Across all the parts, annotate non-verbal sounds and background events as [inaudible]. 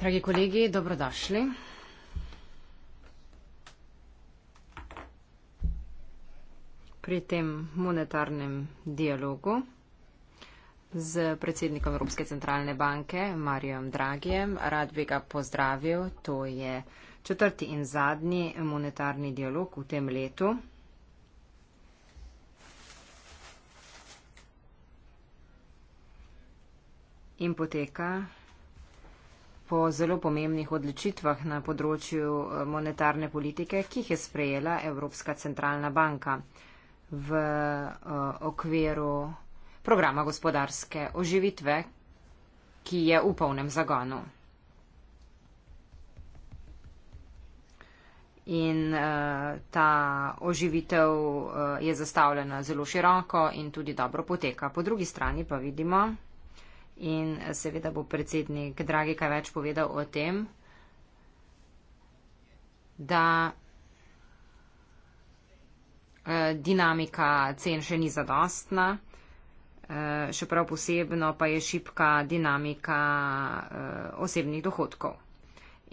dragi kolegi dobrodošli pri tem monetarnem dialogu s predsednikom evropske centralne banke Marijem Dragijem rad bi ga pozdravil to je četrti in zadnji monetarni dialog v tem letu in poteka po zelo pomembnih odločitvah na področju eh, monetarne politike, ki jih je sprejela Evropska centralna banka v eh, okviru programa gospodarske oživitve, ki je v polnem zagonu. In uh, ta oživitev uh, je zastavljena zelo široko in tudi dobro poteka. Po drugi strani pa vidimo, in seveda bo predsednik Dragi kaj več povedal o tem, da eh, dinamika cen še ni zadostna, eh, še prav posebno pa je šipka dinamika eh, osebnih dohodkov.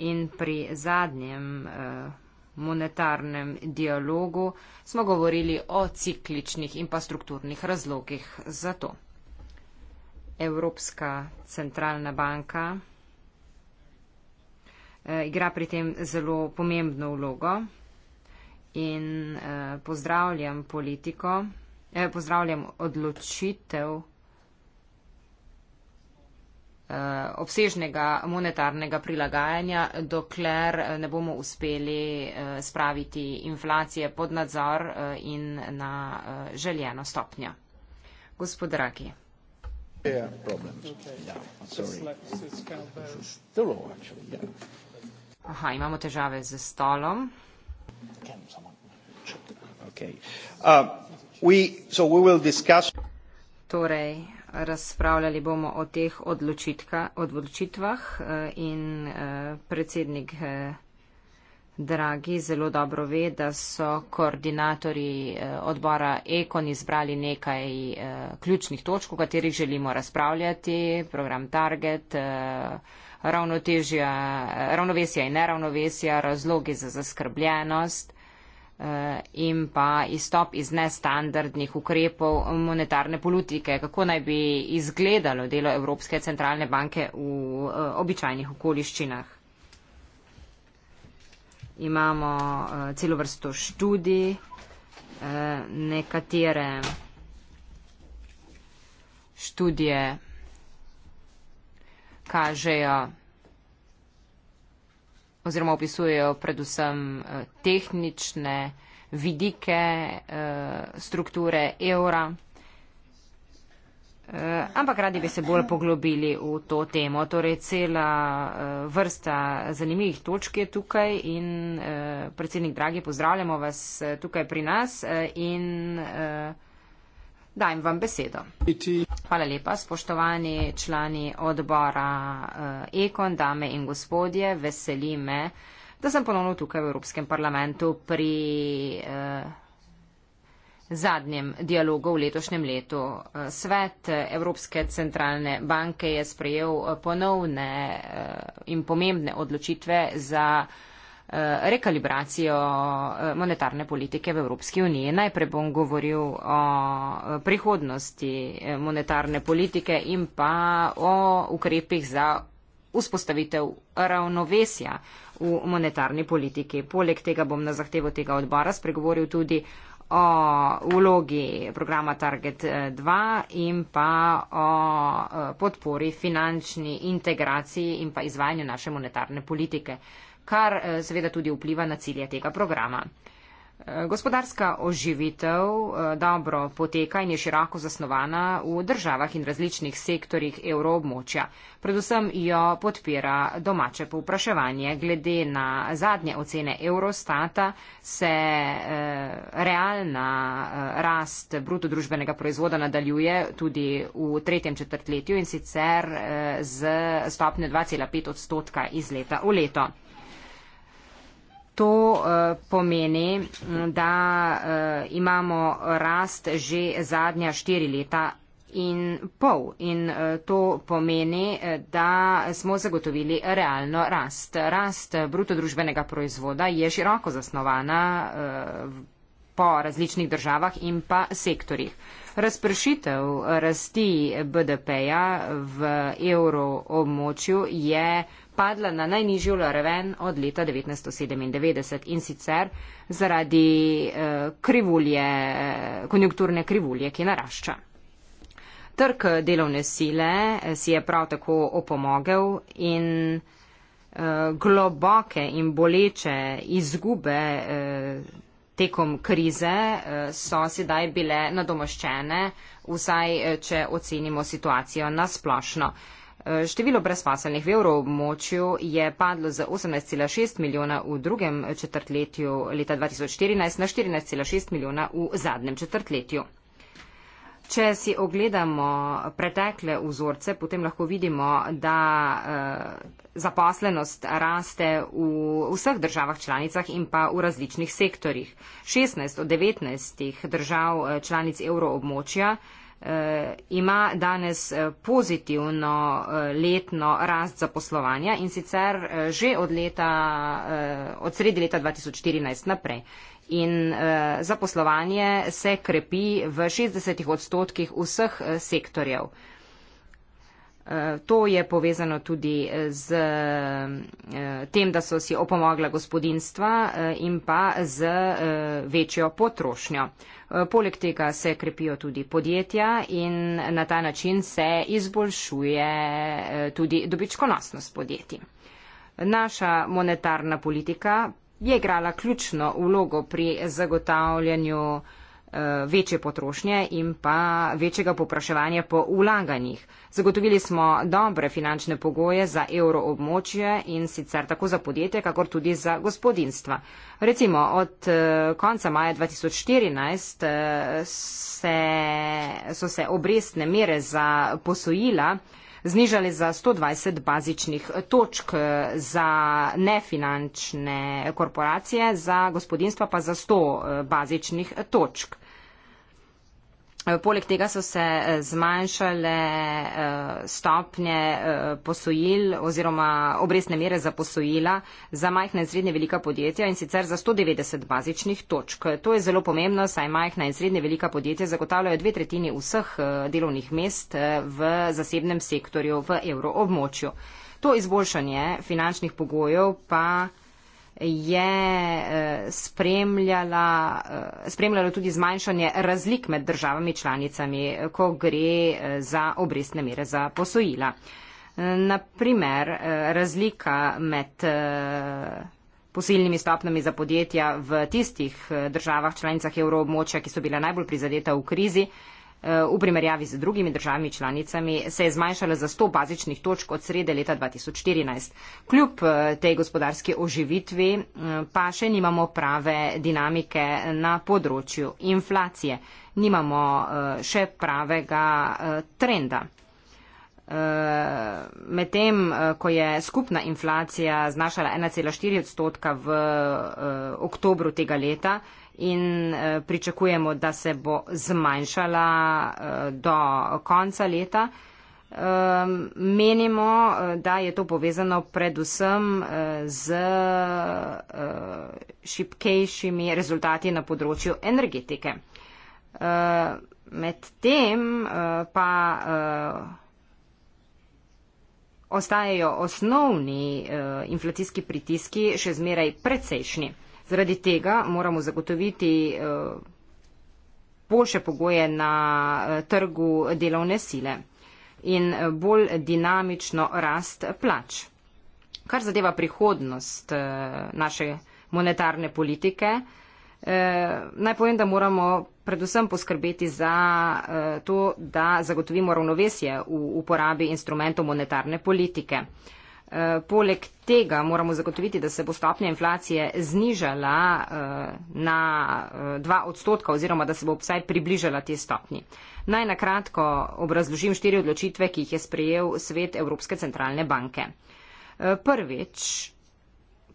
In pri zadnjem monetarnem dialogu smo govorili o cikličnih in pa strukturnih razlogih za to. Evropska centralna banka eh, igra pri tem zelo pomembno vlogo in eh, pozdravljam politiko, eh, pozdravljam odločitev obsežnega monetarnega prilagajanja, dokler ne bomo uspeli spraviti inflacije pod nadzor in na željeno stopnjo. Gospod Draki. Yeah. Problems. Okay. Yeah. Sorry. Zelo, actually, yeah. Aha, imamo težave z stolom. Okay. Uh, we, so we will discuss... Torej, razpravljali bomo o teh odločitvah uh, in uh, predsednik uh, Dragi zelo dobro ve, da so koordinatorji eh, odbora Ekon izbrali nekaj eh, ključnih točk, o katerih želimo razpravljati. Program Target, eh, ravnovesja in neravnovesja, razlogi za zaskrbljenost in pa izstop iz nestandardnih ukrepov monetarne politike. Kako naj bi izgledalo delo Evropske centralne banke v običajnih okoliščinah? imamo uh, celo vrsto študij, uh, nekatere študije kažejo oziroma opisujejo predvsem uh, tehnične vidike uh, strukture evra. Eh, ampak radi bi se bolj poglobili v to temo. Torej, cela eh, vrsta zanimivih točk je tukaj in eh, predsednik Dragi, pozdravljamo vas tukaj pri nas in dajem vam besedo. Hvala lepa, spoštovani člani odbora Ekon, dame in gospodje, veseli me, da sem ponovno tukaj v Evropskem parlamentu pri zadnjem dialogu v letošnjem letu. Svet Evropske centralne banke je sprejel eh, ponovne eh, in pomembne odločitve za eh, rekalibracijo monetarne politike v Evropski uniji. Najprej bom govoril o prihodnosti monetarne politike in pa o ukrepih za vzpostavitev ravnovesja v monetarni politiki. Poleg tega bom na zahtevo tega odbora spregovoril tudi o vlogi programa Target 2 eh, in pa o eh, podpori finančni integraciji in pa izvajanju naše monetarne politike, kar eh, seveda tudi vpliva na cilje tega programa. Gospodarska oživitev eh, dobro poteka in je široko zasnovana v državah in različnih sektorjih evroobmočja. Predvsem jo podpira domače povpraševanje. Glede na zadnje ocene Eurostata se eh, realna eh, rast brutodružbenega proizvoda nadaljuje tudi v tretjem četrtletju in sicer z stopne 2,5 odstotka iz leta v leto. To eh, pomeni, da eh, imamo rast že zadnja štiri leta in pol in eh, to pomeni, da smo zagotovili realno rast. Rast brutodružbenega proizvoda je široko zasnovana po različnih državah in pa sektorjih. Razpršitev rasti BDP-ja v evroobmočju je padla na najnižjo raven od leta 1997 in sicer zaradi eh, krivulje, eh, konjunkturne krivulje, ki narašča. Trg eh, delovne sile si je prav tako opomogel in globoke in boleče izgube tekom krize so sedaj bile nadomoščene, vsaj če ocenimo situacijo na splošno. Število brezposelnih v evromočju je padlo z 18,6 milijona v drugem četrtletju leta 2014 na 14,6 milijona v zadnjem četrtletju. Če si ogledamo pretekle vzorce, potem lahko vidimo, da eh, zaposlenost raste v vseh državah članicah in pa v različnih sektorjih. 16 od 19 držav eh, članic evroobmočja Eh, ima danes eh, pozitivno eh, letno rast zaposlovanja in sicer že od, leta, od sredi leta 2014 naprej. In zaposlovanje se krepi v 60 odstotkih vseh sektorjev. To je povezano tudi eh, z eh, tem, da so si opomogla gospodinstva eh, in pa z večjo potrošnjo. Poleg tega se krepijo tudi podjetja in na ta način se izboljšuje tudi dobičkonosnost podjetij. Naša monetarna politika je igrala ključno vlogo pri zagotavljanju Eh, večje potrošnje in pa večjega popraševanja po ulaganjih. Zagotovili smo dobre finančne pogoje za evro območje in sicer tako za podjetje, kakor tudi za gospodinstva. Recimo, od eh, konca maja 2014 eh, se, so se obrestne mere za posojila znižali za 120 bazičnih točk za nefinančne korporacije, za gospodinstva pa za 100 bazičnih točk. Poleg tega so se eh, zmanjšale eh, stopnje eh, posojil oziroma obrestne mere za posojila za majhna in srednje velika podjetja in sicer za 190 bazičnih točk. To je zelo pomembno, saj majhna in srednje velika podjetja zagotavljajo dve tretjini vseh delovnih mest v zasebnem sektorju v evroobmočju. To izboljšanje finančnih pogojev pa je eh, spremljala, eh, spremljalo tudi zmanjšanje razlik med državami članicami, ko gre eh, za obrestne mere za posojila. Naprimer, razlika med posilnimi stopnami za podjetja v tistih državah članicah evroobmočja, ki so bile najbolj prizadeta v krizi, Eh, v primerjavi z drugimi državami članicami se je zmanjšala za 100 bazičnih točk od srede leta 2014. Kljub eh, tej gospodarski oživitvi eh, pa še nimamo prave dinamike na področju inflacije, nimamo še pravega trenda. Medtem, ko je skupna inflacija znašala 1,4 odstotka v oktobru tega leta, in eh, pričakujemo, da se bo zmanjšala eh, do konca leta. Ehm, menimo, eh, da je to povezano predvsem z šipkejšimi rezultati na področju energetike. Ehm, medtem pa ostajajo osnovni inflacijski pritiski še zmeraj precejšnji. Zaradi tega moramo zagotoviti eh, boljše pogoje na eh, trgu delovne sile in eh, bolj dinamično rast plač. Kar zadeva prihodnost naše monetarne politike, naj povem, da moramo predvsem poskrbeti za to, da zagotovimo ravnovesje v uporabi instrumentov monetarne politike. Eh, poleg tega moramo zagotoviti, da se bo stopnja inflacije znižala eh, na 2 eh, odstotka oziroma da se bo vsaj približala te stopni. Naj nakratko obrazložim štiri odločitve, ki jih je sprejel svet Evropske centralne banke. Prvič,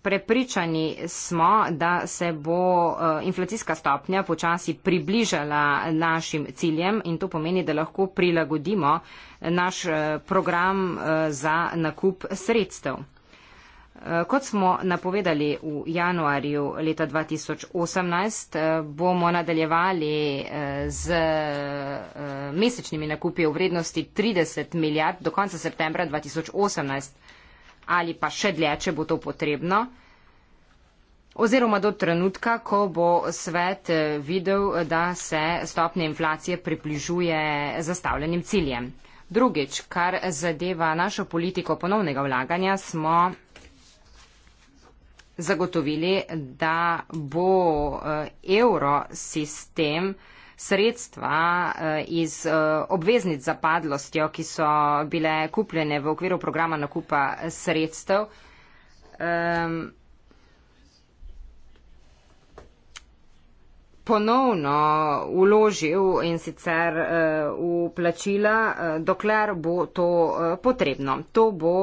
Prepričani smo, da se bo eh, inflacijska stopnja počasi približala našim ciljem in to pomeni, da lahko prilagodimo naš eh, program eh, za nakup sredstev. Kot smo napovedali v januarju leta 2018, bomo nadaljevali z mesečnimi nakupi v vrednosti 30 milijard do konca septembra 2018 ali pa še dlje, če bo to potrebno. Oziroma do trenutka, ko bo svet eh, videl, eh, da se stopnja inflacije približuje zastavljenim ciljem. Drugič, kar zadeva našo politiko ponovnega vlaganja, smo zagotovili, da bo evrosistem eh, sredstva eh, iz eh, obveznic za padlostjo, ki so bile kupljene v okviru programa nakupa sredstev. Um, ponovno uložil in sicer eh, vplačila, uh, dokler bo to uh, potrebno. To bo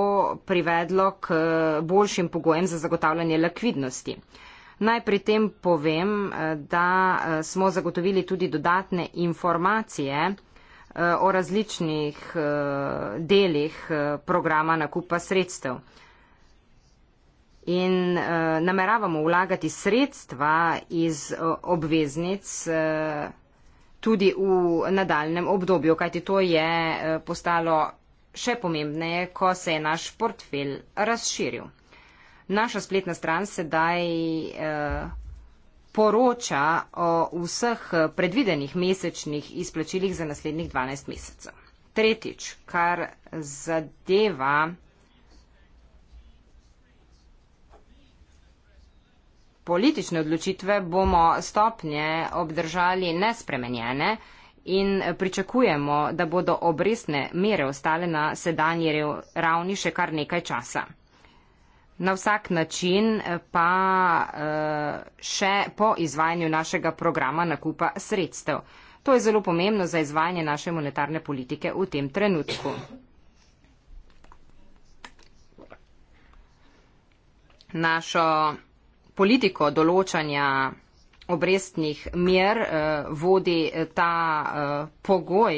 privedlo k uh, boljšim pogojem za zagotavljanje likvidnosti. Uh, Naj pri tem povem, eh, da eh, smo zagotovili tudi dodatne informacije eh, o različnih delih programa nakupa sredstev. In nameravamo vlagati sredstva iz obveznic tudi v nadaljem obdobju, kajti to je postalo še pomembneje, ko se je naš portfelj razširil naša spletna stran sedaj eh, poroča o vseh predvidenih mesečnih izplačilih za naslednjih 12 mesecev. Tretjič, kar zadeva politične odločitve, bomo stopnje obdržali nespremenjene in pričakujemo, da bodo obresne mere ostale na sedanji ravni še kar nekaj časa. Na vsak način pa eh, še po izvajanju našega programa nakupa sredstev. To je zelo pomembno za izvajanje naše monetarne politike v tem trenutku. Našo politiko določanja obrestnih mer eh, vodi eh, ta pogoj,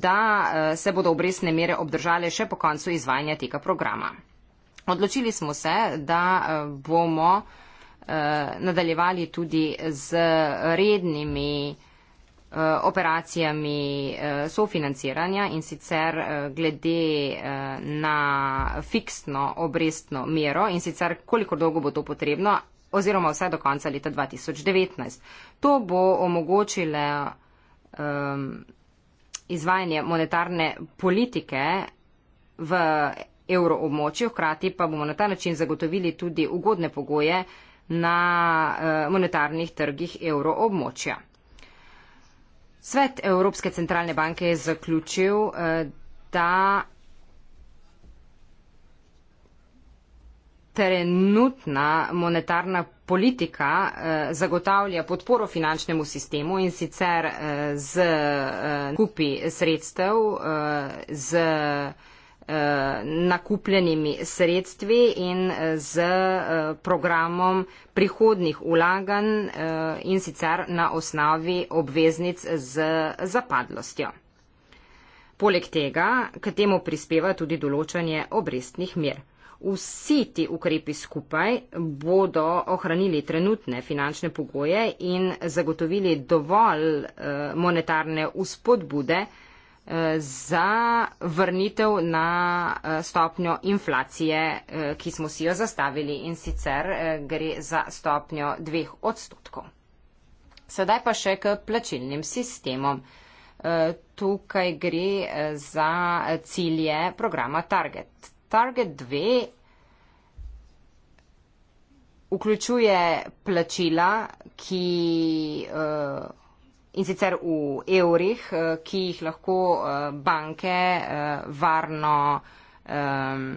da se bodo obrestne mere obdržale še po koncu izvajanja tega programa. Odločili smo se, da eh, bomo eh, nadaljevali tudi z rednimi eh, operacijami sofinanciranja in sicer glede na fiksno obrestno mero in sicer koliko dolgo bo to potrebno oziroma vse do konca leta 2019. To bo omogočile um, izvajanje monetarne politike v evroobmočju, hkrati pa bomo na ta način zagotovili tudi ugodne pogoje na eh, monetarnih trgih evroobmočja. Svet Evropske centralne banke je zaključil, eh, da trenutna monetarna politika eh, zagotavlja podporo finančnemu sistemu in sicer z kupi sredstev, z kupi sredstev, nakupljenimi sredstvi in eh, z eh, programom prihodnih ulaganj eh, in sicer na osnovi obveznic z zapadlostjo. Poleg tega, k temu prispeva tudi določanje obrestnih mer. Vsi ti ukrepi skupaj bodo ohranili trenutne finančne pogoje in zagotovili dovolj monetarne uspodbude, za vrnitev na eh, stopnjo inflacije, eh, ki smo si jo zastavili in sicer eh, gre za stopnjo dveh odstotkov. Sedaj pa še k plačilnim sistemom. Tukaj gre za cilje programa Target. Target 2 vključuje plačila, ki. Uh, In sicer v evrih, eh, ki jih lahko eh, banke eh, varno ehm,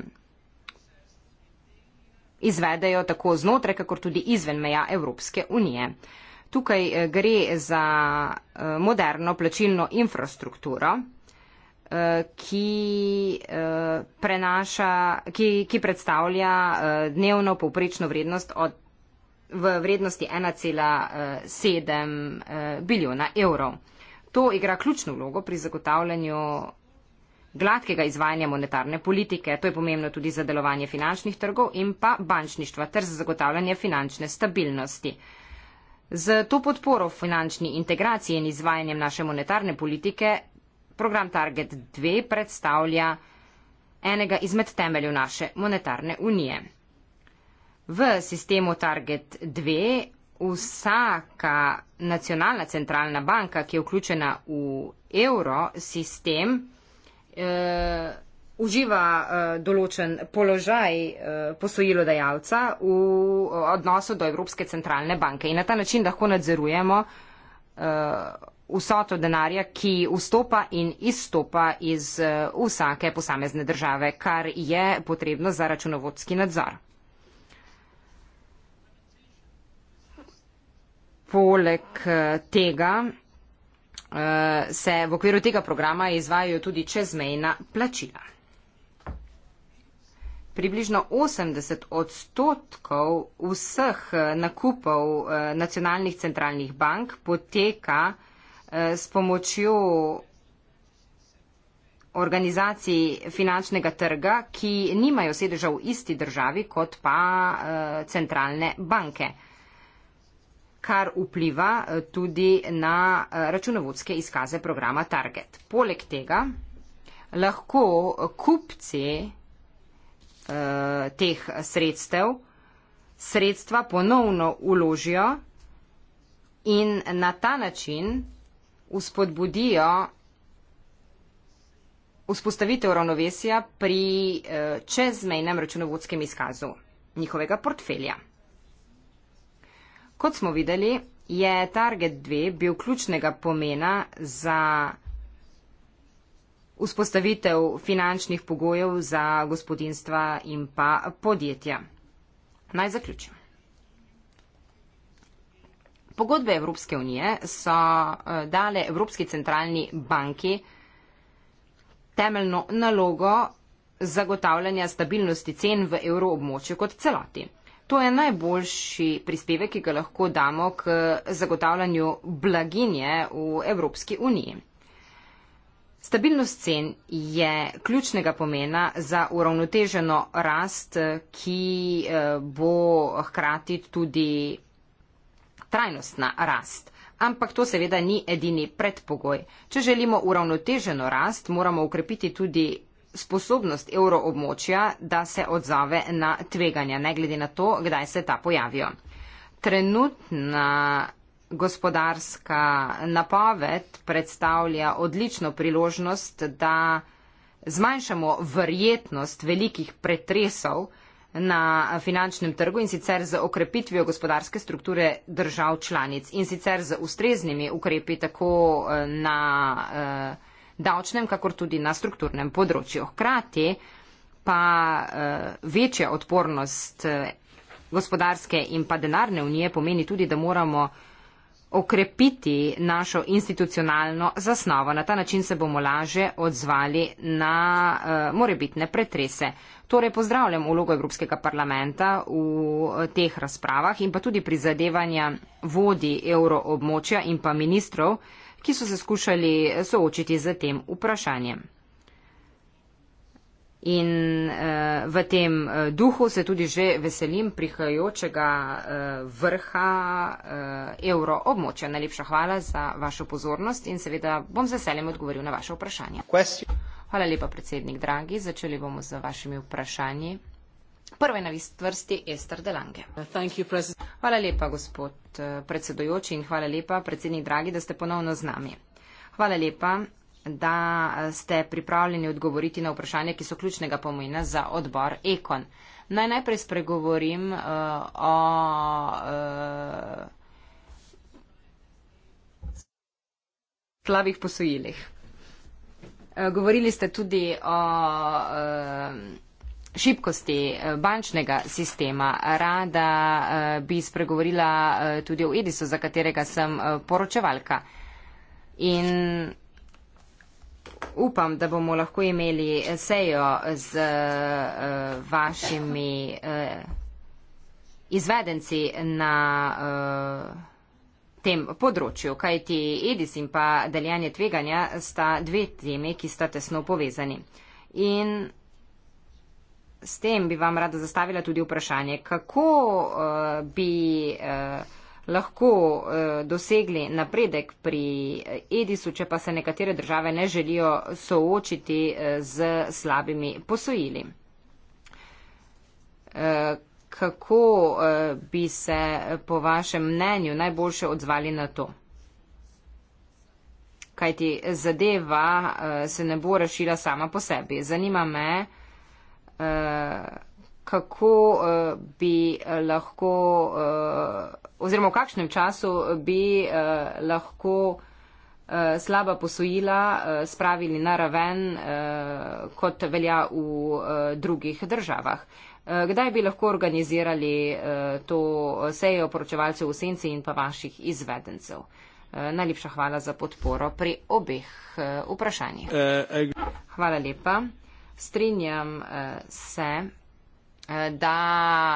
izvedejo tako znotraj, kakor tudi izven meja Evropske unije. Tukaj gre za moderno plačilno infrastrukturo, ki, prenaša, ki, ki predstavlja dnevno povprečno vrednost od v vrednosti 1,7 eh, eh, biljona evrov. To igra ključno vlogo pri zagotavljanju gladkega izvajanja monetarne politike, to je pomembno tudi za delovanje finančnih trgov in pa bančništva ter za zagotavljanje finančne stabilnosti. Z to podporo finančni integraciji in izvajanjem naše monetarne politike program Target 2 predstavlja enega izmed temeljev naše monetarne unije. V sistemu Target 2 vsaka nacionalna centralna banka, ki je vključena v evro sistem, eh, uživa eh, določen položaj eh, posojilodajalca v eh, odnosu do Evropske centralne banke. In na ta način lahko nadzorujemo eh, vso to denarja, ki vstopa in izstopa iz eh, vsake posamezne države, kar je potrebno za računovodski nadzor. Poleg eh, tega eh, se v okviru tega programa izvajajo tudi čezmejna plačila. Približno 80 odstotkov vseh eh, nakupov nacionalnih centralnih bank poteka s pomočjo organizacij finančnega trga, ki nimajo sedeža v isti državi kot pa centralne banke kar vpliva eh, tudi na eh, računovodske izkaze programa Target. Poleg tega lahko kupci eh, teh sredstev sredstva ponovno uložijo in na ta način uspodbudijo vzpostavitev ravnovesja pri čezmejnem računovodskem izkazu njihovega portfelja. Kot smo videli, je target 2 bil ključnega pomena za vzpostavitev finančnih pogojev za gospodinstva in pa podjetja. Naj zaključim. Pogodbe Evropske unije so eh, dale Evropski centralni banki temeljno nalogo zagotavljanja stabilnosti cen v evroobmočju kot celoti. To je najboljši prispevek, ki ga lahko damo k zagotavljanju blaginje v Evropski uniji. Stabilnost cen je ključnega pomena za uravnoteženo rast, ki eh, bo hkrati tudi trajnostna rast. Ampak to seveda ni edini predpogoj. Če želimo uravnoteženo rast, moramo ukrepiti tudi sposobnost evroobmočja, da se odzove na tveganja, ne glede na to, kdaj se ta pojavijo. Trenutna gospodarska napoved predstavlja odlično priložnost, da zmanjšamo verjetnost velikih pretresov na finančnem trgu in sicer z okrepitvijo gospodarske strukture držav članic in sicer z ustreznimi ukrepi tako eh, na eh, davčnem, kakor tudi na strukturnem področju. Hkrati pa uh, večja odpornost eh, gospodarske in pa denarne unije pomeni tudi, da moramo okrepiti našo institucionalno zasnovo. Na ta način se bomo laže odzvali na uh, morebitne pretrese. Torej pozdravljam ulogo Evropskega parlamenta v teh razpravah in pa tudi prizadevanja vodi evroobmočja in pa ministrov, uh, ki so se skušali soočiti z tem vprašanjem. In uh, v tem uh, duhu se tudi že veselim prihajajočega uh, vrha uh, evro območja. Najlepša hvala za vašo pozornost in seveda bom z veseljem odgovoril na vaše vprašanje. Hvala lepa, predsednik Dragi. Začeli bomo z vašimi vprašanji prvej na vist vrsti Ester Delange. Hvala lepa, gospod eh, predsedojoči in hvala lepa, predsednik Dragi, da ste ponovno z nami. Hvala lepa, da eh, ste pripravljeni odgovoriti na vprašanje, ki so ključnega pomena za odbor Ekon. Naj najprej spregovorim uh, o. Uh, Slabih posojilih. Govorili ste tudi o. Uh, šibkosti eh, bančnega sistema. Rada eh, bi spregovorila eh, tudi o Edisu, za katerega sem poročevalka. In upam, da bomo lahko imeli sejo z vašimi izvedenci na tem področju, kajti Edis in pa deljanje tveganja sta dve teme, ki sta tesno povezani. In s tem bi vam rada zastavila tudi vprašanje, kako uh, bi uh, lahko uh, dosegli napredek pri Edisu, če pa se nekatere države ne želijo soočiti uh, z slabimi posojili. Uh, kako bi se po vašem mnenju najboljše odzvali na to? Kajti zadeva se ne bo rešila sama po sebi. Zanima me, Eh, kako eh, bi eh, lahko, oziroma v kakšnem času bi lahko slaba posojila spravili na raven, kot velja v drugih državah. Kdaj bi lahko organizirali to sejo poročevalcev v senci in pa vaših izvedencev? Najlepša hvala za podporo pri obeh vprašanjih. Hvala lepa strinjam uh, se, uh, da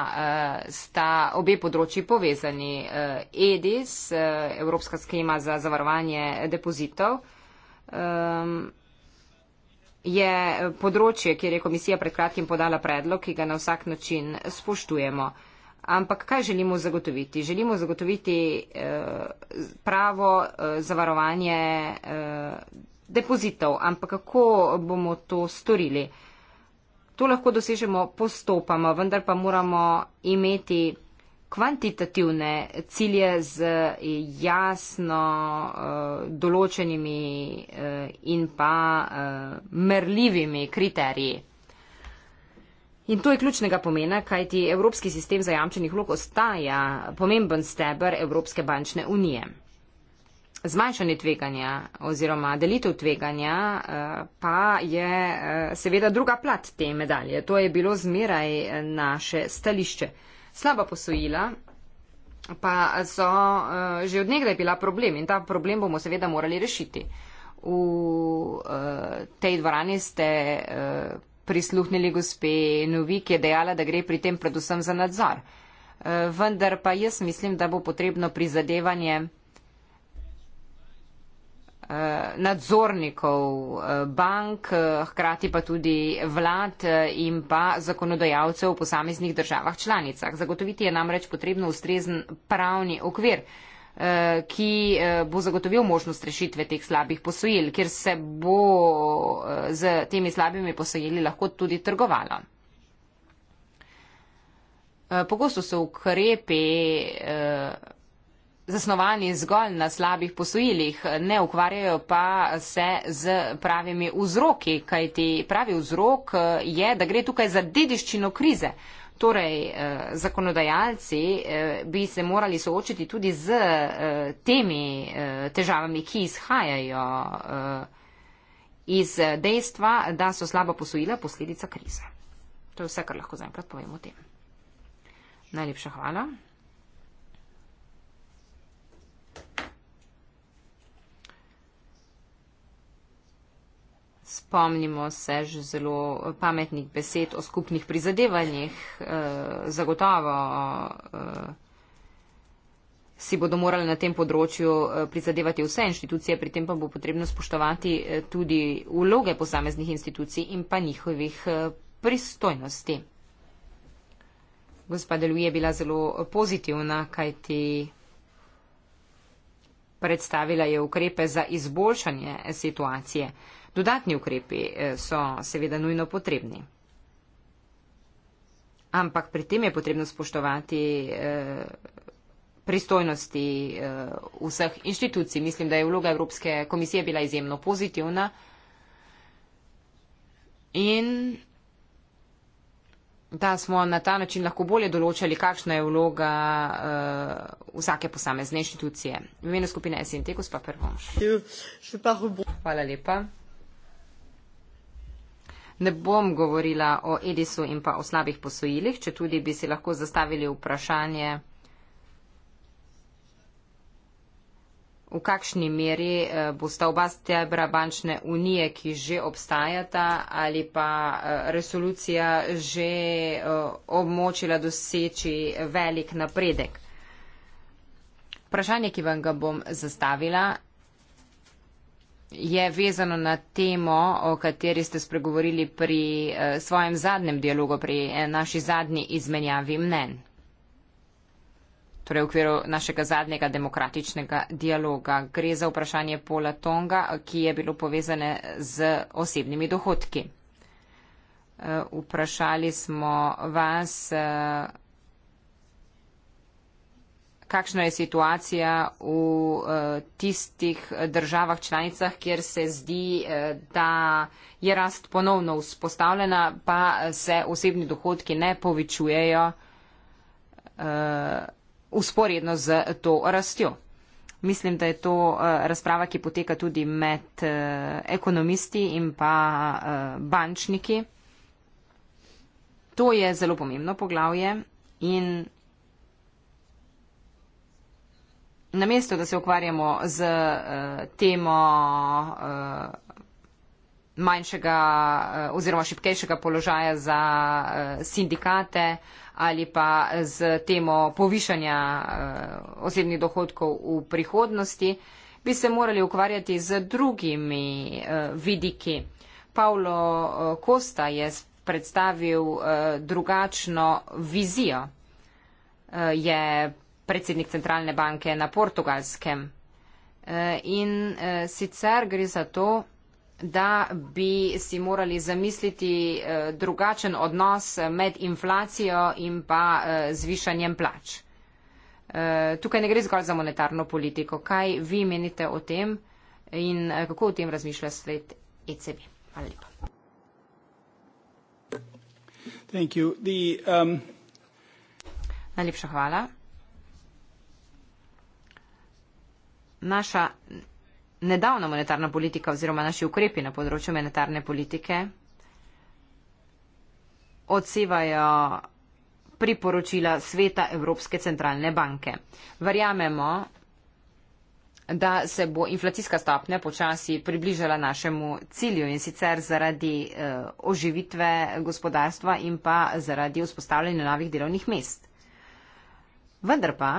uh, sta obe področji povezani. Uh, EDIS, uh, Evropska schema za zavarovanje depozitov, um, je področje, kjer je komisija pred kratkim podala predlog, ki ga na vsak način spoštujemo. Ampak kaj želimo zagotoviti? Želimo zagotoviti eh, pravo eh, zavarovanje eh, depozitov. Ampak kako bomo to storili? To lahko dosežemo postopoma, vendar pa moramo imeti kvantitativne cilje z jasno uh, določenimi uh, in pa uh, merljivimi kriteriji. In to je ključnega pomena, kajti Evropski sistem zajamčenih vlog ostaja pomemben steber Evropske bančne unije zmanjšanje tveganja oziroma delitev tveganja eh, pa je eh, seveda druga plat te medalje. To je bilo zmeraj eh, naše stališče. Slaba posojila pa so že odnegda bila problem in ta problem bomo seveda morali rešiti. V tej dvorani ste prisluhnili gospe Novi, ki je dejala, da gre pri tem predvsem za nadzor. Vendar pa jaz mislim, da bo potrebno prizadevanje Eh, nadzornikov eh, bank, eh, hkrati pa tudi vlad in pa zakonodajalcev v posameznih državah članicah. Zagotoviti je namreč potrebno ustrezen pravni okvir, ki bo zagotovil možnost rešitve teh slabih posojil, kjer se bo z temi slabimi posojili lahko tudi trgovalo. Pogosto so ukrepi zasnovani zgolj na slabih posojilih, ne ukvarjajo pa se z pravimi vzroki, kajti pravi vzrok eh, je, da gre tukaj za dediščino krize. Torej, eh, zakonodajalci eh, bi se morali soočiti tudi z temi težavami, ki izhajajo iz dejstva, da so slaba posojila posledica krize. To je vse, kar lahko zaenkrat povem o tem. Najlepša hvala. spomnimo se že zelo pametnih besed o skupnih prizadevanjih, eh, zagotovo eh, si bodo morali na tem področju eh, prizadevati vse inštitucije, pri tem pa bo potrebno spoštovati eh, tudi vloge posameznih institucij in pa njihovih eh, pristojnosti. Gospa Deluji je bila zelo pozitivna, kaj ti. Predstavila je ukrepe za izboljšanje situacije. Dodatni ukrepi eh, so seveda nujno potrebni. Ampak pri tem je potrebno spoštovati eh, pristojnosti eh, vseh inštitucij. Mislim, da je vloga Evropske komisije bila izjemno pozitivna. In da smo na ta način lahko bolje določali, kakšna je vloga uh, vsake posamezne inštitucije. V imenu skupine SNT, gospod Prvomš. Hvala lepa. Ne bom govorila o Edisu in pa o slabih posojilih, če tudi bi si lahko zastavili vprašanje, v kakšni meri eh, bosta oba stebra bančne unije, ki že obstajata ali pa eh, resolucija že eh, omočila doseči velik napredek. Vprašanje, ki vam ga bom zastavila, je vezano na temo, o kateri ste spregovorili pri eh, svojem zadnjem dialogu, pri eh, naši zadnji izmenjavi mnen. Torej, v okviru našega zadnjega demokratičnega dialoga gre za vprašanje Pola Tonga, ki je bilo povezane z osebnimi dohodki. Eh, vprašali smo vas, kakšna je situacija v eh, tistih državah članicah, kjer se zdi, eh, da je rast ponovno vzpostavljena, pa se osebni dohodki ne povečujejo usporedno eh, z to rastjo. Mislim, da je to razprava, ki poteka tudi med ekonomisti in pa bančniki. To je zelo pomembno poglavje in namesto, da se ukvarjamo z uh, temo uh, manjšega uh, oziroma šipkejšega položaja za uh, sindikate ali pa z temo povišanja uh, osebnih dohodkov v prihodnosti, bi se morali ukvarjati z drugimi uh, vidiki. Paulo uh, Kosta je predstavil uh, drugačno vizijo. Uh, je predsednik centralne banke na portugalskem. Eh, in eh, sicer gre za to, da bi si morali zamisliti eh, drugačen odnos med inflacijo in pa zvišanjem plač. Tukaj ne gre zgolj za monetarno politiko. Kaj vi menite o tem in kako o tem razmišlja svet ECB? Hvala lepa. Um, Najlepša hvala. naša nedavna monetarna politika oziroma naši ukrepi na področju monetarne politike odsevajo priporočila sveta Evropske centralne banke. Verjamemo, da se bo inflacijska stopnja počasi približala našemu cilju in sicer zaradi eh, oživitve gospodarstva in pa zaradi vzpostavljanja novih delovnih mest. Vendar pa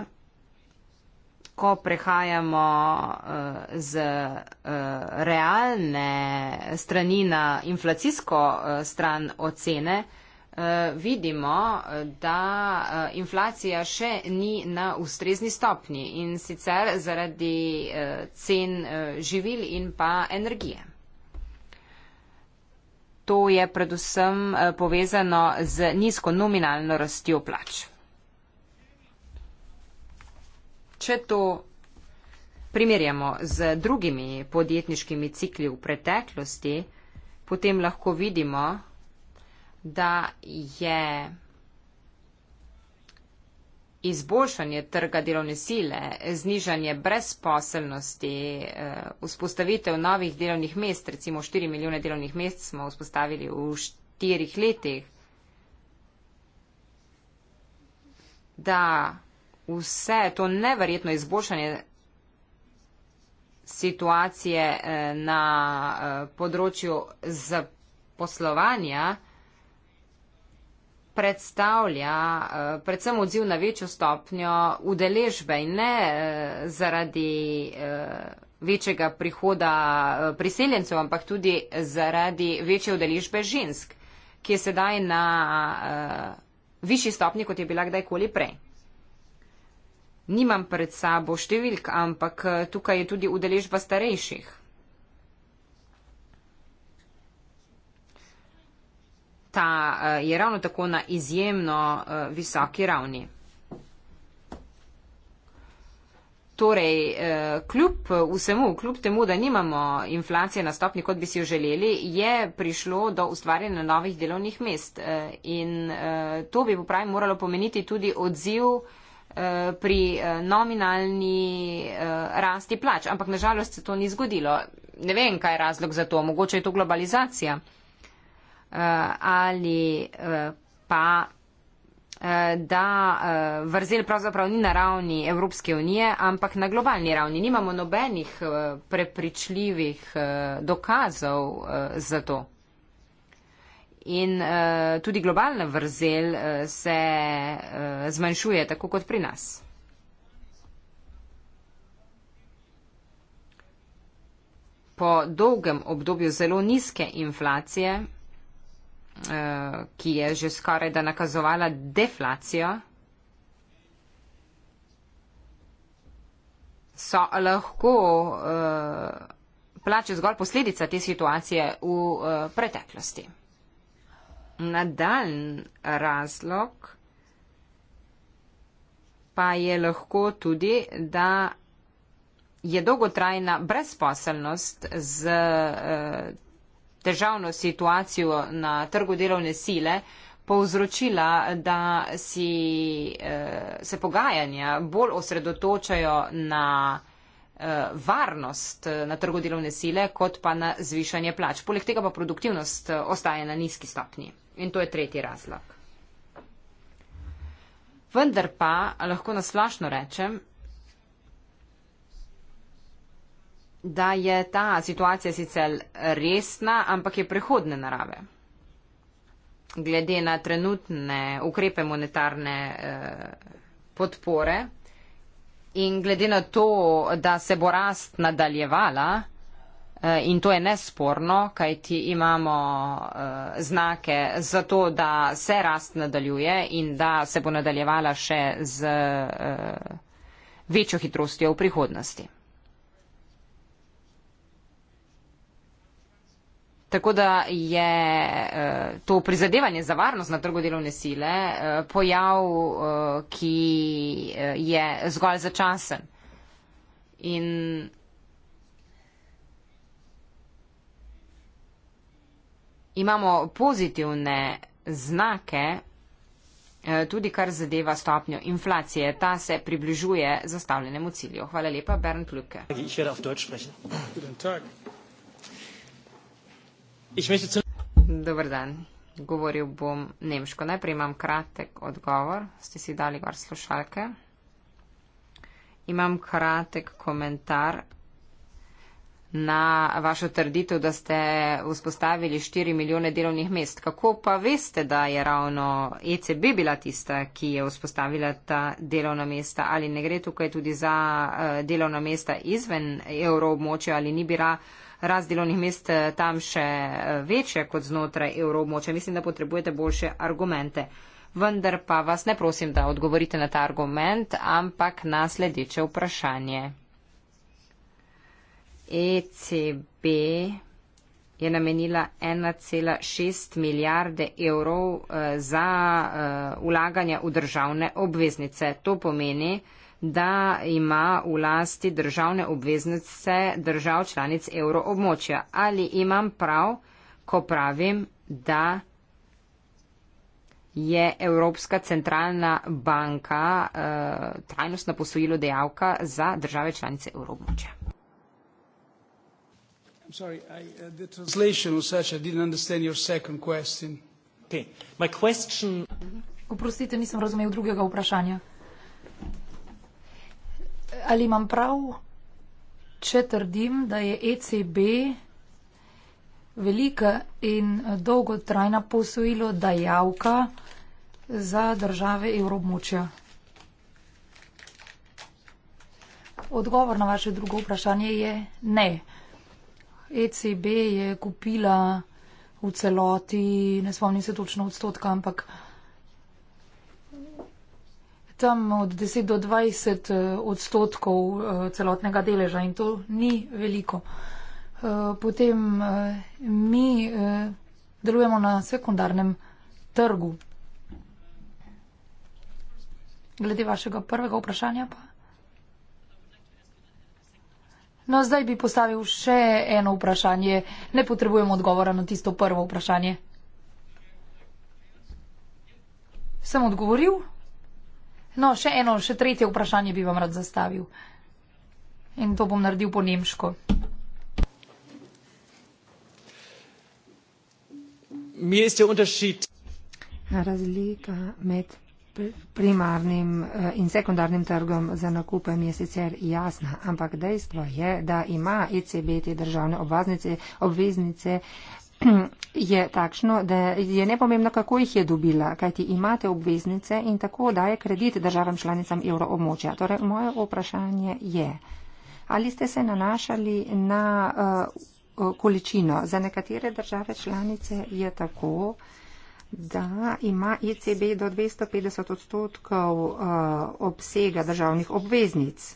ko prehajamo eh, z eh, realne strani na inflacijsko eh, stran ocene, vidimo, da inflacija še ni na ustrezni stopnji in sicer zaradi cen živil in pa energije. To je predvsem povezano z nizko nominalno rastjo plač. Če to primerjamo z drugimi podjetniškimi cikli v preteklosti, potem lahko vidimo, da je izboljšanje trga delovne sile, znižanje brezposelnosti, eh, vzpostavitev novih delovnih mest, recimo 4 milijone delovnih mest smo vzpostavili v štirih letih, da vse to neverjetno izboljšanje situacije eh, na eh, področju zaposlovanja predstavlja eh, predvsem odziv na večjo stopnjo udeležbe in ne zaradi večjega prihoda priseljencev, ampak tudi zaradi večje udeležbe žensk, ki je sedaj na višji stopnji, kot je bila kdajkoli prej. Nimam pred sabo številk, ampak eh, tukaj je tudi udeležba starejših. Ta eh, je ravno tako na izjemno eh, visoki ravni. Torej, kljub vsemu, kljub temu, da nimamo inflacije na stopni, kot bi si jo želeli, je prišlo do ustvarjanja novih delovnih mest. In to bi, popravim, moralo pomeniti tudi odziv Eh, pri eh, nominalni eh, rasti plač. Ampak nažalost se to ni zgodilo. Ne vem, kaj je razlog za to. Mogoče je to globalizacija. Ali pa da vrzel pravzaprav ni na ravni Evropske unije, ampak na globalni ravni. Nimamo nobenih prepričljivih dokazov za to in uh, tudi globalna vrzel uh, se uh, zmanjšuje, tako kot pri nas. Po dolgem obdobju zelo nizke inflacije, uh, ki je že skoraj da nakazovala deflacijo, so lahko uh, plače zgolj posledica te situacije v uh, preteklosti nadaljn razlog pa je lahko tudi, da je dolgotrajna brezposelnost z eh, težavno situacijo na trgu delovne sile povzročila, da si, eh, se pogajanja bolj osredotočajo na eh, varnost na trgu delovne sile, kot pa na zvišanje plač. Poleg tega pa produktivnost ostaje na nizki stopni. In to je tretji razlog. Vendar pa lahko naslašno rečem, da je ta situacija sicer resna, ampak je prehodne narave. Glede na trenutne ukrepe monetarne eh, podpore in glede na to, da se bo rast nadaljevala, Eh, in to je nesporno, kajti imamo eh, znake za to, da se rast nadaljuje in da se bo nadaljevala še z eh, večjo hitrostjo v prihodnosti. Tako da je to prizadevanje za varnost na trgu delovne sile pojav, ki je zgolj začasen. In imamo pozitivne znake, eh, tudi kar zadeva stopnjo inflacije. Ta se približuje zastavljenemu cilju. Hvala lepa, Bernd Lücke. Dobr dan. Govoril bom nemško. Najprej imam kratek odgovor. Ste si dali gor slušalke? Imam kratek komentar na vašo trditev, da ste vzpostavili 4 milijone delovnih mest. Kako pa veste, da je ravno ECB bila tista, ki je vzpostavila ta delovna mesta? Ali ne gre tukaj tudi za eh, delovna mesta izven evroobmočja ali ni bila rast delovnih mest eh, tam še eh, večja kot znotraj evroobmočja? Mislim, da potrebujete boljše argumente. Vendar pa vas ne prosim, da odgovorite na ta argument, ampak na sledeče vprašanje. ECB je namenila 1,6 milijarde evrov eh, za ulaganja eh, v državne obveznice. To pomeni, da ima v lasti državne obveznice držav članic evroobmočja. Ali imam prav, ko pravim, da je Evropska centralna banka eh, trajnostna posojilo dejavka za države članice evroobmočja? I'm sorry, I, uh, the translation was such I didn't understand your second question. Okay. My question. Oprostite, nisem razumel drugega vprašanja. Ali imam prav, če trdim, da je ECB velika in dolgotrajna posojilo dajavka za države evrobmočja? Odgovor na vaše drugo vprašanje je ne. ECB je kupila v celoti, ne spomnim se točno odstotka, ampak tam od 10 do 20 eh, odstotkov eh, celotnega deleža in to ni veliko. Eh, potem mi delujemo na sekundarnem trgu. Glede vašega prvega vprašanja pa. No, zdaj bi postavil še eno vprašanje. Ne potrebujem odgovora na tisto prvo vprašanje. Sem odgovoril? No, še eno, še tretje vprašanje bi vam rad zastavil. In to bom naredil po nemško. Razlika med primarnim eh, in sekundarnim trgom za nakupem je sicer jasna, ampak dejstvo je, da ima ECB te državne obveznice, obveznice [clears throat] je takšno, da je nepomembno, kako jih je dobila, kajti imate obveznice in tako daje kredit državam članicam euroobmočja. Torej, moje vprašanje je, ali ste se nanašali na uh, količino? Za nekatere države članice je tako. Uh, da ima ECB do 250 odstotkov uh, obsega državnih obveznic,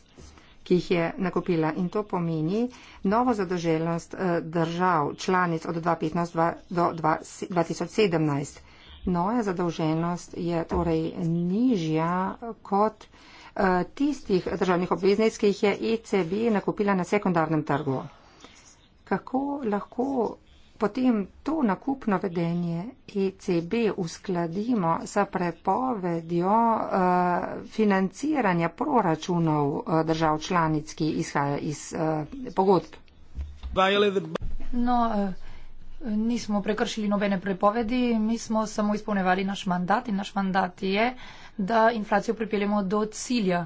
ki jih je nakupila. In to pomeni novo zadoželjnost uh, eh, držav članic od 2015 do 2017. Noja zadolženost je torej nižja kot eh, tistih državnih obveznic, ki jih je ECB nakupila na sekundarnem trgu. Kako lahko potem to nakupno vedenje ECB uskladimo s prepovedjo uh, financiranja proračunov uh, držav članic, ki izhaja iz uh, pogodb. No, nismo prekršili nobene prepovedi, mi smo samo izpolnevali naš mandat in naš mandat je, da inflacijo pripeljemo do cilja.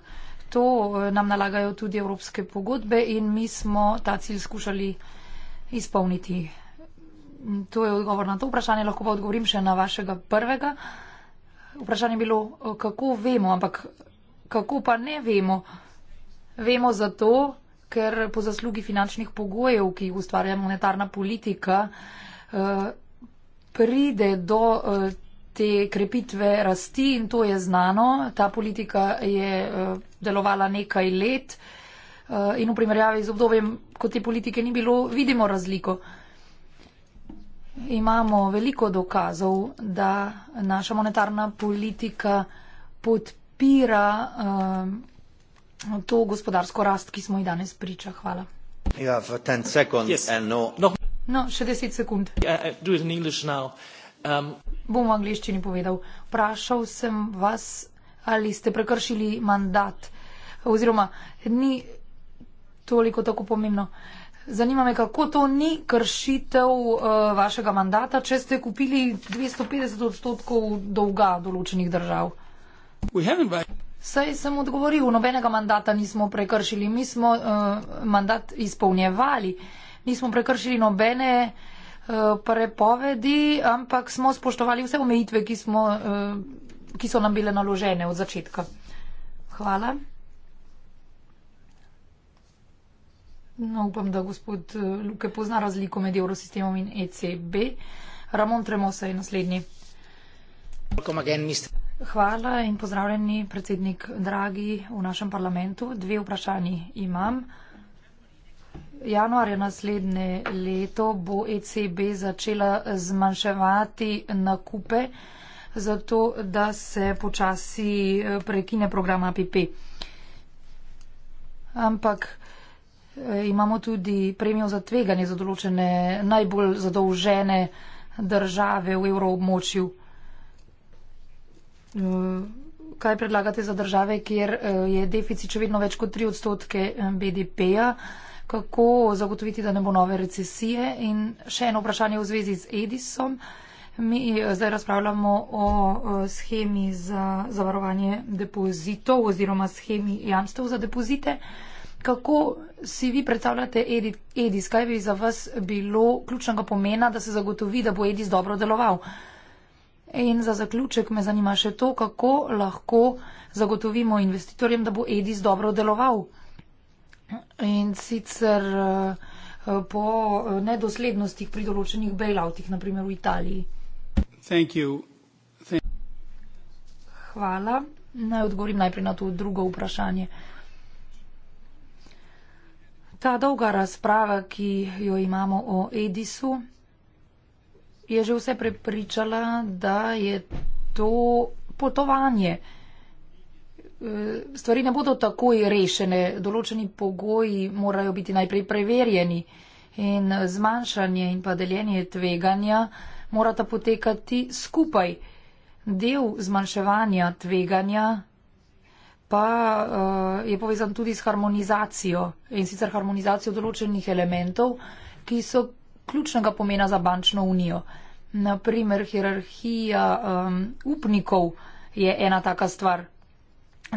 To nam nalagajo tudi evropske pogodbe in mi smo ta cilj skušali izpolniti. Mm, to je odgovor na to vprašanje, lahko pa odgovorim še na vašega prvega. Vprašanje je bilo, eh, kako vemo, ampak kako pa ne vemo. Vemo zato, ker po zaslugi finančnih pogojev, ki jih ustvarja monetarna politika, eh, pride do eh, te krepitve rasti in to je znano. Ta politika je delovala nekaj let in v primerjavi z obdobjem, ko te politike ni bilo, vidimo razliko imamo veliko dokazov, da naša monetarna politika podpira um, to gospodarsko rast, ki smo ji danes priča. Hvala. No-, no. no, še deset sekund. Yeah, um, Bom v angliščini povedal. Prašal sem vas, ali ste prekršili mandat. Oziroma, ni toliko tako pomembno. Uh, Zanima me, kako to ni kršitev uh, vašega mandata, če ste kupili 250 odstotkov dolga določenih držav. Saj sem odgovoril, nobenega mandata nismo prekršili. Mi smo uh, mandat izpolnjevali, nismo prekršili nobene uh, prepovedi, ampak smo spoštovali vse omejitve, ki, smo, uh, ki so nam bile naložene od začetka. Hvala. No, upam, da gospod eh, Luke pozna razliko med evrosistemom in ECB. Ramon Tremosa je naslednji. Hvala in pozdravljeni, predsednik Dragi, v našem parlamentu. Dve vprašanji imam. Januarja naslednje leto bo ECB začela zmanjševati nakupe, zato da se počasi eh, prekine program APP. Ampak Eh, imamo tudi premijo za tveganje za določene najbolj zadolžene države v evroobmočju. Eh, kaj predlagate za države, kjer eh, je deficit še vedno več kot 3 odstotke BDP-ja? Kako zagotoviti, da ne bo nove recesije? In še eno vprašanje v zvezi z Edisom. Mi zdaj razpravljamo o schemi za zavarovanje depozitov oziroma schemi jamstev za depozite. Kako si vi predstavljate Edis? Kaj bi za vas bilo ključnega pomena, da se zagotovi, da bo Edis dobro deloval? In za zaključek me zanima še to, kako lahko zagotovimo investitorjem, da bo Edis dobro deloval. In sicer eh, po eh, nedoslednostih pri določenih bailoutih, na primer v Italiji. Thank you. Thank Hvala. Naj odgovorim najprej na to drugo vprašanje. Ta dolga razprava, ki jo imamo o Edisu, je že vse prepričala, da je to potovanje. Eh, stvari ne bodo takoj rešene, določeni pogoji morajo biti najprej preverjeni in zmanjšanje in pa deljenje tveganja morata potekati skupaj. Del zmanjševanja tveganja pa uh, je povezan tudi s harmonizacijo in sicer harmonizacijo določenih elementov, ki so ključnega pomena za bančno unijo. Naprimer, hierarhija um, upnikov je ena taka stvar.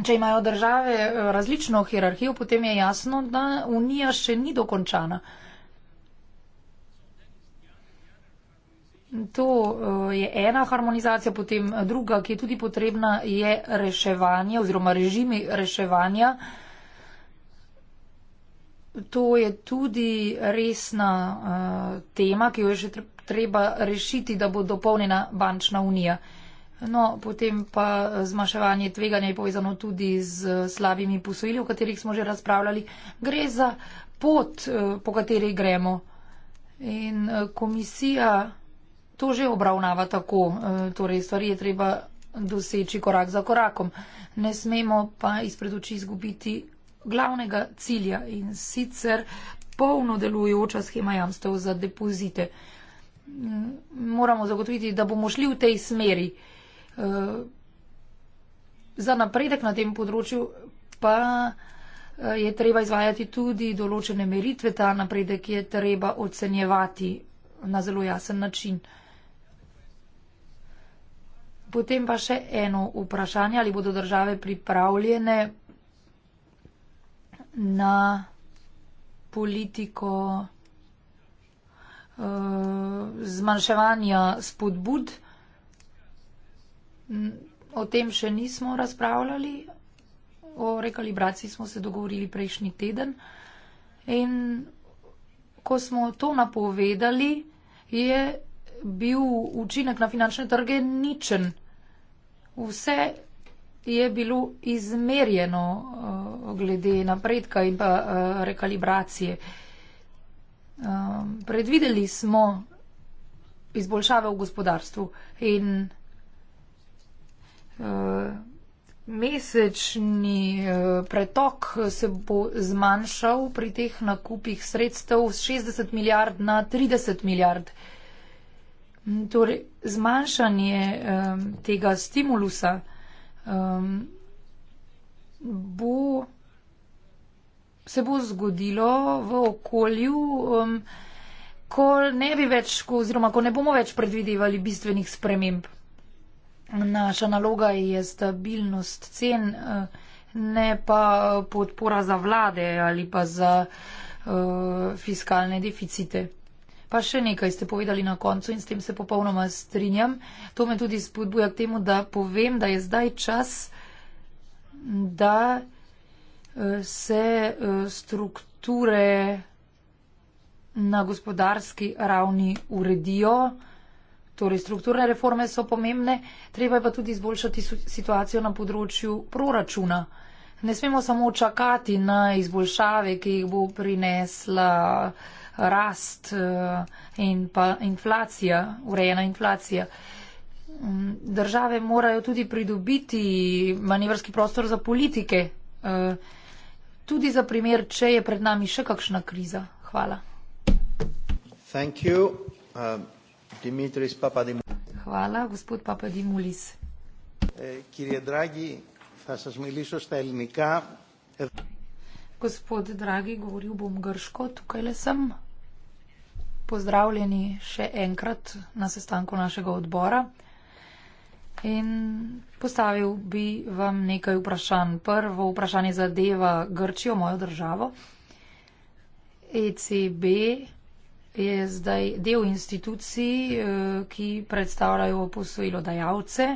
Če imajo države eh, različno hierarhijo, potem je jasno, da unija še ni dokončana. Uh, To eh, je ena harmonizacija, potem eh, druga, ki je tudi potrebna, je reševanje oziroma režimi reševanja. To je tudi resna uh, tema, ki jo je še treba rešiti, da bo dopolnjena bančna unija. No, potem pa zmaševanje tveganja je povezano tudi z slabimi posojili, o katerih smo že razpravljali. Gre za pot, uh, po kateri gremo. In uh, komisija to že obravnava tako. Eh, torej, stvari je treba doseči korak za korakom. Ne smemo pa izpred oči izgubiti glavnega cilja in sicer polno delujoča schema jamstev za depozite. Mm, moramo zagotoviti, da bomo šli v tej smeri. Eh, za napredek na tem področju pa eh, je treba izvajati tudi določene meritve, ta napredek je treba ocenjevati na zelo jasen način. Potem pa še eno vprašanje, ali bodo države pripravljene na politiko uh, zmanjševanja spodbud. O tem še nismo razpravljali, o rekalibraciji smo se dogovorili prejšnji teden. In ko smo to napovedali, je bil učinek na finančne trge ničen. Vse je bilo izmerjeno eh, glede napredka in pa eh, rekalibracije. Eh, predvideli smo izboljšave v gospodarstvu in mesečni pretok se bo zmanjšal pri teh nakupih sredstev z 60 milijard na 30 milijard. Mm, torej, zmanjšanje um, tega stimulusa um, bo, se bo zgodilo v okolju, um, ko, ne bi več, ko, oziroma, ko ne bomo več predvidevali bistvenih sprememb. Naša naloga je stabilnost cen, eh, ne pa eh, podpora za vlade ali pa za uh, fiskalne deficite. Pa še nekaj ste povedali na koncu in s tem se popolnoma strinjam. To me tudi spodbuja k temu, da povem, da je zdaj čas, da eh, se eh, strukture na gospodarski ravni uredijo. Torej, strukturne reforme so pomembne, treba je pa tudi izboljšati situacijo na področju proračuna. Ne smemo samo čakati na izboljšave, ki jih bo prinesla uh, rast eh, in pa inflacija, urejena inflacija. Mm, države morajo tudi pridobiti manevrski prostor za politike, eh, tudi za primer, če je pred nami še kakšna kriza. Hvala. Um, Hvala, gospod Papadimulis. Eh, gospod Dragi, govoril bom grško, tukaj le sem pozdravljeni še enkrat na sestanku našega odbora. In postavil bi vam nekaj vprašanj. Prvo vprašanje zadeva Grčijo, mojo državo. ECB je zdaj del institucij, eh, ki predstavljajo posojilo dajalce.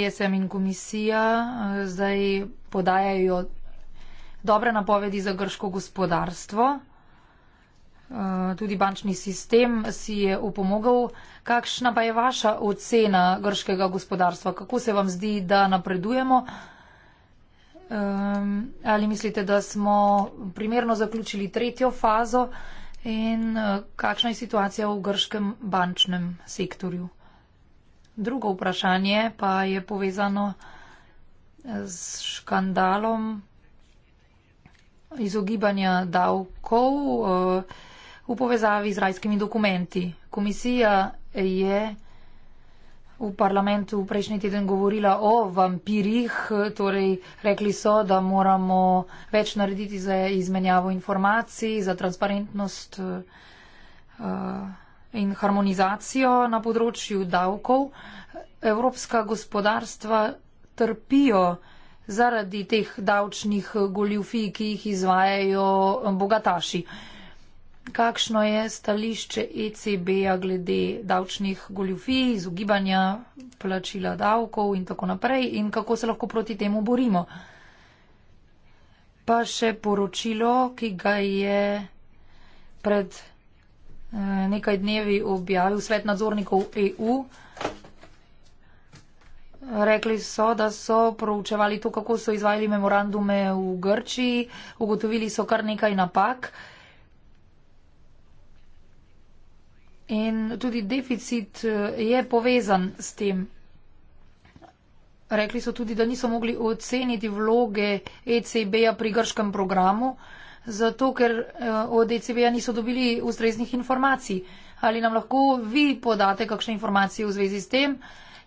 ESM eh, e in komisija eh, zdaj podajajo dobre napovedi za grško gospodarstvo. Eh, tudi bančni sistem si je upomogel. Kakšna pa je vaša ocena grškega gospodarstva? Kako se vam zdi, da napredujemo? Um, ali mislite, da smo primerno zaključili tretjo fazo in uh, kakšna je situacija v grškem bančnem sektorju? Drugo vprašanje pa je povezano eh, s škandalom izogibanja davkov. Uh, v povezavi z rajskimi dokumenti. Komisija je v parlamentu prejšnji teden govorila o vampirjih, torej rekli so, da moramo več narediti za izmenjavo informacij, za transparentnost eh, in harmonizacijo na področju davkov. Evropska gospodarstva trpijo zaradi teh davčnih goljufij, ki jih izvajajo bogataši kakšno je stališče ECB-ja glede davčnih goljufij, izogibanja plačila davkov in tako naprej in kako se lahko proti temu borimo. Pa še poročilo, ki ga je pred eh, nekaj dnevi objavil svet nadzornikov EU. Rekli so, da so proučevali to, kako so izvajali memorandume v Grčiji, ugotovili so kar nekaj napak. In tudi deficit eh, je povezan s tem. Rekli so tudi, da niso mogli oceniti vloge ECB-ja pri grškem programu, zato ker eh, od ECB-ja niso dobili ustreznih informacij. Ali nam lahko vi podate kakšne informacije v zvezi s tem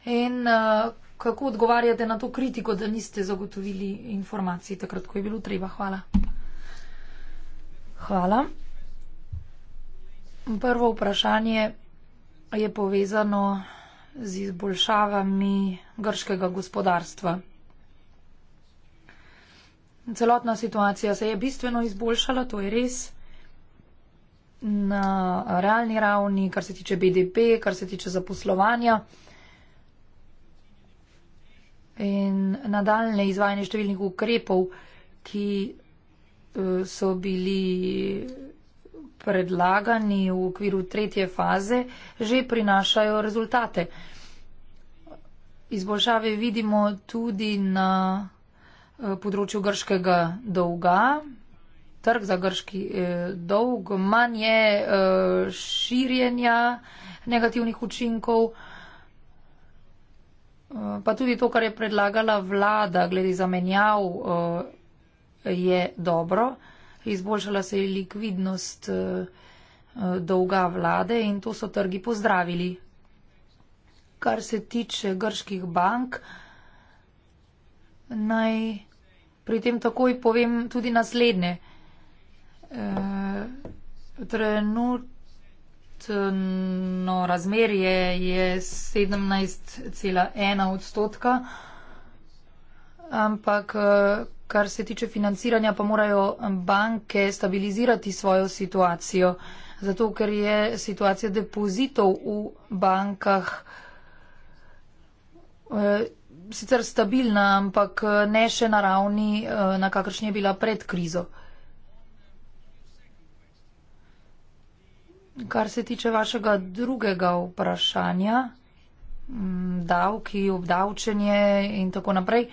in eh, kako odgovarjate na to kritiko, da niste zagotovili informacij takrat, ko je bilo treba? Hvala. Hvala. Prvo vprašanje je povezano z izboljšavami grškega gospodarstva. Celotna situacija se je bistveno izboljšala, to je res. Na realni ravni, kar se tiče BDP, kar se tiče zaposlovanja. In nadaljne izvajanje številnih ukrepov, ki eh, so bili predlagani v okviru tretje faze, že prinašajo rezultate. Izboljšave vidimo tudi na eh, področju grškega dolga. Trg za grški eh, dolg manj je eh, širjenja negativnih učinkov, eh, pa tudi to, kar je predlagala vlada glede zamenjav, eh, je dobro. Izboljšala se je likvidnost eh, dolga vlade in to so trgi pozdravili. Kar se tiče grških bank, naj pri tem takoj povem tudi naslednje. Eh, trenutno razmerje je 17,1 odstotka, ampak eh, kar se tiče financiranja, pa morajo banke stabilizirati svojo situacijo, zato ker je situacija depozitov v bankah eh, sicer stabilna, ampak eh, ne še na ravni, eh, na kakršni je bila pred krizo. Kar se tiče vašega drugega vprašanja, mm, davki, obdavčenje in tako naprej,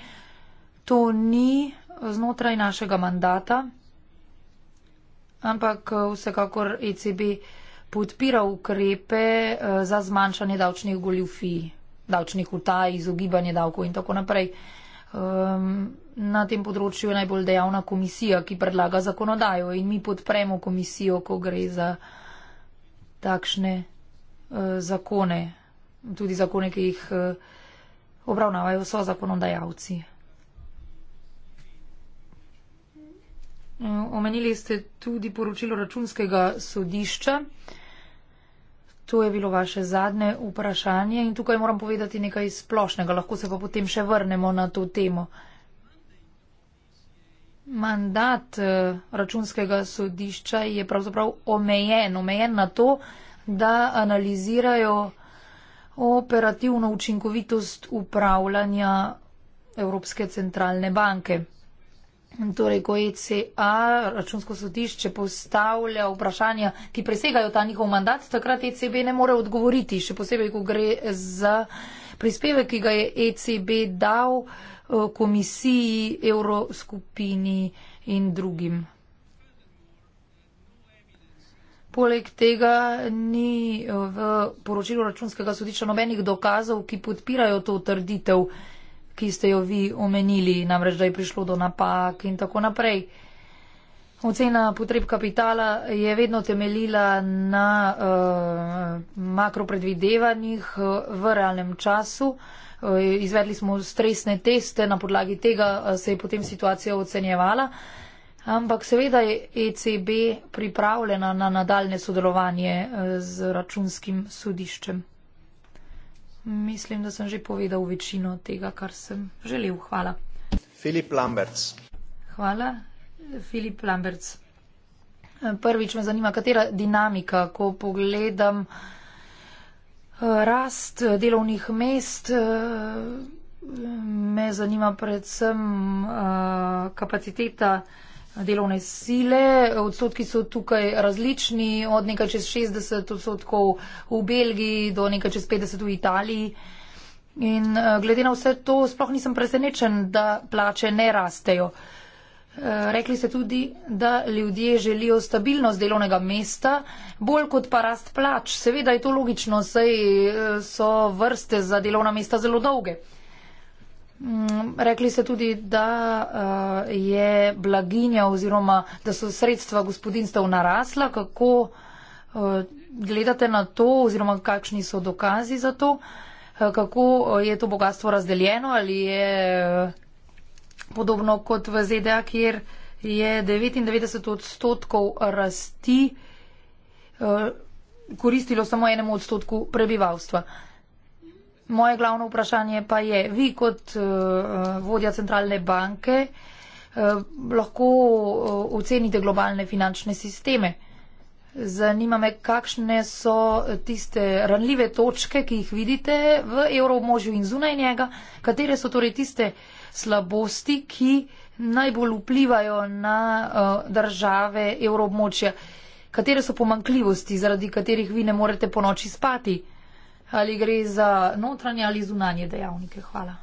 to ni znotraj našega mandata, ampak eh, vsekakor ECB podpira ukrepe eh, za zmanjšanje davčnih goljufij, davčnih utaj, izogibanje davkov in tako naprej. Ehm, na tem področju je najbolj dejavna komisija, ki predlaga zakonodajo in mi podpremo komisijo, ko gre za takšne eh, zakone, tudi zakone, ki jih obravnavajo so zakonodajalci. Mm, omenili ste tudi poročilo računskega sodišča. To je bilo vaše zadnje vprašanje in tukaj moram povedati nekaj splošnega, lahko se pa potem še vrnemo na to temo. Mandat eh, računskega sodišča je pravzaprav omejen, omejen na to, da analizirajo operativno učinkovitost upravljanja Evropske centralne banke. Torej, ko ECA, računsko sodišče, postavlja vprašanja, ki presegajo ta njihov mandat, takrat ECB ne more odgovoriti, še posebej, ko gre za prispevek, ki ga je ECB dal eh, komisiji, evroskupini in drugim. Poleg tega ni eh, v poročilu računskega sodišča nobenih dokazov, ki podpirajo to trditev ki ste jo vi omenili, namreč da je prišlo do napak in tako naprej. Ocena potreb kapitala je vedno temeljila na uh, eh, makropredvidevanjih eh, v realnem času. Uh, izvedli smo stresne teste, na podlagi tega se je potem situacija ocenjevala. Ampak seveda je ECB pripravljena na nadaljne sodelovanje z računskim sodiščem mislim, da sem že povedal večino tega, kar sem želel. Hvala. Filip Lamberts. Hvala, Filip Lamberts. Prvič me zanima, katera dinamika, ko pogledam eh, rast delovnih mest, eh, me zanima predvsem eh, kapaciteta delovne sile. Odstotki so tukaj različni, od nekaj čez 60 odstotkov v Belgiji do nekaj čez 50 v Italiji. In eh, glede na vse to, sploh nisem presenečen, da plače ne rastejo. Eh, rekli ste tudi, da ljudje želijo stabilnost delovnega mesta, bolj kot pa rast plač. Seveda je to logično, saj eh, so vrste za delovna mesta zelo dolge. Mm, rekli ste tudi, da eh, je blaginja oziroma da so sredstva gospodinstv narasla. Kako eh, gledate na to oziroma kakšni so dokazi za to? Eh, kako je to bogatstvo razdeljeno ali je podobno kot v ZDA, kjer je 99 odstotkov rasti koristilo samo enemu odstotku prebivalstva? Moje glavno vprašanje pa je, vi kot uh, vodja centralne banke uh, lahko uh, ocenite globalne finančne sisteme. Zanima me, kakšne so tiste ranljive točke, ki jih vidite v evroobmožju in zunaj njega, katere so torej tiste slabosti, ki najbolj vplivajo na uh, države evroobmočja, katere so pomankljivosti, zaradi katerih vi ne morete po noči spati ali gre za notranje ali zunanje dejavnike? Hvala.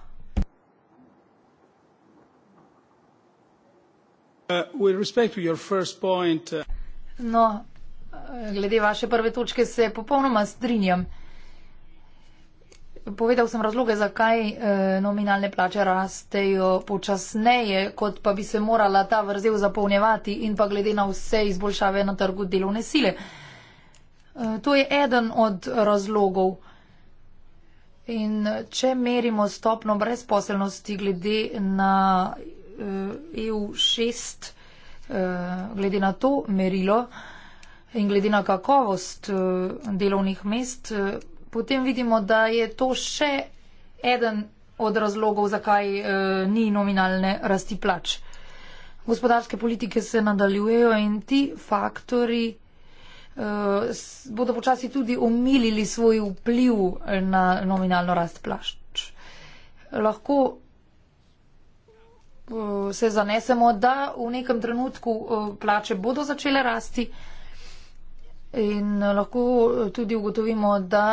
Uh, uh, no, uh, glede vaše prve točke se popolnoma strinjam. Povedal sem razloge, zakaj nominalne plače rastejo počasneje, kot pa bi se morala ta vrzel zapolnjevati in pa glede na vse izboljšave na trgu delovne sile. To je eden od razlogov. In če merimo stopno brezposelnosti glede na EU6, eh, e eh, glede na to merilo in glede na kakovost eh, delovnih mest, potem vidimo, da je to še eden od razlogov, zakaj ni nominalne rasti plač. Gospodarske politike se nadaljujejo in ti faktori Eh, bodo počasi tudi omilili svoj vpliv na nominalno rast plašč. Lahko eh, se zanesemo, da v nekem trenutku eh, plače bodo začele rasti in lahko tudi ugotovimo, da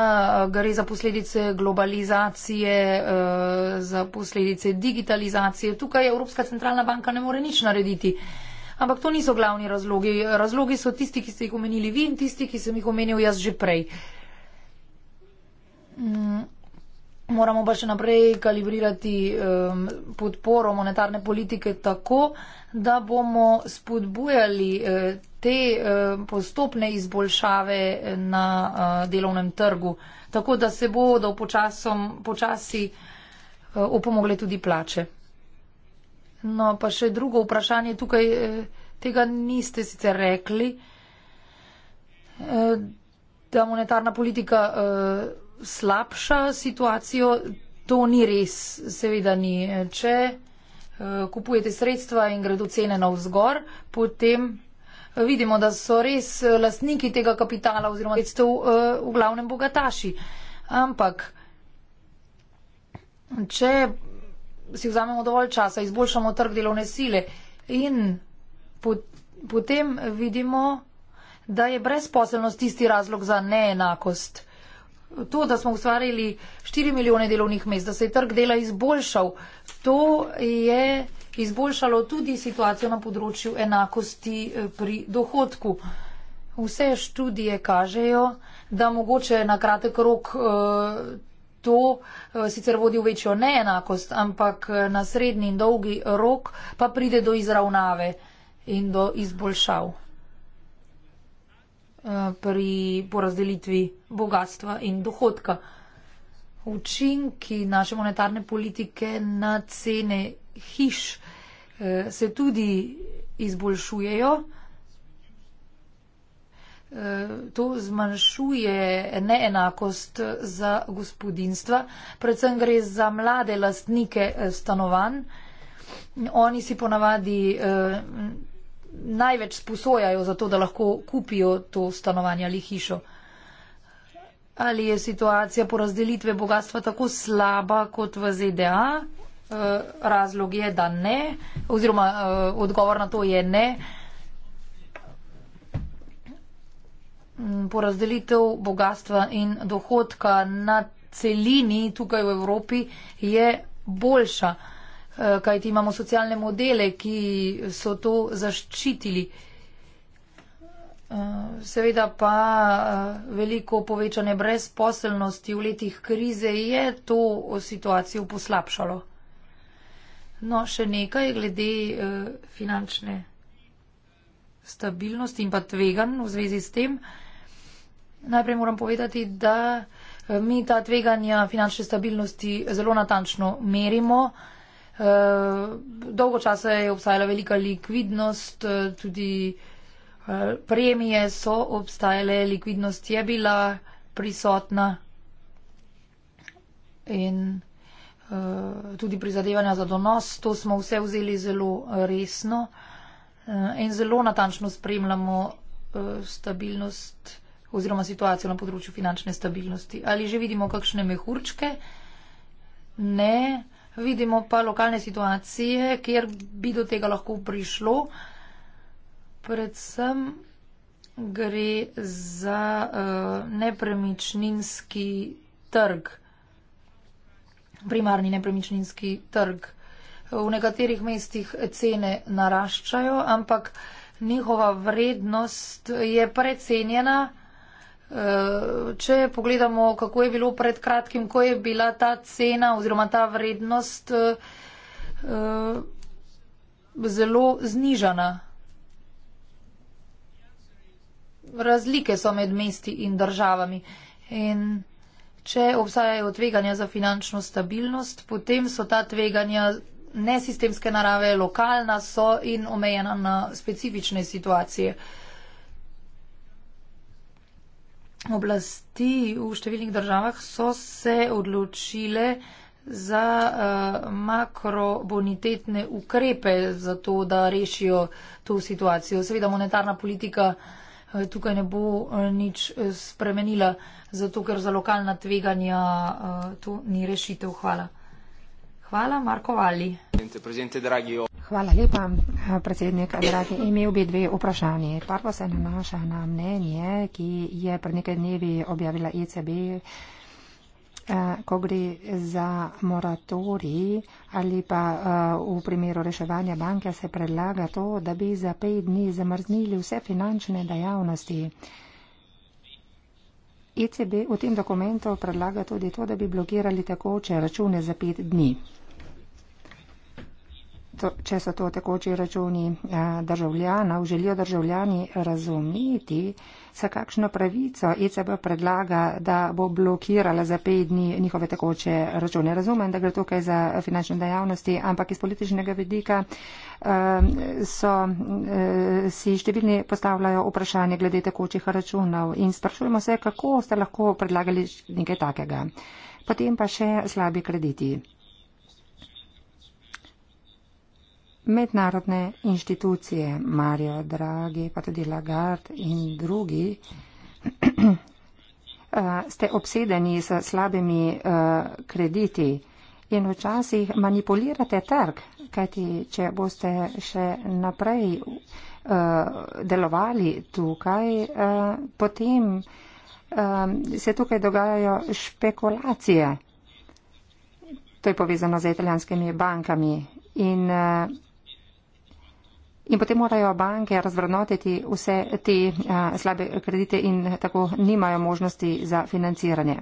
gre za posledice globalizacije, za posledice digitalizacije. Tukaj Evropska centralna banka ne more nič narediti. Ampak to niso glavni razlogi. Razlogi so tisti, ki ste jih omenili vi in tisti, ki sem jih omenil jaz že prej. Mm. Moramo pa še naprej kalibrirati um, podporo monetarne politike tako, da bomo spodbujali uh, te uh, postopne izboljšave na uh, delovnem trgu, tako da se bodo počasom, počasi uh, opomogle tudi plače. No, pa še drugo vprašanje tukaj, eh, tega niste sicer rekli, eh, da monetarna politika eh, slabša situacijo, to ni res, seveda ni. Če kupujete sredstva in gredo cene na vzgor, potem vidimo, da so res lastniki tega kapitala oziroma sredstev v glavnem bogataši. Ampak, če si vzamemo dovolj časa, izboljšamo trg delovne sile in pot, potem vidimo, da je brezposelnost tisti razlog za neenakost. To, da smo ustvarili 4 milijone delovnih mest, da se je trg dela izboljšal, to je izboljšalo tudi situacijo na področju enakosti eh, pri dohodku. Vse študije kažejo, da mogoče na kratek rok. Uh, to eh, sicer vodi v večjo neenakost, ampak eh, na srednji in dolgi rok pa pride do izravnave in do izboljšav eh, pri porazdelitvi bogatstva in dohodka. Učinki naše monetarne politike na cene hiš se tudi izboljšujejo to zmanjšuje neenakost za gospodinstva. Predvsem gre za mlade lastnike eh, stanovanj. Oni si ponavadi eh, največ sposojajo za to, da lahko kupijo to stanovanje ali hišo. Ali je situacija porazdelitve bogatstva tako slaba kot v ZDA? Eh, razlog je, da ne, oziroma odgovor na to je ne. Mm, porazdelitev bogatstva in dohodka na celini tukaj v Evropi je boljša, eh, kajti imamo socialne modele, ki so to zaščitili. Eh, seveda pa eh, veliko povečane brezposelnosti v letih krize je to situacijo poslabšalo. No, še nekaj glede finančne stabilnosti in pa tvegan v zvezi s tem. Najprej moram povedati, da eh, mi ta tveganja finančne stabilnosti zelo natančno merimo. Eh, dolgo časa je obstajala velika likvidnost, eh, tudi premije so obstajale, likvidnost je bila prisotna in tudi prizadevanja za donos. To smo vse vzeli zelo resno in zelo natančno spremljamo stabilnost oziroma situacijo na področju finančne stabilnosti. Ali že vidimo kakšne mehurčke? Ne. Vidimo pa lokalne situacije, kjer bi do tega lahko prišlo. Predvsem gre za uh, nepremičninski trg, primarni nepremičninski trg. V nekaterih mestih cene naraščajo, ampak njihova vrednost je precenjena. Če pogledamo, kako je bilo pred kratkim, ko je bila ta cena oziroma ta vrednost eh, eh, zelo znižana. Razlike so med mesti in državami. In če obstajajo tveganja za finančno stabilnost, potem so ta tveganja nesistemske narave, lokalna so in omejena na specifične situacije. Uh, oblasti v številnih državah so se odločile za uh, makrobonitetne ukrepe, zato da rešijo to situacijo. Seveda monetarna politika uh, tukaj ne bo uh, nič spremenila, zato ker za lokalna tveganja uh, to ni rešitev. Hvala. Hvala, Marko Vali. Hvala lepa, predsednik. Dragi, imel bi dve vprašanji. Prvo se nanaša na mnenje, ki je pred nekaj dnevi objavila ECB, eh, ko gre za moratori ali pa eh, v primeru reševanja banke se predlaga to, da bi za pet dni zamrznili vse finančne dejavnosti. ECB v tem dokumentu predlaga tudi to, da bi blokirali tekoče račune za pet dni to, če so to tekoči računi eh, državljanov, želijo državljani razumeti, za kakšno pravico ECB predlaga, da bo blokirala za pet dni njihove tekoče račune. Razumem, da gre tukaj za finančne dejavnosti, ampak iz političnega vidika eh, so, eh, si številni postavljajo vprašanje glede tekočih računov in sprašujemo se, kako ste lahko predlagali nekaj takega. Potem pa še slabi krediti. mednarodne inštitucije, Mario Draghi, pa tudi Lagarde in drugi, [clears throat] eh, ste obsedeni s slabimi eh, krediti in včasih manipulirate trg, kajti če boste še naprej eh, delovali tukaj, potem se tukaj dogajajo špekulacije. To je povezano z italijanskimi bankami. In In potem morajo banke razvrnotiti vse te a, slabe kredite in tako nimajo možnosti za financiranje.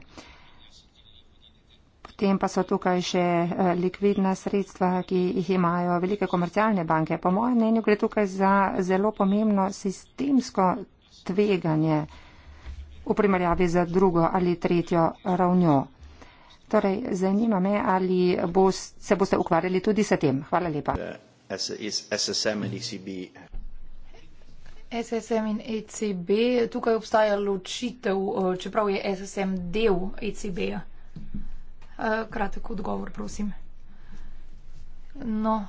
Potem pa so tukaj še likvidna sredstva, ki jih imajo velike komercialne banke. Po mojem mnenju gre tukaj za zelo pomembno sistemsko tveganje v primerjavi za drugo ali tretjo ravnjo. Torej, zanima me, ali bo, se boste ukvarjali tudi s tem. Hvala lepa. Yeah. Ja. SSM in ECB. SSM in ECB, tukaj obstaja ločitev, eh, čeprav je SSM del ECB-ja. Eh, kratek odgovor, prosim. No,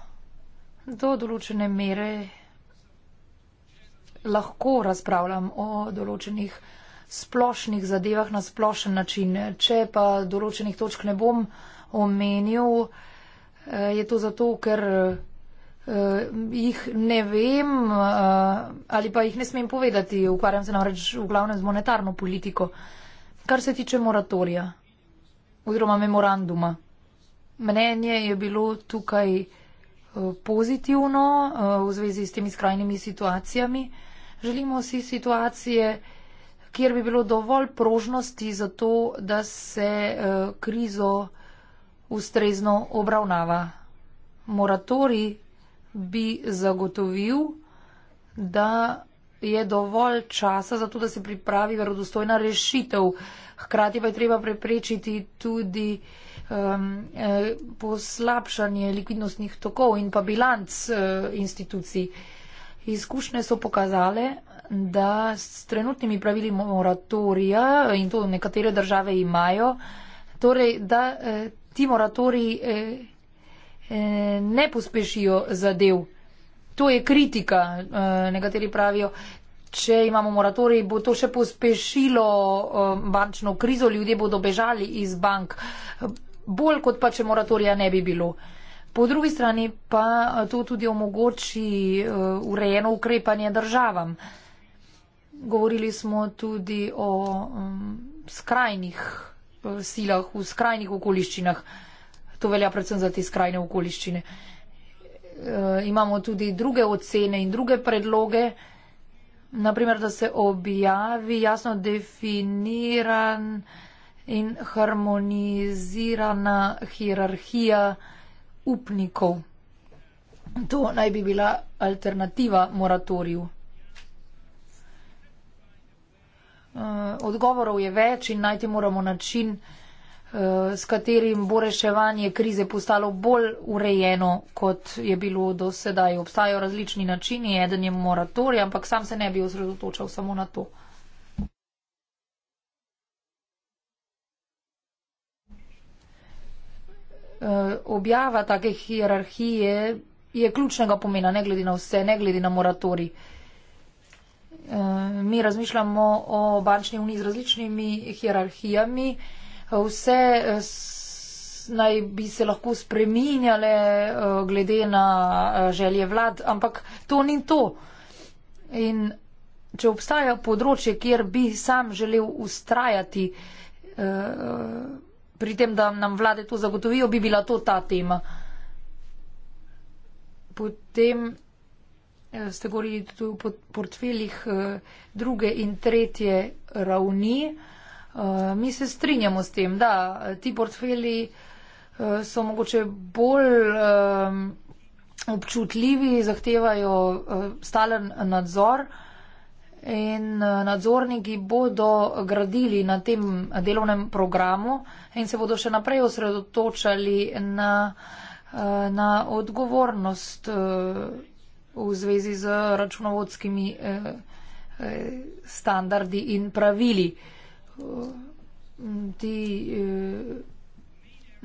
do določene mere lahko razpravljam o določenih splošnih zadevah na splošen način. Če pa določenih točk ne bom omenil, eh, je to zato, ker Uh, jih ne vem uh, ali pa jih ne smem povedati, ukvarjam se namreč v glavnem z monetarno politiko. Kar se tiče moratorija oziroma memoranduma, mnenje je bilo tukaj uh, pozitivno uh, v zvezi s temi skrajnimi situacijami. Želimo si situacije, kjer bi bilo dovolj prožnosti za to, da se uh, krizo ustrezno obravnava. Moratorij bi zagotovil, da je dovolj časa za to, da se pripravi verodostojna rešitev. Hkrati pa je treba preprečiti tudi um, eh, poslabšanje likvidnostnih tokov in pa bilanc eh, institucij. Izkušnje so pokazale, da s trenutnimi pravili moratorija, eh, in to nekatere države imajo, torej da eh, ti moratoriji. Eh, Eh, ne pospešijo zadev. To je kritika, eh, nekateri pravijo. Če imamo moratorij, bo to še pospešilo eh, bančno krizo, ljudje bodo bežali iz bank, bolj kot pa, če moratorija ne bi bilo. Po drugi strani pa to tudi omogoči urejeno ukrepanje državam. Govorili smo tudi o mm, skrajnih silah, v skrajnih okoliščinah. To velja predvsem za te skrajne okoliščine. E, imamo tudi druge ocene in druge predloge. Naprimer, da se objavi jasno definiran in harmonizirana hierarhija upnikov. To naj bi bila alternativa moratoriju. E, odgovorov je več in najti moramo način, s katerim bo reševanje krize postalo bolj urejeno, kot je bilo do sedaj. Obstajajo različni načini, eden je moratorij, ampak sam se ne bi osredotočal samo na to. E, objava take hierarhije je ključnega pomena, ne glede na vse, ne glede na moratorij. E, mi razmišljamo o bančni uniji z različnimi hierarhijami vse eh, naj bi se lahko spreminjale eh, glede na eh, želje vlad, ampak to ni to. In če obstaja področje, kjer bi sam želel ustrajati pri tem, da nam vlade to zagotovijo, bi bila to ta tema. Potem ste govorili tudi o portfeljih druge in tretje ravni. Eh, mi se strinjamo s tem, da eh, ti portfeli uh, eh, so mogoče bolj um, občutljivi, zahtevajo uh, stalen nadzor in uh, nadzorniki bodo gradili na tem delovnem programu in se bodo še naprej osredotočali na, uh, na odgovornost uh, v zvezi z računovodskimi. Uh, standardi in pravili. Uh, ti eh,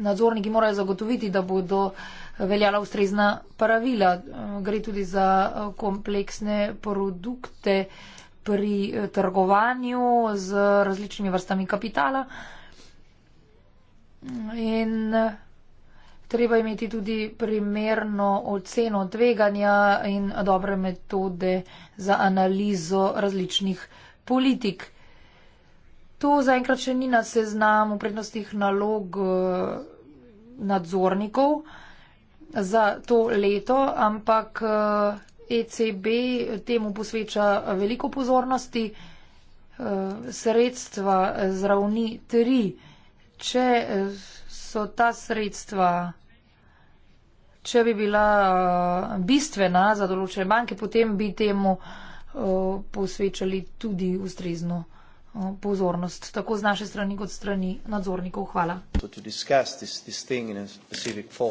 nadzorniki morajo zagotoviti, da bodo veljala ustrezna pravila. Eh, gre tudi za eh, kompleksne produkte pri trgovanju z različnimi vrstami kapitala. In treba imeti tudi primerno oceno tveganja in dobre metode za analizo različnih politik. To zaenkrat še ni na seznamu prednostih nalog eh, nadzornikov za to leto, ampak ECB eh, e temu posveča veliko pozornosti. Eh, sredstva z ravni 3, če so ta sredstva, če bi bila bistvena za določene banke, potem bi temu posvečali tudi ustrezno pozornost pozornost, tako z naše strani kot strani nadzornikov. Hvala. This, this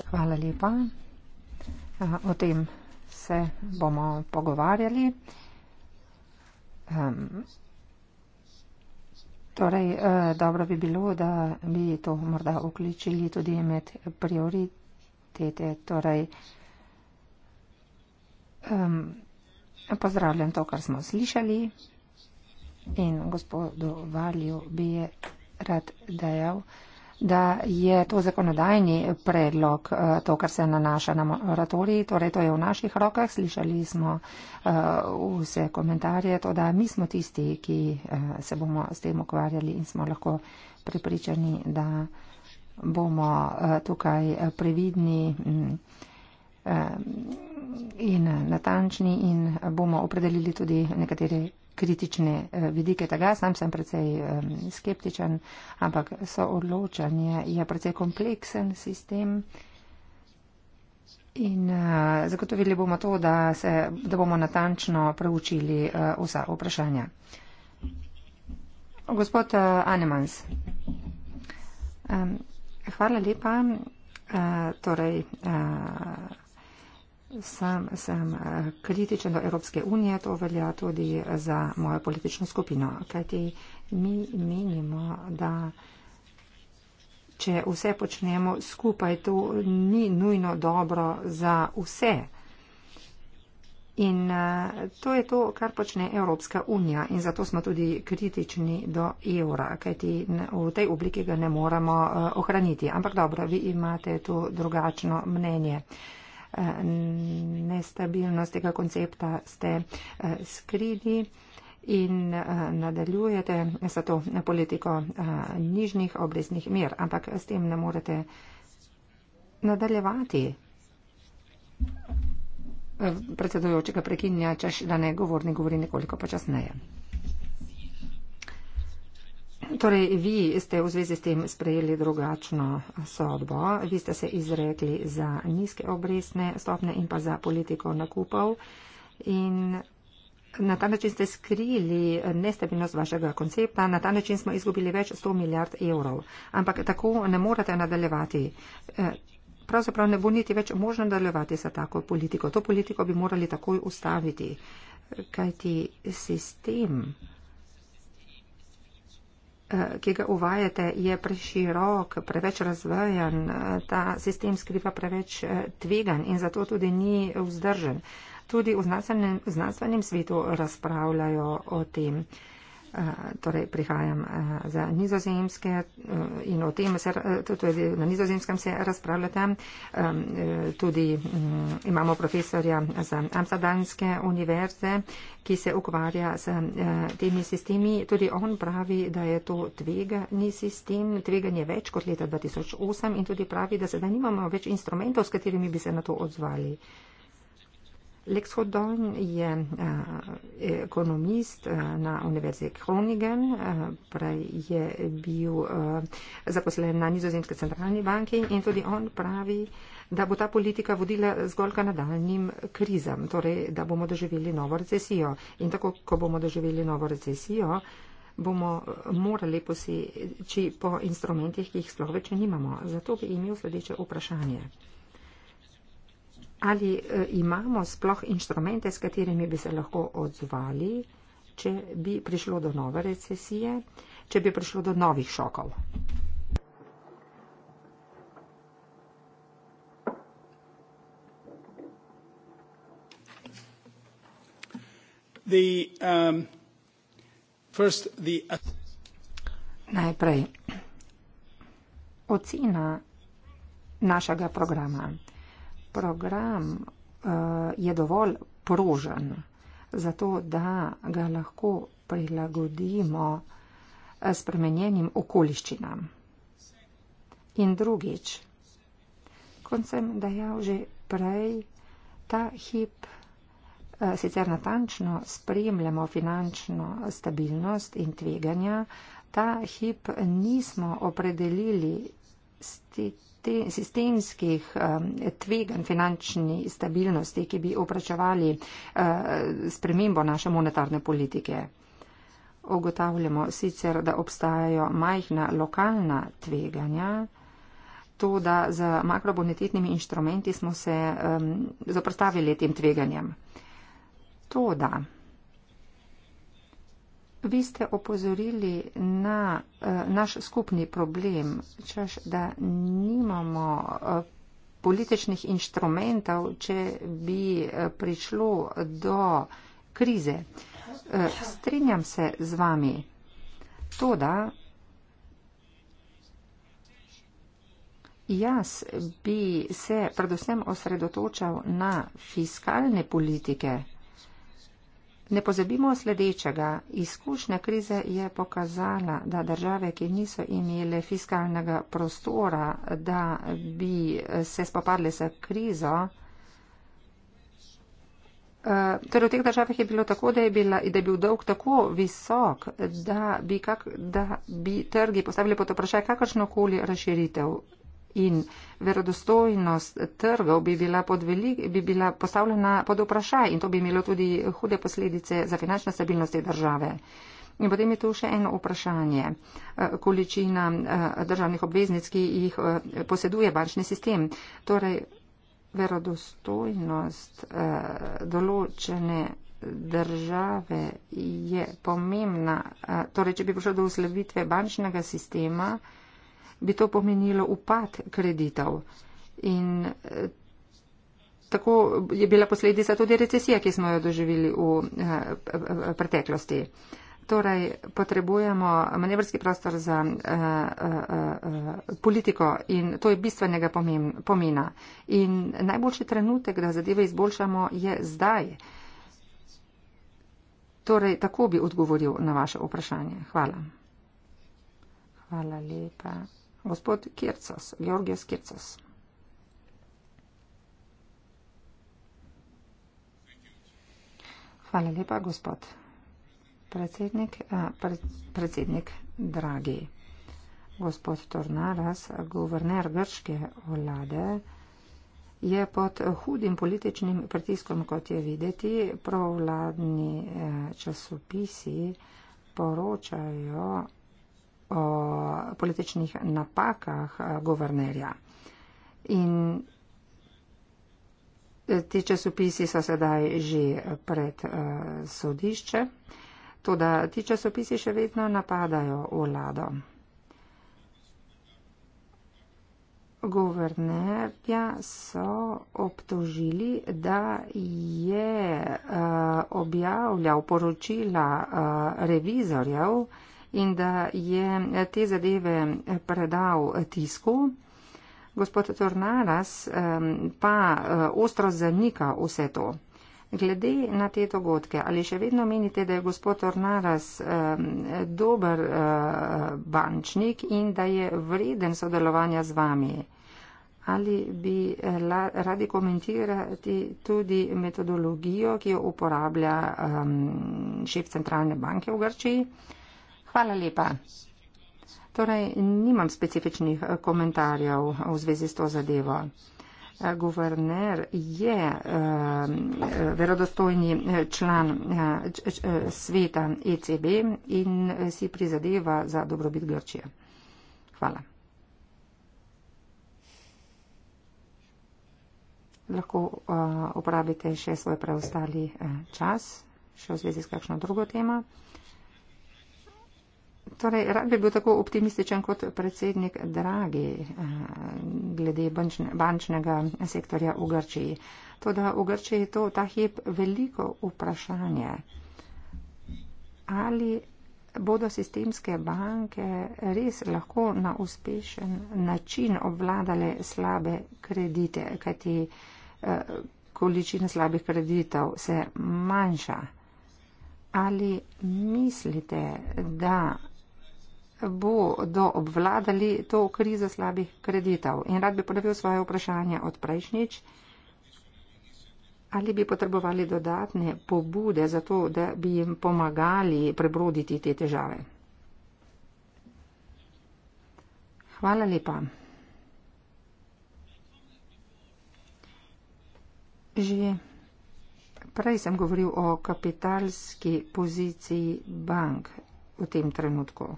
Hvala lepa. O tem se bomo pogovarjali. Um, torej, e, dobro bi bilo, da bi to morda vključili tudi med prioritete. Torej, um, pozdravljam to, kar smo slišali. In gospodu Valju bi rad dejal, da je to zakonodajni predlog, eh, to, kar se nanaša na moratorij, torej to je v naših rokah, slišali smo eh, vse komentarje, to da mi smo tisti, ki eh, se bomo s tem ukvarjali in smo lahko pripričani, da bomo tukaj previdni mm, in natančni in bomo opredelili tudi nekatere kritične eh, vidike tega. Sam sem precej skeptičen, ampak soodločanje je precej kompleksen sistem. In uh, zagotovili bomo to, da, se, da bomo natančno preučili uh, vsa vprašanja. Gospod uh, Anemans, um, hvala lepa. Uh, torej, uh, Sem, sem eh, kritičen do Evropske unije, to velja tudi za mojo politično skupino, kajti mi menimo, da če vse počnemo skupaj, to ni nujno dobro za vse. In eh, to je to, kar počne Evropska unija in zato smo tudi kritični do evra, kajti v tej obliki ga ne moremo eh, ohraniti. Ampak dobro, vi imate tu drugačno mnenje. Eh, nestabilnost tega koncepta ste eh, skrili in eh, nadaljujete za to politiko nižnih obreznih mer, ampak s tem ne morete nadaljevati. Predsedujočega prekinja, češ da ne govorni govori nekoliko počasneje. Torej, vi ste v zvezi s tem sprejeli drugačno sodbo. Vi ste se izrekli za nizke obrestne stopne in pa za politiko nakupov. In na ta način ste skrili nestabilnost vašega koncepta. Na ta način smo izgubili več 100 milijard evrov. Ampak tako ne morete nadaljevati. Eh, pravzaprav ne bo niti več možno nadaljevati sa tako politiko. To politiko bi morali takoj ustaviti. Kajti sistem Eh, ki ga uvajate, je preširok, preveč razvejen, eh, ta sistem skriva preveč eh, tvegan in zato tudi ni vzdržen. Tudi v znanstvenem, znanstvenem svetu razpravljajo o tem. Eh, torej prihajam eh, za nizozemske eh, in o tem se, tudi na nizozemskem se razpravljate. Tudi mm, imamo profesorja za Amsterdamske univerze, ki se ukvarja s temi sistemi. Tudi on pravi, da je to tvegani sistem, tveganje več kot leta 2008 in tudi pravi, da sedaj nimamo več instrumentov, s katerimi bi se na to odzvali. Lex Rodon je uh, ekonomist uh, na Univerzi Kroningen, uh, eh, prej je bil uh, zaposlen na Nizozemske centralni banki in tudi on pravi, da bo ta politika vodila zgolj ka nadaljnim krizam, torej da bomo doživeli novo recesijo. In tako, ko bomo doživeli novo recesijo, bomo morali poseči po instrumentih, ki jih sploh več nimamo. Zato bi imel sledeče vprašanje ali eh, imamo sploh inštrumente, s katerimi bi se lahko odzvali, če bi prišlo do nove recesije, če bi prišlo do novih šokov. The, um, first the... Uh, Najprej ocena našega programa program uh, je dovolj prožen, zato da ga lahko prilagodimo eh, spremenjenim okoliščinam. In drugič, kot sem dejal že prej, ta hip eh, sicer natančno spremljamo finančno stabilnost in tveganja, ta hip nismo opredelili stik sistemskih um, tvegan finančni stabilnosti, ki bi opračevali uh, spremembo naše monetarne politike. Ogotavljamo sicer, da obstajajo majhna lokalna tveganja, to, da z makrobonitetnimi inštrumenti smo se um, zaprstavili tem tveganjem. To, da Vi ste opozorili na uh, naš skupni problem, češ, da nimamo uh, političnih inštrumentov, če bi uh, prišlo do krize. Uh, strinjam se z vami. To, da jaz bi se predvsem osredotočal na fiskalne politike. Ne pozabimo sledečega. Izkušnja krize je pokazala, da države, ki niso imele fiskalnega prostora, da bi se spopadle s krizo, eh, Torej v teh državah je bilo tako, da je, bila, da je bil dolg tako visok, da bi, kak, da bi trgi postavili pod vprašaj kakršnokoli razširitev in verodostojnost trgov bi bila, pod velik, bi bila postavljena pod vprašaj in to bi imelo tudi hude posledice za finančno stabilnost te države. In potem je tu še eno vprašanje. Eh, količina eh, državnih obveznic, ki jih eh, poseduje bančni sistem. Torej, verodostojnost določene države je pomembna. Torej, če bi prišlo do uslebitve bančnega sistema, bi to pomenilo upad kreditov. In eh, tako je bila posledica tudi recesija, ki smo jo doživeli v eh, preteklosti. Torej, potrebujemo manevrski prostor za uh, uh, uh, politiko in to je bistvenega pomena. In najboljši trenutek, da zadeve izboljšamo, je zdaj. Torej, tako bi odgovoril na vaše vprašanje. Hvala. Hvala lepa gospod Kircas, Georgijas Kircas. Hvala lepa, gospod predsednik. Eh, predsednik, dragi gospod Tornaras, guverner grške vlade, je pod hudim političnim pritiskom, kot je videti. Provladni eh, časopisi poročajo o političnih napakah eh, guvernerja. In eh, ti časopisi so sedaj že pred eh, sodišče, tudi ti časopisi še vedno napadajo vlado. Guvernerja so obtožili, da je uh, objavljal poročila uh, revizorjev uh, in da je eh, te zadeve eh, predal eh, tisku. Gospod Tornaras pa ostro zanika vse to. Glede na te dogodke, ali še vedno menite, da je gospod Tornaras dober bančnik in da je vreden sodelovanja z vami? Ali bi radi komentirati tudi metodologijo, ki jo uporablja šef centralne banke v Grčiji? Hvala lepa. Torej, nimam specifičnih eh, komentarjev eh, v zvezi s to zadevo. Eh, guverner je verodostojni član sveta ECB in si prizadeva za dobrobit Grčije. Hvala. Lahko uporabite še svoj preostali čas, še v zvezi s kakšno drugo temo. Torej, rad bi bil tako optimističen kot predsednik Dragi eh, glede bančnega sektorja v Grčiji. To, da v Grčiji je to ta hip veliko vprašanje, ali bodo sistemske banke res lahko na uspešen način obvladale slabe kredite, kajti eh, količina slabih kreditov se manjša. Ali mislite, da bodo obvladali to krizo slabih kreditov. In rad bi ponovil svoje vprašanje od prejšnjič. Ali bi potrebovali dodatne pobude za to, da bi jim pomagali prebroditi te težave? Hvala lepa. Že prej sem govoril o kapitalski poziciji bank v tem trenutku.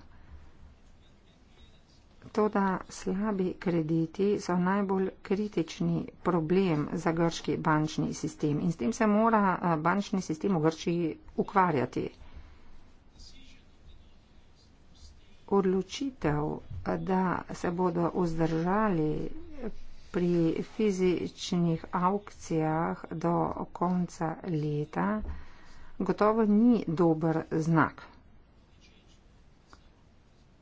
Toda slabi krediti so najbolj kritični problem za grški bančni sistem in s tem se mora eh, bančni sistem v Grčiji ukvarjati. Odločitev, da se bodo vzdržali pri fizičnih aukcijah do konca leta, gotovo ni dober znak.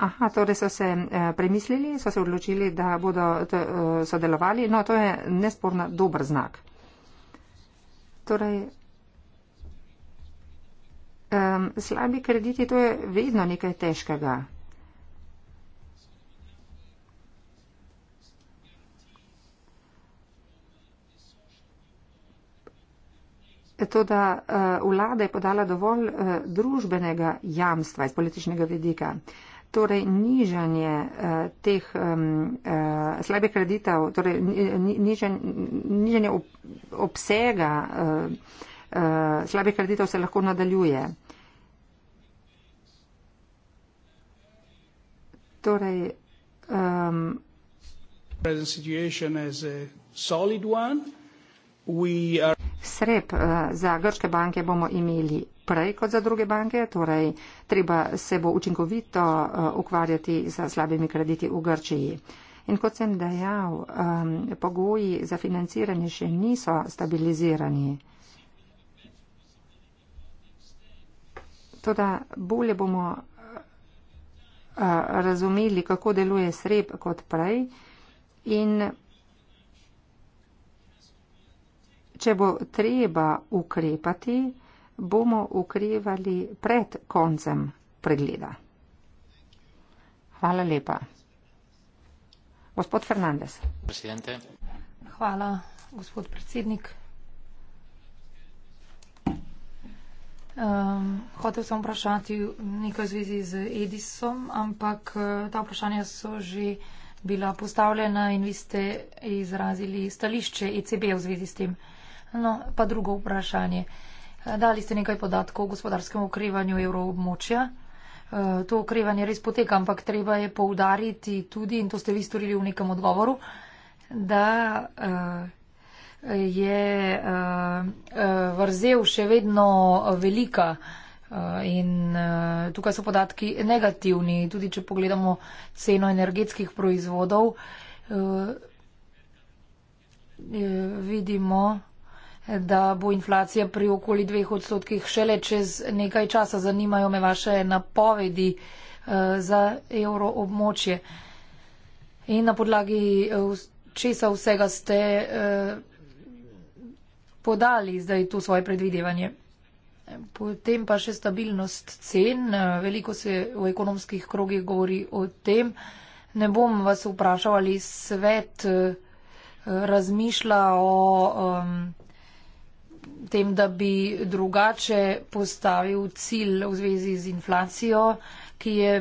Aha, torej so se eh, premislili, so se odločili, da bodo eh, sodelovali. No, to je nesporno dober znak. Torej, um, slabi krediti, to je vedno nekaj težkega. To, da uh, eh, vlada je podala dovolj uh, družbenega jamstva iz političnega vidika. Uh, torej nižanje uh, teh um, uh, eh, slabe kreditev, torej nižanje, nižanje ob, obsega uh, eh, uh, slabe kreditev se lahko nadaljuje. Torej, um, Srep za grške banke bomo imeli prej kot za druge banke, torej treba se bo učinkovito eh, ukvarjati z slabimi krediti v Grčiji. In kot sem dejal, um, pogoji za financiranje še niso stabilizirani. Toda bolje bomo uh, razumeli, kako deluje sreb kot prej. In če bo treba ukrepati, bomo ukrevali pred koncem pregleda. Hvala lepa. Gospod Fernandez. Presidente. Hvala, gospod predsednik. Um, hotel sem vprašati nekaj v zvezi z Edisom, ampak eh, ta vprašanja so že bila postavljena in vi ste izrazili stališče ECB v zvezi s tem. No, pa drugo vprašanje. Uh, Dali ste nekaj podatkov o gospodarskem okrevanju evroobmočja. E, to okrevanje res poteka, ampak treba je poudariti tudi, in to ste vi storili v nekem odgovoru, da e, je e, vrzel še vedno velika in tukaj so podatki negativni, tudi če pogledamo ceno energetskih proizvodov. Vidimo, da bo inflacija pri okoli dveh odstotkih šele čez nekaj časa. Zanimajo me vaše napovedi eh, za euroobmočje. In na podlagi eh, česa vsega ste eh, podali zdaj to svoje predvidevanje. Potem pa še stabilnost cen. Veliko se v ekonomskih krogih govori o tem. Ne bom vas vprašal, ali svet razmišlja o um, tem, da bi drugače postavil cilj v zvezi z inflacijo, ki je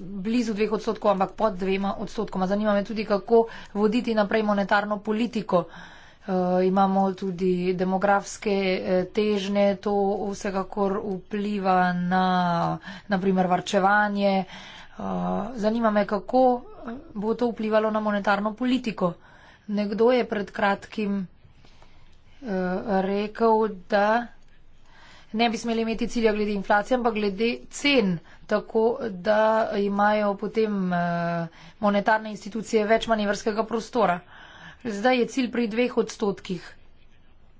blizu dveh odstotkov, ampak pod dvema odstotkoma. Zanima me tudi, kako voditi naprej monetarno politiko. E, imamo tudi demografske eh, težnje, to vsekakor vpliva na naprimer varčevanje. E, zanima me, kako bo to vplivalo na monetarno politiko. Nekdo je pred kratkim Eh, rekel, da ne bi smeli imeti cilja glede inflacije, ampak glede cen, tako da imajo potem eh, monetarne institucije več manevrskega prostora. Zdaj je cilj pri dveh odstotkih.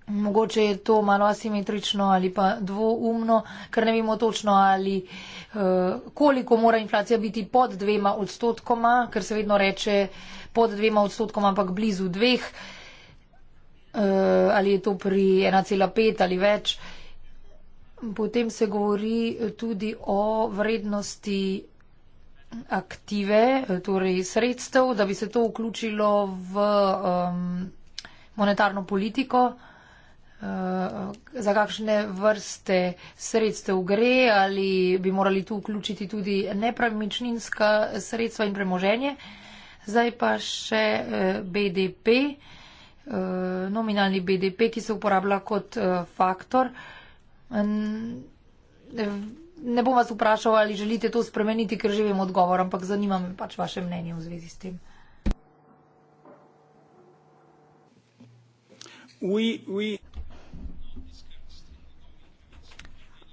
Mogoče je to malo asimetrično ali pa dvoumno, ker ne vemo točno, ali, eh, koliko mora inflacija biti pod dvema odstotkoma, ker se vedno reče pod dvema odstotkoma, ampak blizu dveh uh, ali je to pri 1,5 ali več. Potem se govori tudi o vrednosti aktive, eh, torej sredstev, da bi se to vključilo v um, monetarno politiko, uh, za kakšne vrste sredstev gre ali bi morali tu vključiti tudi nepremičninska sredstva in premoženje. Zdaj pa še BDP. Eh, nominalni BDP, ki se uporablja kot eh, faktor. Eh, ne bom vas vprašal, ali želite to spremeniti, ker že vem odgovor, ampak zanima me pač vaše mnenje v zvezi s tem. Oui, oui.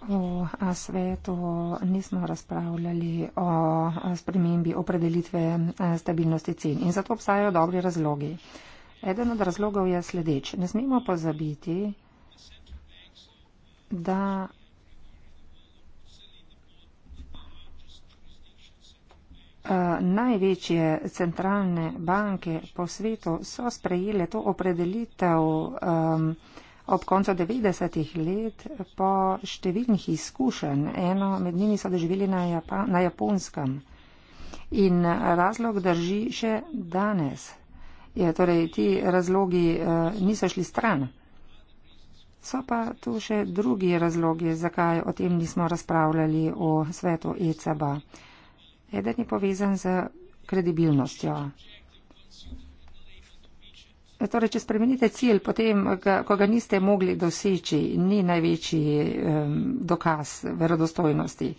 O svetu nismo razpravljali o spremembi opredelitve stabilnosti cen in zato obstajajo dobri razlogi. Eden od razlogov je sledeč. Ne smemo pozabiti, da Uh, največje centralne banke po svetu so sprejele to opredelitev um, ob koncu 90-ih let po številnih izkušenj. Eno med njimi so doživeli na, Japan na japonskem. In razlog drži še danes. Ja, torej ti razlogi eh, niso šli stran. So pa tu še drugi razlogi, zakaj o tem nismo razpravljali v svetu ECB. Eden je povezan z kredibilnostjo. Torej, če spremenite cilj, potem, ko ga niste mogli doseči, ni največji eh, dokaz verodostojnosti.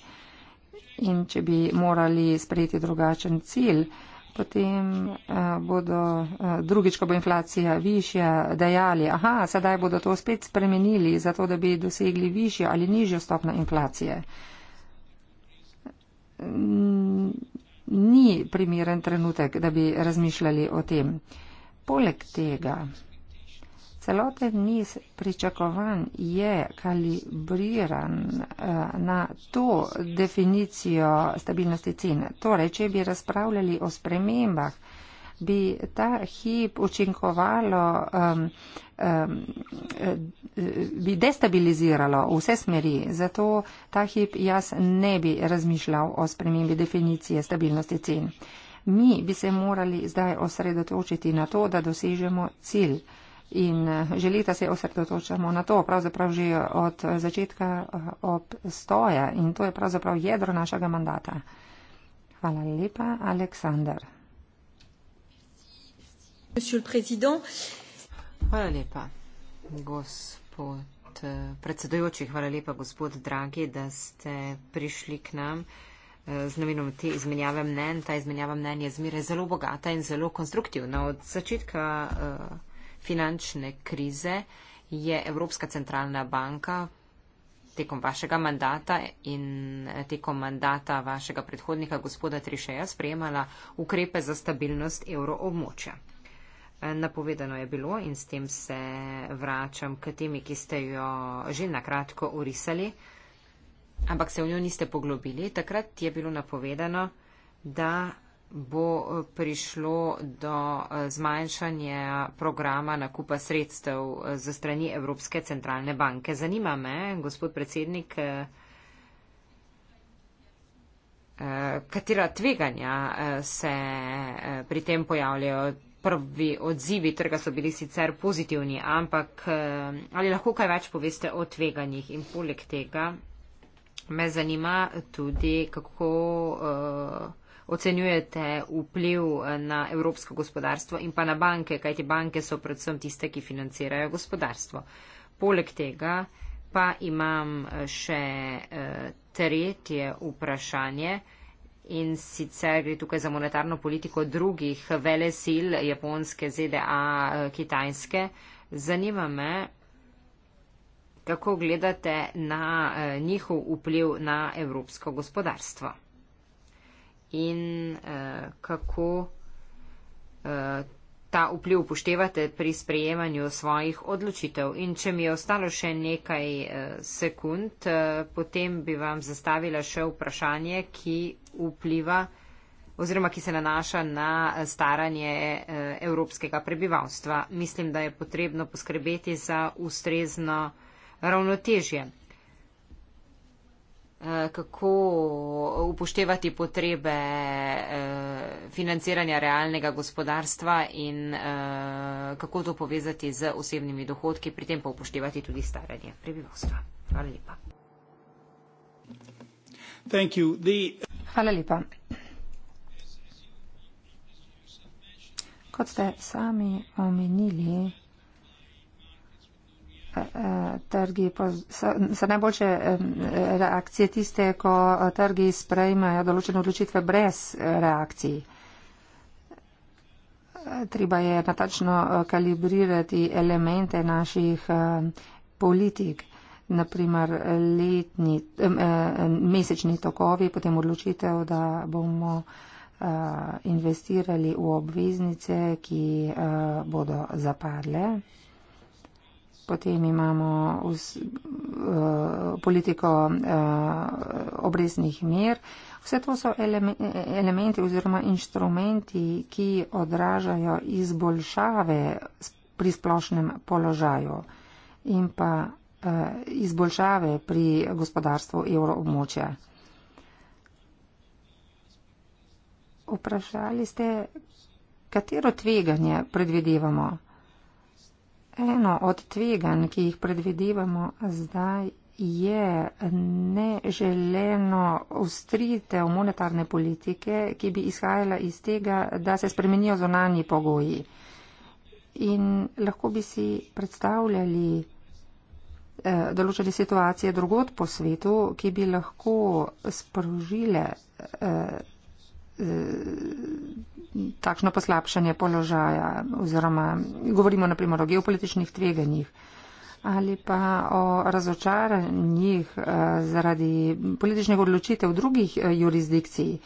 In če bi morali sprejeti drugačen cilj, eh, potem eh, bodo eh, drugič, ko bo inflacija višja, dejali, aha, sedaj bodo to spet spremenili, zato da bi dosegli višjo ali nižjo stopno inflacije. Ni primeren trenutek, da bi razmišljali o tem. Poleg tega. Celoten niz pričakovanj je kalibriran eh, na to definicijo stabilnosti cene. Torej, če bi razpravljali o spremembah, bi ta hip učinkovalo, um, um, bi destabiliziralo vse smeri. Zato ta hip jaz ne bi razmišljal o spremembi definicije stabilnosti cen. Mi bi se morali zdaj osredotočiti na to, da dosežemo cilj in eh, že leta se osredotočamo na to, pravzaprav že od eh, začetka eh, obstoja in to je pravzaprav jedro našega mandata. Hvala lepa, Aleksandar. Hvala lepa, gospod predsedujoči, hvala lepa, gospod Dragi, da ste prišli k nam z namenom te izmenjave mnen. Ta izmenjava mnen je zmeraj zelo bogata in zelo konstruktivna. Od začetka finančne krize je Evropska centralna banka tekom vašega mandata in tekom mandata vašega predhodnika gospoda Trišeja sprejemala ukrepe za stabilnost evroobmočja. Napovedano je bilo in s tem se vračam k temi, ki ste jo že nakratko orisali, ampak se v njo niste poglobili. Takrat je bilo napovedano, da bo eh, prišlo do eh, zmanjšanja programa nakupa sredstev eh, za strani Evropske centralne banke. Zanima me, gospod predsednik, katera tveganja se pri tem pojavljajo. Prvi odzivi trga so bili sicer pozitivni, ampak ali lahko kaj več poveste o tveganjih in poleg tega me zanima tudi, kako ocenjujete vpliv eh, na evropsko gospodarstvo in pa na banke, kajti banke so predvsem tiste, ki financirajo gospodarstvo. Poleg tega pa imam eh, še eh, tretje vprašanje in sicer gre tukaj za monetarno politiko drugih vele sil, japonske, ZDA, kitajske. Zanima me, kako gledate na njihov vpliv na evropsko gospodarstvo in uh, kako uh, ta vpliv upoštevate pri sprejemanju svojih odločitev. In če mi je ostalo še nekaj uh, sekund, uh, potem bi vam zastavila še vprašanje, ki vpliva oziroma ki se nanaša na staranje evropskega prebivalstva. Mislim, da je potrebno poskrbeti za ustrezno ravnotežje Eh, kako upoštevati potrebe eh, financiranja realnega gospodarstva in eh, kako to povezati z osebnimi dohodki, pri tem pa upoštevati tudi staranje prebivalstva. Hvala lepa. Hvala lepa. Kot ste sami omenili, trgi, za najboljše reakcije tiste, ko eh, trgi sprejmejo določene odločitve brez eh, reakcij. Treba je natačno eh, kalibrirati elemente naših politik, naprimer letni, mesečni tokovi, potem odločitev, da bomo investirali v obveznice, ki bodo zapadle potem imamo vz, uh, eh, politiko uh, eh, obreznih mer. Vse to so elemen, elementi oziroma inštrumenti, ki odražajo izboljšave pri splošnem položaju in pa uh, izboljšave pri gospodarstvu evroobmočja. Vprašali ste, katero tveganje predvidevamo. Eno od tveganj, ki jih predvidevamo zdaj, je neželeno ustritev monetarne politike, ki bi izhajala iz tega, da se spremenijo zonanji pogoji. In lahko bi si predstavljali eh, določene situacije drugot po svetu, ki bi lahko sprožile. Eh, Eh, takšno poslabšanje položaja oziroma govorimo naprimer o geopolitičnih tveganjih ali pa o razočaranjih eh, zaradi političnih odločitev drugih eh, jurisdikcij.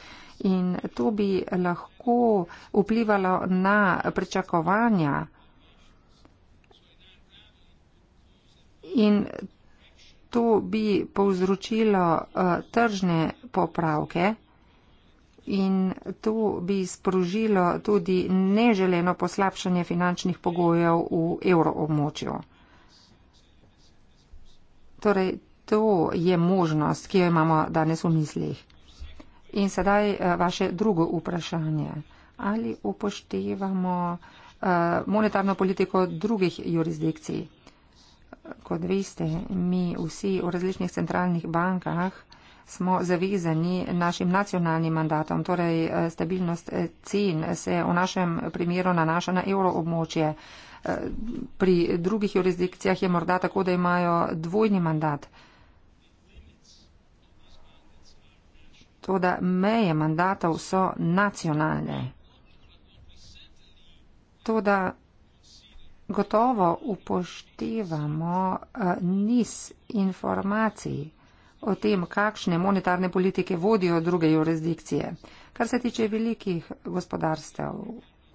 In to bi lahko vplivalo na pričakovanja. In to bi povzročilo uh, tržne popravke in to bi sprožilo tudi neželeno poslabšanje finančnih pogojev v evroobmočju. Torej, to je možnost, ki jo imamo danes v mislih. In sedaj eh, vaše drugo vprašanje. Ali upoštevamo eh, monetarno politiko drugih jurisdikcij? Kot veste, mi vsi v različnih centralnih bankah smo zavezani našim nacionalnim mandatom, torej eh, stabilnost eh, cen se v našem primeru nanaša na euroobmočje. Eh, pri drugih jurisdikcijah je morda tako, da imajo dvojni mandat. To, da meje mandatov so nacionalne. To, da gotovo upoštevamo niz informacij o tem, kakšne monetarne politike vodijo druge jurisdikcije. Kar se tiče velikih gospodarstev,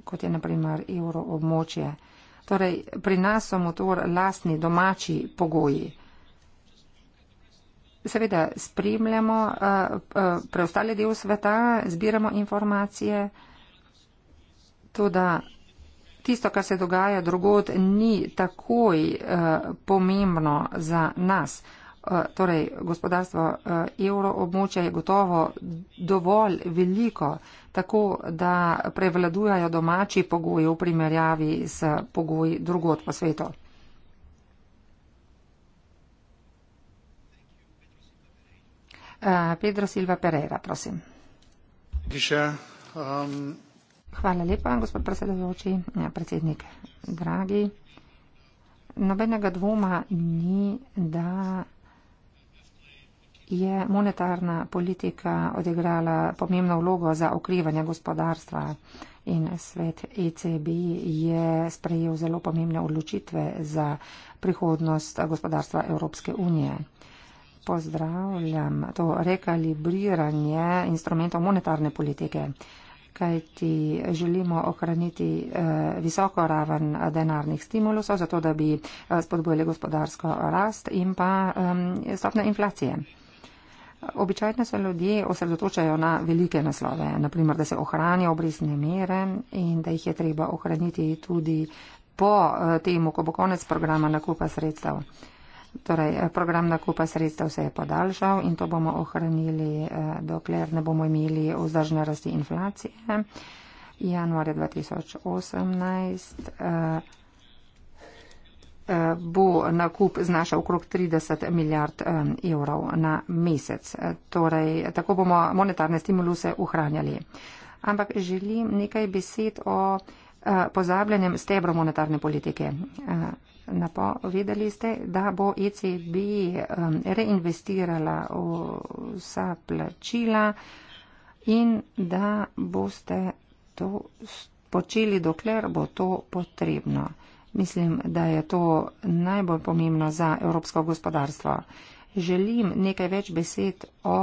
kot je naprimer euroobmočje, torej pri nas so motor lastni domači pogoji. Seveda spremljamo eh, eh, preostale del sveta, zbiramo informacije, tudi tisto, kar se dogaja drugod, ni takoj eh, pomembno za nas. Eh, torej gospodarstvo eh, evroobmočja je gotovo dovolj veliko, tako da prevladujajo domači pogoji v primerjavi s pogoji drugot po svetu. Eh, Pedro Silva Pereira, prosim. Um, Hvala lepa, gospod predsedujoči, predsednik Dragi. Nobenega dvoma ni, da je monetarna politika odigrala pomembno vlogo za okrevanje gospodarstva in svet ECB je sprejel zelo pomembne odločitve za prihodnost gospodarstva Evropske unije. Pozdravljam to rekalibriranje instrumentov monetarne politike, kajti želimo ohraniti eh, visoko raven denarnih stimulusov, zato da bi eh, spodbojili gospodarsko rast in pa eh, stopne inflacije. Običajno se ljudje osredotočajo na velike naslove, naprimer, da se ohranja obrestne mere in da jih je treba ohraniti tudi po eh, tem, ko bo konec programa nakupa sredstev. Torej, eh, program nakupa sredstev se je podaljšal in to bomo ohranili, eh, dokler ne bomo imeli vzdržne rasti inflacije. Januarja 2018 bo nakup znašal okrog 30 milijard evrov na mesec. Torej, tako bomo monetarne stimuluse uhranjali. Ampak želim nekaj besed o eh, pozabljenem stebro monetarne politike. Eh, napovedali ste, da bo ECB reinvestirala vsa plačila in da boste to počeli, dokler bo to potrebno. Mislim, da je to najbolj pomembno za evropsko gospodarstvo. Želim nekaj več besed o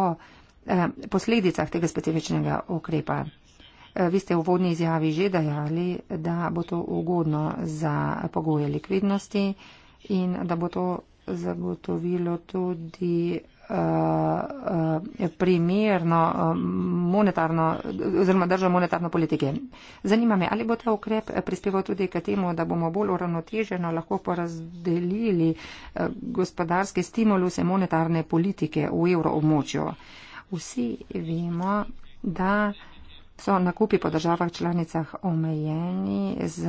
eh, posledicah tega specifičnega ukrepa. Eh, vi ste v vodni izjavi že dajali, da bo to ugodno za pogoje likvidnosti in da bo to zagotovilo tudi Eh, eh, primerno eh, monetarno oziroma držo monetarno politike. Zanima me, ali bo ta ukrep prispeval tudi k temu, da bomo bolj uravnoteženo lahko porazdelili gospodarske stimuluse monetarne politike v evroobmočju. Vsi vemo, da so nakupi po državah članicah omejeni z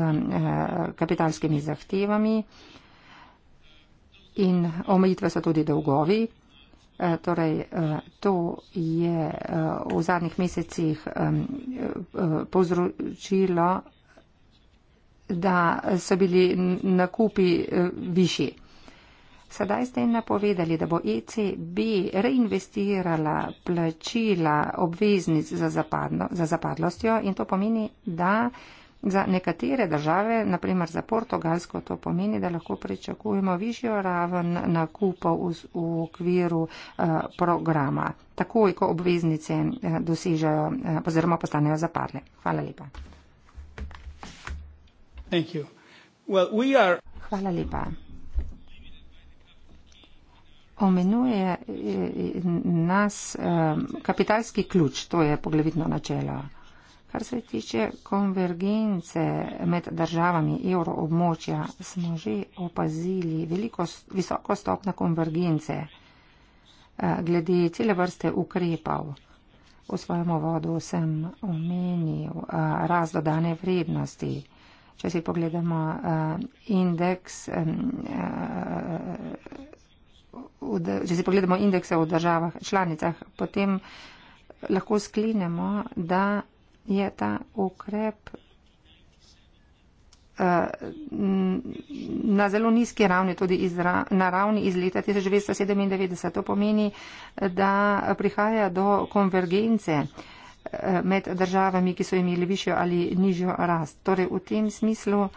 kapitalskimi zahtevami in omejitve so tudi dolgovi. Eh, torej, eh, to je eh, v zadnjih mesecih povzročilo, da so bili nakupi višji. Sedaj ste napovedali, da bo ECB reinvestirala plačila obveznic za, zapadno, za zapadlostjo in to pomeni, da Za nekatere države, naprimer za Portugalsko, to pomeni, da lahko pričakujemo višjo raven nakupov v okviru eh, programa, takoj, ko obveznice eh, dosežajo eh, oziroma postanejo zaparne. Hvala lepa. Well, we are... Hvala lepa. Omenuje nas kapitalski ključ, to je poglavitno načelo. Kar se tiče konvergence med državami evroobmočja, smo že opazili veliko, visoko stopno konvergence eh, glede cele vrste ukrepov. V svojem vodu sem omenil eh, rast dodane vrednosti. Če si pogledamo eh, indeks. Če si pogledamo indekse v državah članicah, potem lahko sklinemo, da je ta ukrep eh, na zelo nizki ravni, tudi izra, na ravni iz leta 1997. To pomeni, da prihaja do konvergence eh, med državami, ki so imeli višjo ali nižjo rast. Torej, v tem smislu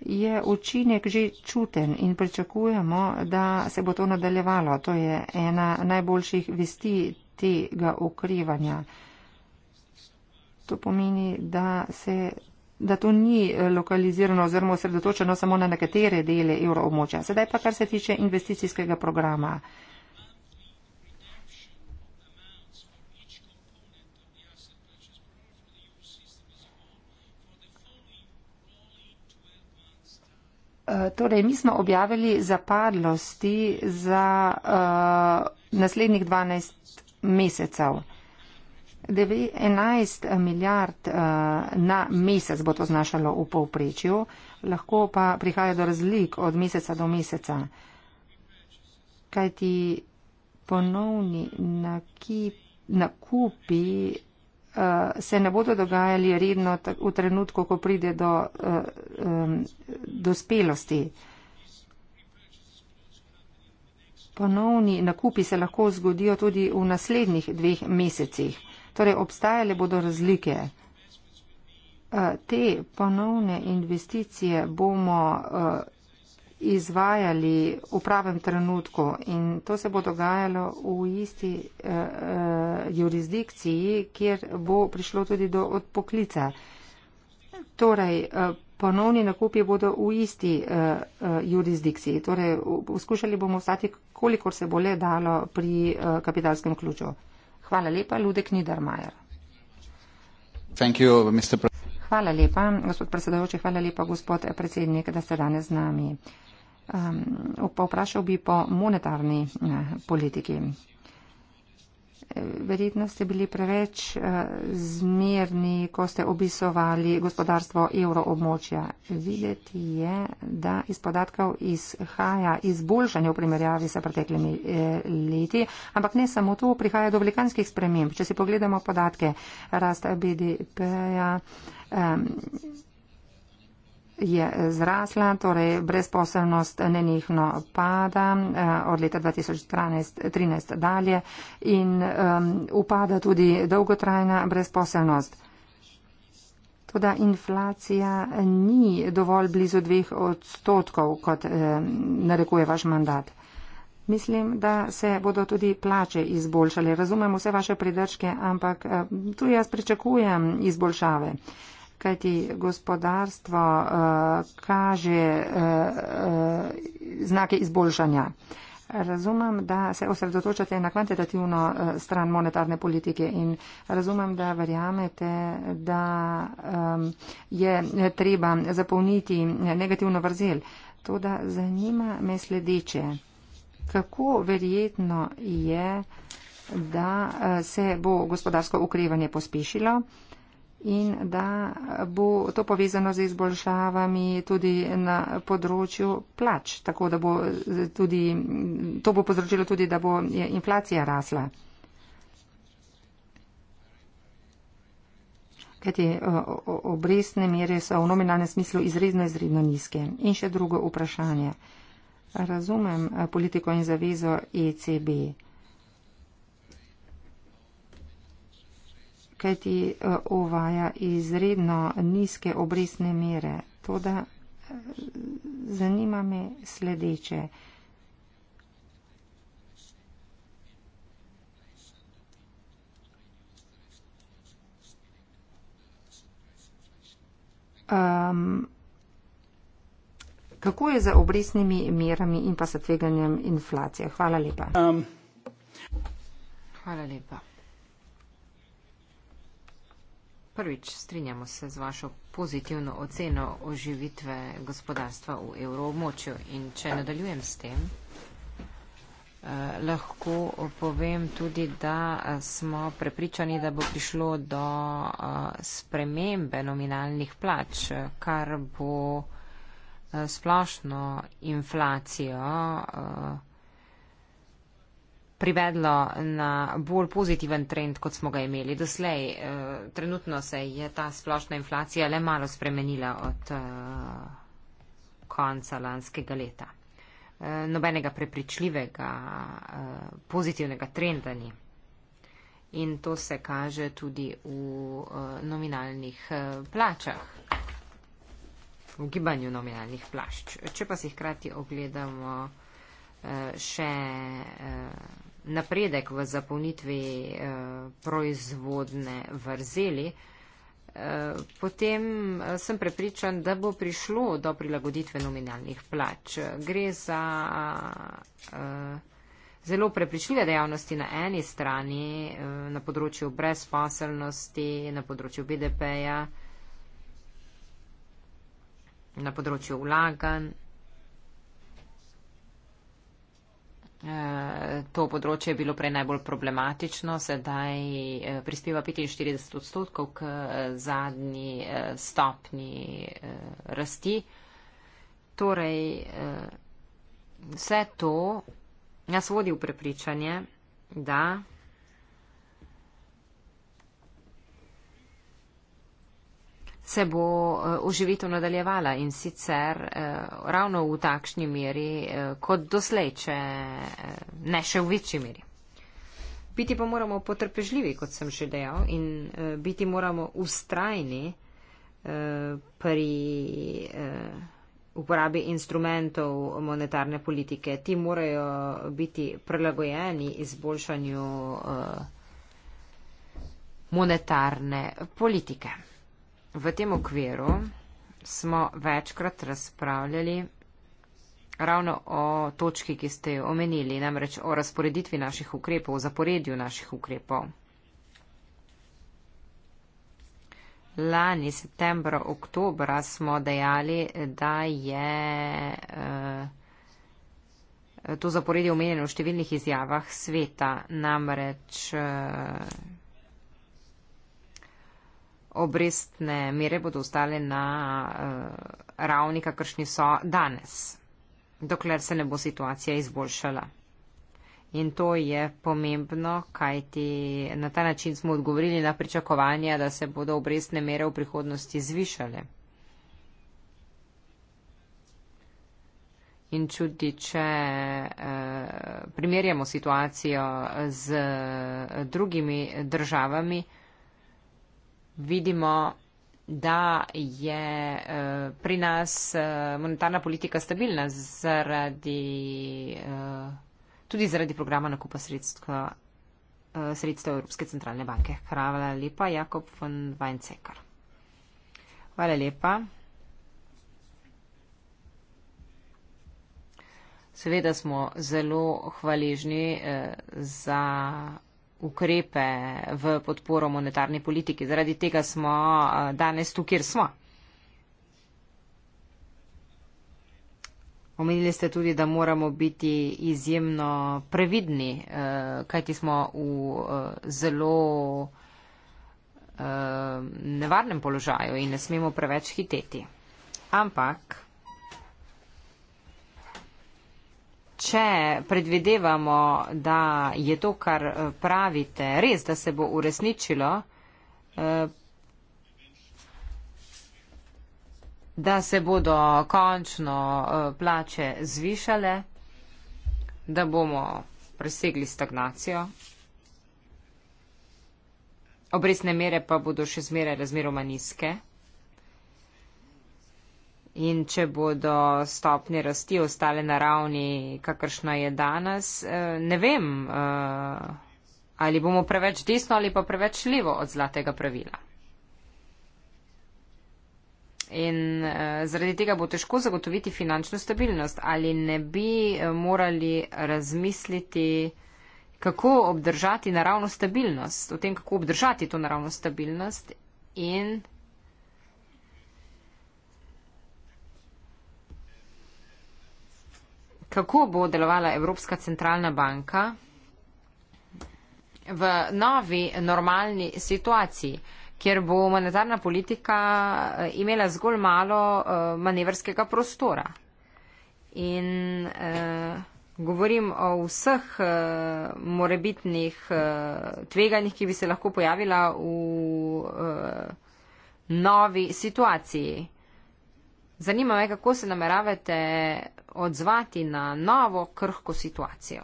je učinek že čuten in pričakujemo, da se bo to nadaljevalo. To je ena najboljših vesti tega okrivanja to pomeni, da, se, da to ni eh, lokalizirano oziroma osredotočeno samo na nekatere dele evroobmočja. Sedaj pa, kar se tiče investicijskega programa. Eh, torej, mi smo objavili zapadlosti za uh, naslednjih 12 mesecev. 11 milijard eh, na mesec bo to znašalo v povprečju, lahko pa prihaja do razlik od meseca do meseca. Kaj ti ponovni nakip, nakupi eh, se ne bodo dogajali redno v trenutku, ko pride do, eh, do spelosti. Ponovni nakupi se lahko zgodijo tudi v naslednjih dveh mesecih. Torej, obstajale bodo razlike. Eh, te ponovne investicije bomo eh, izvajali v pravem trenutku in to se bo dogajalo v isti eh, jurisdikciji, kjer bo prišlo tudi do odpoklica. Torej, ponovni nakupi bodo v isti jurisdikciji. Torej, poskušali bomo ostati, kolikor se bo le dalo pri kapitalskem ključu. Hvala lepa, Ludek Niedermayer. Hvala lepa, gospod predsedajoči, hvala lepa, gospod predsednik, da ste danes z nami. Um, Povprašal bi po monetarni ne, eh, politiki verjetno ste bili preveč eh, zmerni, ko ste obisovali gospodarstvo evroobmočja. Videti je, da iz podatkov izhaja izboljšanje v primerjavi s preteklimi eh, leti, ampak ne samo to, prihaja do velikanskih sprememb. Če si pogledamo podatke, rast BDP-ja. Um, je zrasla, torej brezposobnost nenihno pada eh, od leta 2013 dalje in um, upada tudi dolgotrajna brezposobnost. Toda inflacija ni dovolj blizu dveh odstotkov, kot eh, narekuje vaš mandat. Mislim, da se bodo tudi plače izboljšale. Razumem vse vaše pridržke, ampak eh, tu jaz pričakujem izboljšave. Eh, kajti gospodarstvo uh, kaže uh, uh, znake izboljšanja. Razumem, da se osredotočate na kvantitativno stran monetarne politike in razumem, da verjamete, da je treba zapolniti negativno vrzel. To, da zanima me sledeče, kako verjetno je, da se bo gospodarsko ukrevanje pospešilo in da bo to povezano z izboljšavami tudi na področju plač, tako da bo tudi, to bo povzročilo tudi, da bo inflacija rasla. Kajti obrestne mere so v nominalnem smislu izredno, izredno nizke. In še drugo vprašanje. Razumem eh, politiko in zavezo ECB. kajti eh, uvaja izredno nizke obresne mere. Toda eh, zanima me sledeče. Um, kako je za obresnimi merami in pa s tveganjem inflacije? Hvala lepa. Um. Hvala lepa prvič strinjamo se z vašo pozitivno oceno oživitve gospodarstva v evroobmočju. In če nadaljujem s tem, eh, lahko povem tudi, da eh, smo prepričani, da bo prišlo do eh, spremembe nominalnih plač, kar bo splošno inflacijo privedlo na bolj pozitiven trend, kot smo ga imeli doslej. Eh, trenutno se je ta splošna inflacija le malo spremenila od eh, konca lanskega leta. Eh, nobenega prepričljivega pozitivnega trenda ni. In to se kaže tudi v nominalnih plačah, v gibanju nominalnih plašč. Če pa si hkrati ogledamo še napredek v zapolnitvi eh, proizvodne vrzeli, eh, potem eh, sem prepričan, da bo prišlo do prilagoditve nominalnih plač. Gre za zelo prepričljive dejavnosti na eni strani, na področju brezposelnosti, na področju BDP-ja, na področju vlaganj. Eh, to področje je bilo prej najbolj problematično, sedaj eh, prispeva 45 odstotkov k eh, zadnji stopni rasti. Torej, vse to nas vodi v prepričanje, da se bo eh, oživitev nadaljevala in sicer eh, ravno v takšni meri eh, kot doslej, če ne še v večji meri. Biti pa moramo potrpežljivi, kot sem že dejal, in biti moramo ustrajni pri uporabi instrumentov monetarne politike. Ti morajo biti prilagojeni izboljšanju monetarne politike. V tem okviru smo večkrat razpravljali ravno o točki, ki ste jo omenili, namreč o razporeditvi naših ukrepov, o zaporedju naših ukrepov. Lani, septembra, oktobra smo dejali, da je eh, to zaporedje omenjeno v številnih izjavah sveta, namreč. Eh, obrestne mere bodo ostale na uh, ravni, kakršni so danes, dokler se ne bo situacija izboljšala. In to je pomembno, kajti na ta način smo odgovorili na pričakovanja, da se bodo obrestne mere v prihodnosti zvišale. In čudi, če eh, primerjamo situacijo z drugimi državami, eh, vidimo, da je eh, pri nas eh, monetarna politika stabilna zaradi, eh, tudi zaradi programa nakupa sredstva, sredstva Evropske centralne banke. Hvala lepa, Jakob von Weinzekar. Hvala lepa. Seveda smo zelo hvaležni za ukrepe v podporo monetarni politiki. Zaradi tega smo eh, danes tu, kjer smo. Omenili ste tudi, da moramo biti izjemno previdni, eh, kajti smo v eh, zelo nevarnem položaju in ne smemo preveč hiteti. Ampak če predvidevamo, da je to, kar eh, pravite, res, da se bo uresničilo, eh, da se bodo končno eh, plače zvišale, da bomo presegli stagnacijo, obresne mere pa bodo še zmeraj razmeroma nizke. In če bodo stopnje rasti ostale na ravni, kakršna je danes, eh, ne vem, eh, ali bomo preveč desno ali pa preveč levo od zlatega pravila. In eh, zaradi tega bo težko zagotoviti finančno stabilnost. Ali ne bi morali razmisliti, kako obdržati naravno stabilnost, o tem, kako obdržati to naravno stabilnost in. kako bo delovala Evropska centralna banka v novi normalni situaciji, kjer bo monetarna politika eh, imela zgolj malo eh, manevrskega prostora. In eh, govorim o vseh eh, morebitnih eh, tveganjih, ki bi se lahko pojavila v eh, novi situaciji. Zanima me, kako se nameravate odzvati na novo krhko situacijo.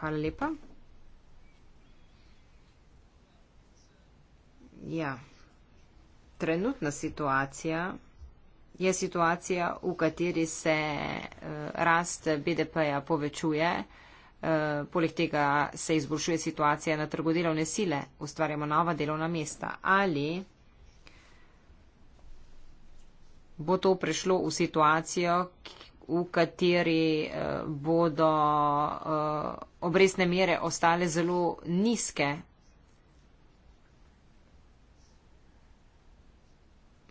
Hvala lepa. Ja, trenutna situacija je situacija, v kateri se eh, rast BDP-ja povečuje. Eh, poleg tega se izboljšuje situacija na trgu delovne sile, ustvarjamo nova delovna mesta. Ali bo to prišlo v situacijo, v kateri eh, bodo eh, obrestne mere ostale zelo nizke.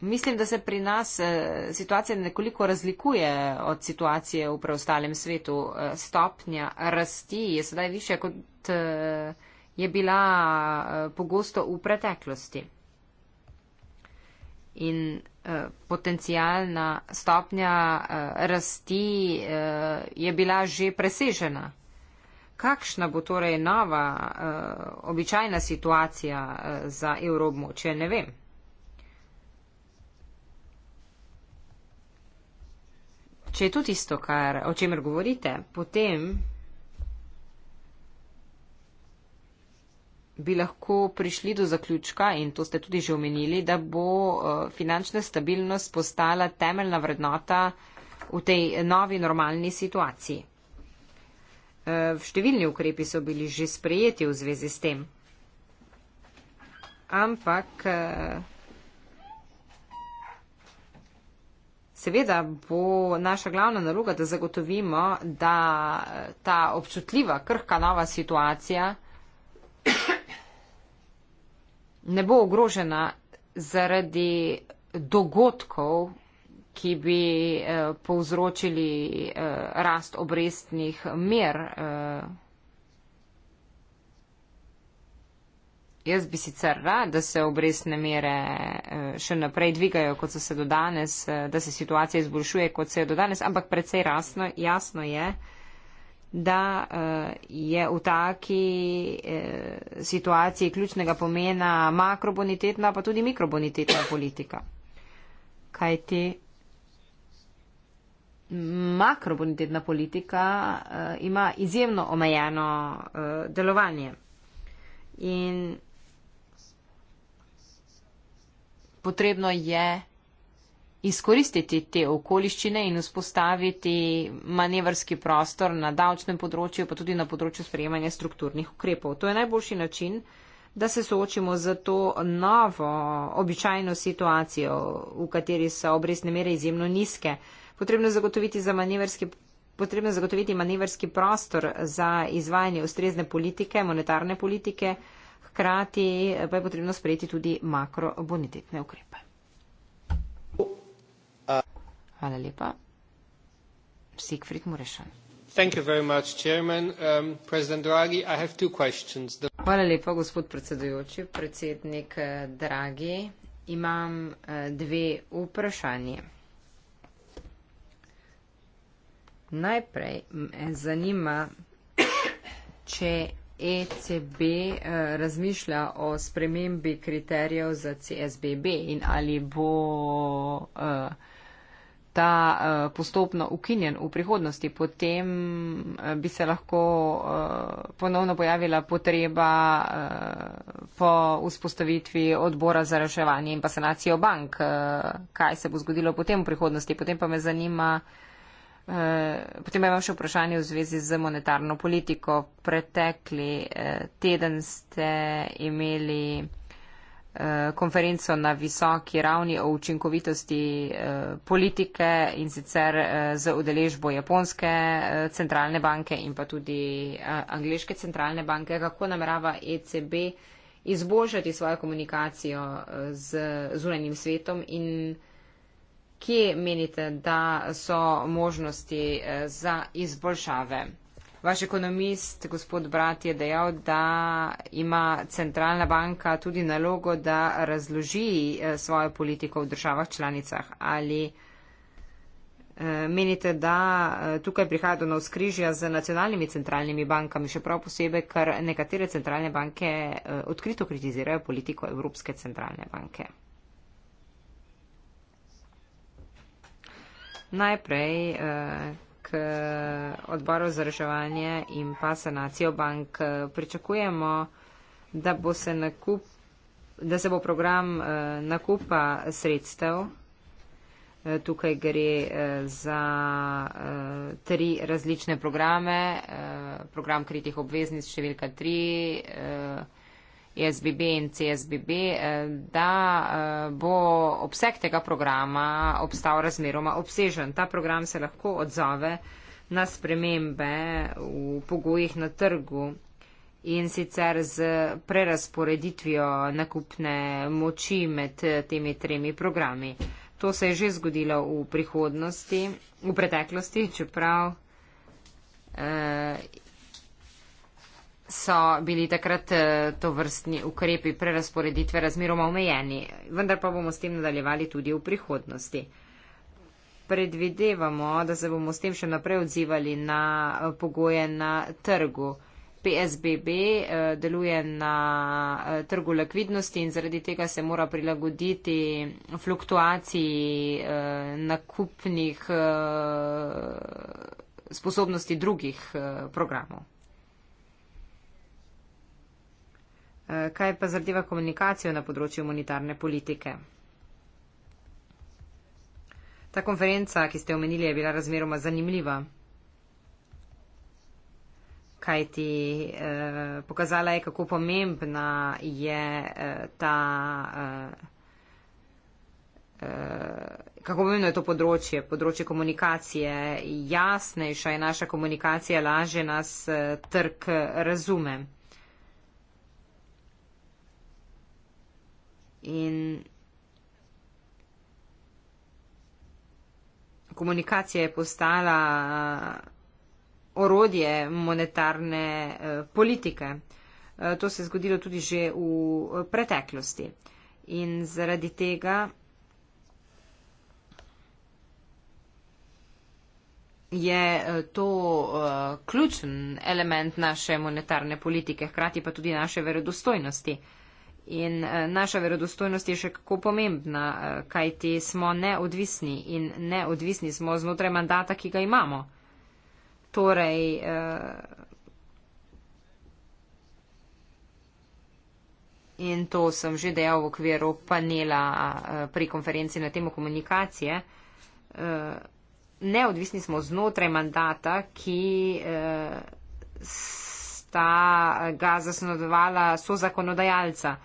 Mislim, da se pri nas eh, situacija nekoliko razlikuje od situacije v preostalem svetu. Stopnja rasti je sedaj više, kot je bila pogosto v preteklosti in eh, potencijalna stopnja eh, rasti eh, je bila že presežena. Kakšna bo torej nova eh, običajna situacija eh, za evroobmočje, ne vem. Če je to tisto, kar, o čemer govorite, potem bi lahko prišli do zaključka, in to ste tudi že omenili, da bo eh, finančna stabilnost postala temeljna vrednota v tej novi normalni situaciji. Eh, številni ukrepi so bili že sprejeti v zvezi s tem. Ampak eh, seveda bo naša glavna naloga, da zagotovimo, da ta občutljiva, krhka nova situacija ne bo ogrožena zaradi dogodkov, ki bi eh, povzročili eh, rast obrestnih mer. Eh. Jaz bi sicer rad, da se obrestne mere eh, še naprej dvigajo, kot so se do danes, eh, da se situacija izboljšuje, kot se je do danes, ampak precej rasno, jasno je, da eh, je v taki eh, situaciji ključnega pomena makrobonitetna, pa tudi mikrobonitetna politika. Kaj ti? Makrobonitetna politika uh, ima izjemno omejeno uh, delovanje. In potrebno je izkoristiti te okoliščine in vzpostaviti manevrski prostor na davčnem področju, pa tudi na področju sprejemanja strukturnih ukrepov. To je najboljši način, da se soočimo z to novo, običajno situacijo, v kateri so obrestne mere izjemno nizke. Potrebno je zagotoviti za manevrski. Potrebno je zagotoviti manevrski prostor za izvajanje ustrezne politike, monetarne politike, hkrati pa je potrebno sprejeti tudi makrobonitetne ukrepe. Hvala lepa. Siegfried Murešan. Um, Hvala lepa, gospod predsedujoči, predsednik eh, Dragi. Imam eh, dve vprašanje. Najprej me zanima, če ECB eh, razmišlja o spremembi kriterijev za CSBB in ali bo. Uh, ta eh, postopno ukinjen v prihodnosti, potem eh, bi se lahko eh, ponovno pojavila potreba po vzpostavitvi odbora za reševanje in pa sanacijo bank. Kaj se bo zgodilo potem v prihodnosti? Potem pa me zanima. Potem imam še vprašanje v zvezi z monetarno politiko. Pretekli teden ste imeli Eh, konferenco na visoki ravni o učinkovitosti eh, politike in sicer eh, z udeležbo Japonske centralne banke in pa tudi Angliške centralne banke, kako namerava ECB izboljšati svojo komunikacijo z zunanjim svetom in kje menite, da so možnosti za izboljšave. Vaš ekonomist, gospod Brat, je dejal, da ima centralna banka tudi nalogo, da razloži eh, svojo politiko v državah članicah. Ali eh, menite, da eh, tukaj prihaja do navskrižja z nacionalnimi centralnimi bankami, še prav posebej, ker nekatere centralne banke odkrito kritizirajo politiko Evropske centralne banke? Najprej, Eh, odborov za reševanje in pa sanacijo bank. Pričakujemo, da, bo se, nakup, da se bo program eh, nakupa sredstev. Eh, tukaj gre za tri različne programe. Program kritih obveznic številka tri SBB in CSBB, eh, da eh, bo obseg tega programa obstal razmeroma obsežen. Ta program se lahko odzove na spremembe v pogojih na trgu in sicer z prerasporeditvijo nakupne moči med eh, temi tremi programi. To se je že zgodilo v prihodnosti, v preteklosti, čeprav so bili takrat eh, to vrstni ukrepi prerasporeditve razmeroma omejeni, vendar pa bomo s tem nadaljevali tudi v prihodnosti. Predvidevamo, da se bomo s tem še naprej odzivali na eh, pogoje na trgu. PSBB eh, deluje na trgu likvidnosti in zaradi tega se mora prilagoditi fluktuaciji nakupnih sposobnosti drugih programov. Eh, kaj pa zadeva komunikacijo na področju monetarne politike? Ta konferenca, ki ste omenili, je bila razmeroma zanimljiva, kaj ti eh, pokazala je, kako pomembna je eh, ta, eh, eh, kako pomembno je to področje, področje komunikacije. Jasnejša je naša komunikacija, laže nas eh, trg razume. In komunikacija je postala eh, orodje monetarne eh, politike. Eh, to se je zgodilo tudi že v preteklosti. In zaradi tega je to ključen element naše monetarne politike, hkrati pa tudi naše verodostojnosti. In eh, naša verodostojnost je še kako pomembna, eh, kajti smo neodvisni in neodvisni smo znotraj mandata, ki ga imamo. Torej, eh, in to sem že dejal v okviru panela pri konferenci na temo komunikacije, neodvisni smo znotraj mandata, ki sta ga zasnodovala so zakonodajalca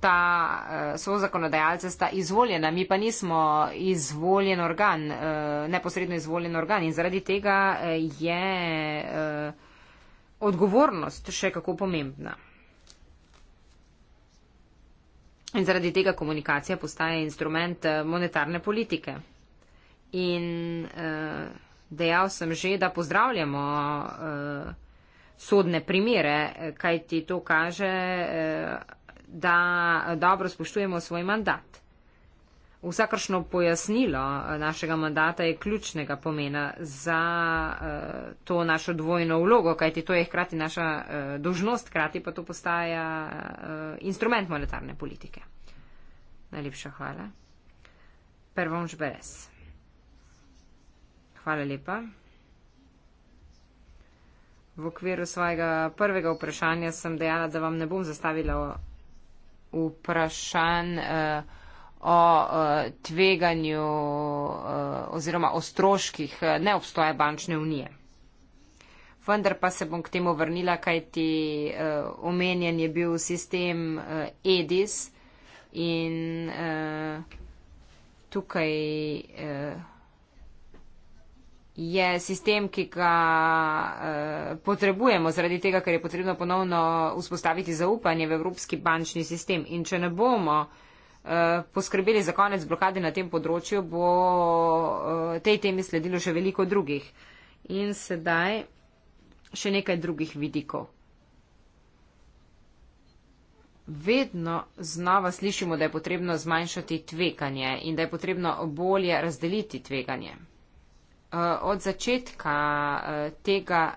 ta eh, so zakonodajalce sta izvoljena, mi pa nismo izvoljen organ, eh, neposredno izvoljen organ in zaradi tega eh, je odgovornost še kako pomembna. In zaradi tega komunikacija postaje instrument monetarne politike. In dejal sem že, da pozdravljamo sodne primere, kaj ti to kaže, eh, da dobro spoštujemo svoj mandat. Vsakršno pojasnilo eh, našega mandata je ključnega pomena za eh, to našo dvojno vlogo, kajti to je hkrati naša dožnost, hkrati pa to postaja instrument monetarne politike. Najlepša hvala. Pervonž Beres. Hvala lepa v okviru svojega prvega vprašanja sem dejala, da vam ne bom zastavila vprašanj eh, o eh, tveganju eh, oziroma o stroških neobstoja bančne unije. Vendar pa se bom k temu vrnila, kajti omenjen je bil sistem EDIS in tukaj je sistem, ki ga eh, potrebujemo, zaradi tega, ker je potrebno ponovno vzpostaviti zaupanje v evropski bančni sistem. In če ne bomo eh, poskrbeli za konec blokade na tem področju, bo eh, tej temi sledilo še veliko drugih. In sedaj še nekaj drugih vidikov. Vedno znova slišimo, da je potrebno zmanjšati tveganje in da je potrebno bolje razdeliti tveganje uh, od začetka uh, tega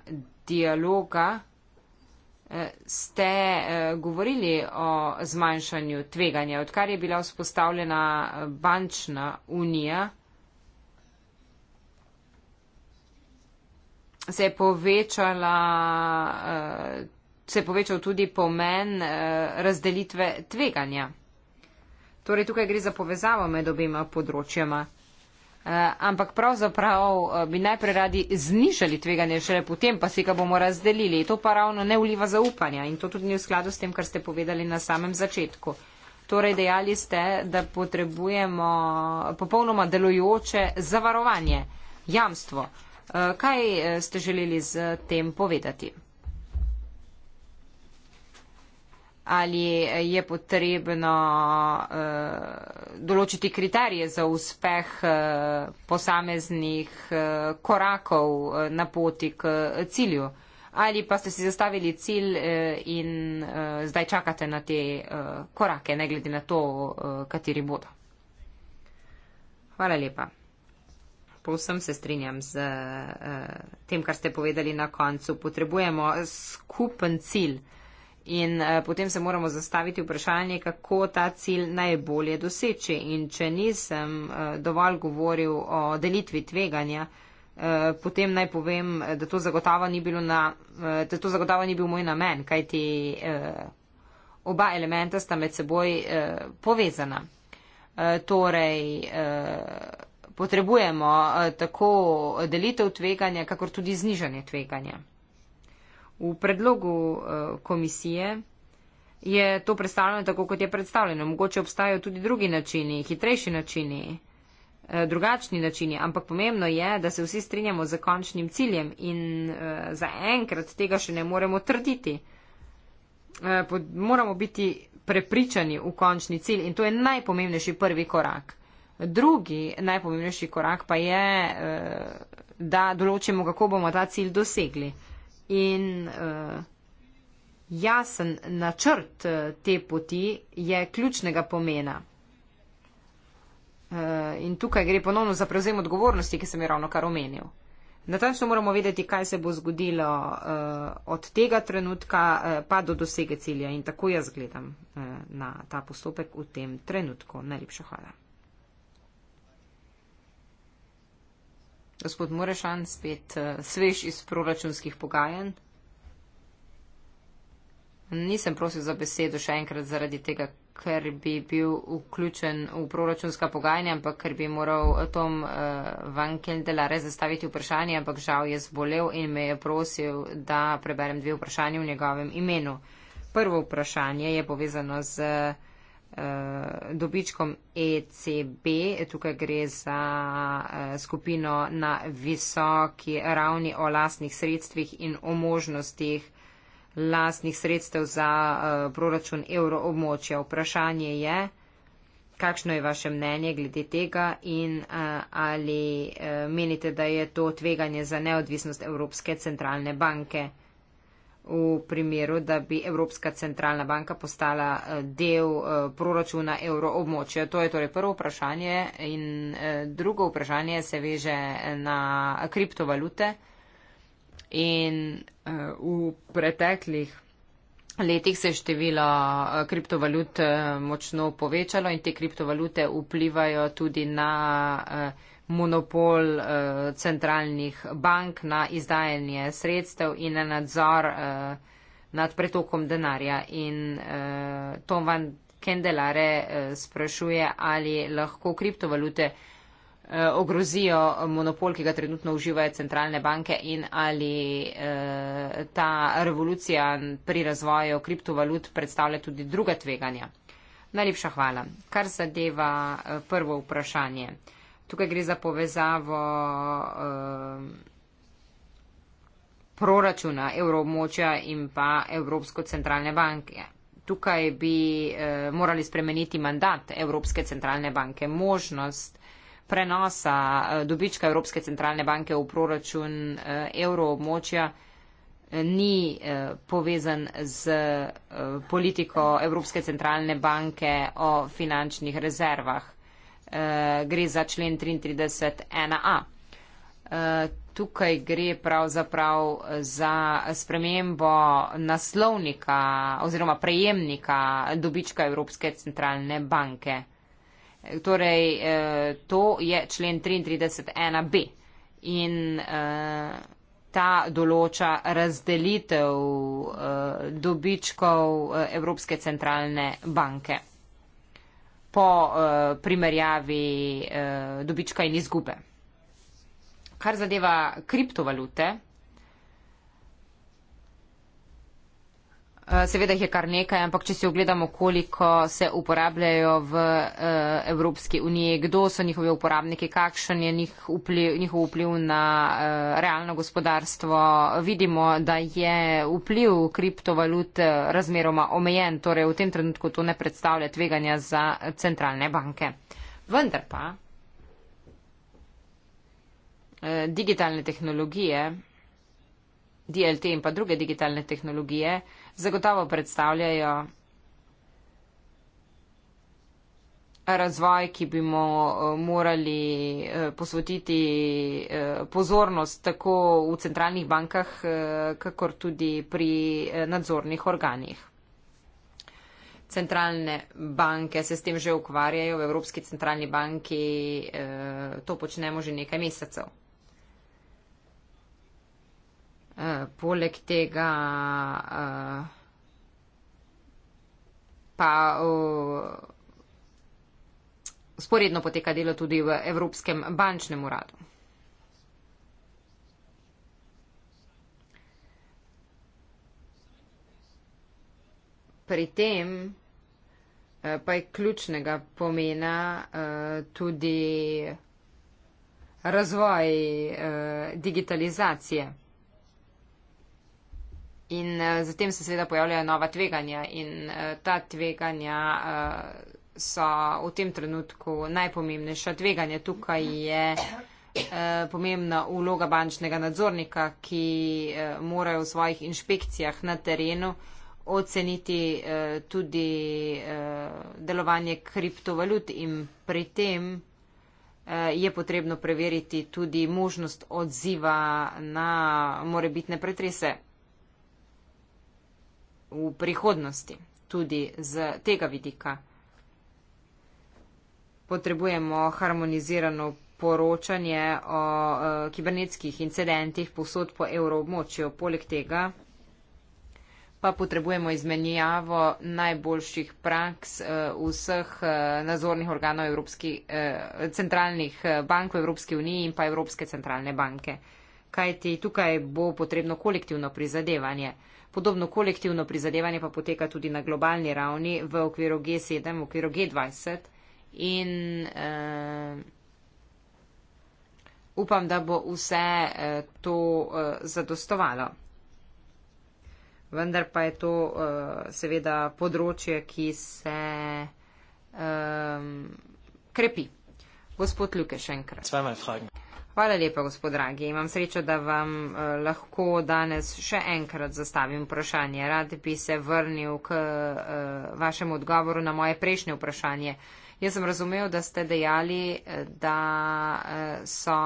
dialoga uh, ste uh, govorili o zmanjšanju tveganja, odkar je bila vzpostavljena bančna unija. Se je, se je povečal tudi pomen razdelitve tveganja. Torej, tukaj gre za povezavo med obima področjama. Eh, ampak pravzaprav eh, bi najprej radi znižali tveganje, šele potem pa si ga bomo razdelili. To pa ravno ne vliva zaupanja in to tudi ni v skladu s tem, kar ste povedali na samem začetku. Torej dejali ste, da potrebujemo popolnoma delujoče zavarovanje, jamstvo. Eh, kaj ste želeli z tem povedati? ali eh, je potrebno eh, določiti kriterije za uspeh eh, posameznih korakov na poti k cilju. Ali pa ste si zastavili cilj in zdaj čakate na te korake, ne glede na to, kateri bodo. Hvala lepa. Povsem se strinjam z tem, kar ste povedali na koncu. Potrebujemo skupen cilj. In uh, potem se moramo zastaviti vprašanje, kako ta cilj najbolje doseči. In če nisem uh, dovolj govoril o delitvi tveganja, uh, potem naj povem, da to zagotavo ni, bilo na, uh, da to zagotavo ni bil moj namen, kajti uh, oba elementa sta med seboj uh, povezana. Uh, torej, uh, Potrebujemo tako delitev tveganja, kakor tudi znižanje tveganja. V predlogu eh, komisije je to predstavljeno tako, kot je predstavljeno. Mogoče obstajajo tudi drugi načini, hitrejši načini, eh, drugačni načini, ampak pomembno je, da se vsi strinjamo z končnim ciljem in eh, zaenkrat tega še ne moremo trditi. Moramo biti prepričani v končni cilj in to je najpomembnejši prvi korak. Drugi najpomembnejši korak pa je, da določimo, kako bomo ta cilj dosegli. In uh, jasen načrt uh, te poti je ključnega pomena. Uh, in tukaj gre ponovno za prevzem odgovornosti, ki sem jo ravno kar omenil. Natančno moramo vedeti, kaj se bo zgodilo uh, od tega trenutka uh, pa do dosege cilja. In tako jaz gledam uh, na ta postopek v tem trenutku. Najlepša hvala. Gospod Morešan, spet uh, svež iz proračunskih pogajanj. Nisem prosil za besedo še enkrat zaradi tega, ker bi bil vključen v proračunska pogajanja, ampak ker bi moral eh, Tom uh, Van Kendelare zastaviti vprašanje, ampak žal je zbolel in me je prosil, da preberem dve vprašanje v njegovem imenu. Prvo vprašanje je povezano z. Uh, uh, dobičkom ECB. Tukaj gre za uh, skupino na visoki ravni o lastnih sredstvih in o možnostih lastnih sredstev za uh, proračun evroobmočja. Vprašanje je, kakšno je vaše mnenje glede tega in uh, ali uh, menite, da je to tveganje za neodvisnost Evropske centralne banke v primeru, da bi Evropska centralna banka postala eh, del eh, proračuna euroobmočja. To je torej prvo vprašanje in eh, drugo vprašanje se veže na kriptovalute. In v preteklih letih se je število kriptovalut močno povečalo in te kriptovalute vplivajo tudi na monopol uh, centralnih bank na izdajanje sredstev in na nadzor uh, nad pretokom denarja. In uh, Tom van Kendelare uh, sprašuje, ali lahko kriptovalute ogrozijo monopol, ki ga trenutno uživajo centralne banke in ali eh, ta revolucija pri razvoju kriptovalut predstavlja tudi druga tveganja. Najlepša hvala. Kar zadeva prvo vprašanje. Eh, tukaj gre za povezavo ehm, proračuna evroobmočja in pa Evropsko centralne banke. Tukaj bi eh, morali spremeniti mandat Evropske centralne banke, možnost prenosa eh, dobička Evropske centralne banke v proračun eh, evroobmočja ni povezan z politiko Evropske centralne banke o finančnih rezervah. Eh, gre za člen 33.1a. Eh, tukaj gre pravzaprav za spremembo naslovnika oziroma prejemnika dobička Evropske centralne banke. Eh, torej, to je člen 33.1b in ta določa razdelitev dobičkov Evropske centralne banke po uh, primerjavi uh, dobička in izgube. Kar zadeva kriptovalute, Eh, seveda jih je kar nekaj, ampak če si ogledamo, koliko se uporabljajo v eh, Evropski uniji, kdo so njihovi uporabniki, kakšen je njih vpliv, njihov vpliv na eh, realno gospodarstvo, vidimo, da je vpliv kriptovalut razmeroma omejen, torej v tem trenutku to ne predstavlja tveganja za centralne banke. Vendar pa digitalne tehnologije, DLT in pa druge digitalne tehnologije, zagotovo predstavljajo razvoj, ki bi mu morali eh, posvetiti eh, pozornost tako v centralnih bankah, eh, kakor tudi pri nadzornih organih. Centralne banke se s tem že ukvarjajo, v Evropski centralni banki to počnemo že nekaj mesecev. Eh, poleg tega uh, pa uh, sporedno poteka delo tudi v Evropskem bančnem uradu. Pri tem eh, pa je ključnega pomena tudi razvoj digitalizacije. In uh, zatem se seveda pojavljajo nova tveganja in uh, ta tveganja uh, so v tem trenutku najpomembnejša tveganja. Tukaj je uh, pomembna uloga bančnega nadzornika, ki uh, morajo v svojih inšpekcijah na terenu oceniti uh, tudi uh, delovanje kriptovalut in pri tem je potrebno preveriti tudi možnost odziva na morebitne pretrese v prihodnosti, tudi z tega vidika. Potrebujemo harmonizirano poročanje o uh, kibernetskih incidentih posod po evroobmočju. Poleg tega pa potrebujemo izmenjavo najboljših praks uh, vseh uh, e, nazornih organov uh, centralnih bank v Evropski uniji in pa Evropske centralne banke kajti tukaj bo potrebno kolektivno prizadevanje. Podobno kolektivno prizadevanje pa poteka tudi na globalni ravni v okviru G7, v okviru G20 in uh, upam, da bo vse uh, to uh, zadostovalo. Vendar pa je to uh, seveda področje, ki se um, krepi. Gospod Ljukeš, enkrat. Zdaj moj vprašanje. Hvala lepa, gospod Dragi. Imam srečo, da vam eh, lahko danes še enkrat zastavim vprašanje. Rad bi se vrnil k eh, vašemu odgovoru na moje prejšnje vprašanje. Jaz sem razumel, da ste dejali, eh, da so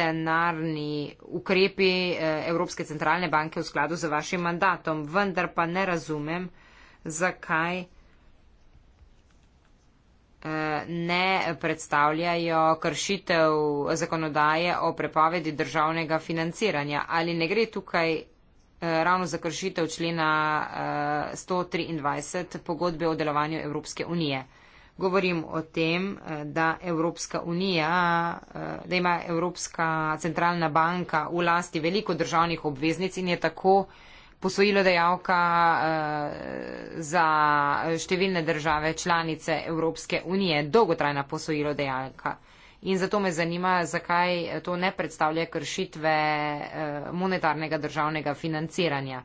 denarni ukrepi Evropske centralne banke v skladu z vašim mandatom, vendar pa ne razumem, zakaj. Eh, ne predstavljajo kršitev zakonodaje o prepovedi državnega financiranja. Ali ne gre tukaj eh, ravno za kršitev člena 123 eh, pogodbe o delovanju Evropske unije? Govorim o tem, da, unija, da ima Evropska centralna banka v lasti veliko državnih obveznic in je tako posojilodajalka eh, za številne države članice Evropske unije, dolgotrajna posojilodajalka. In zato me zanima, zakaj to ne predstavlja kršitve eh, monetarnega državnega financiranja.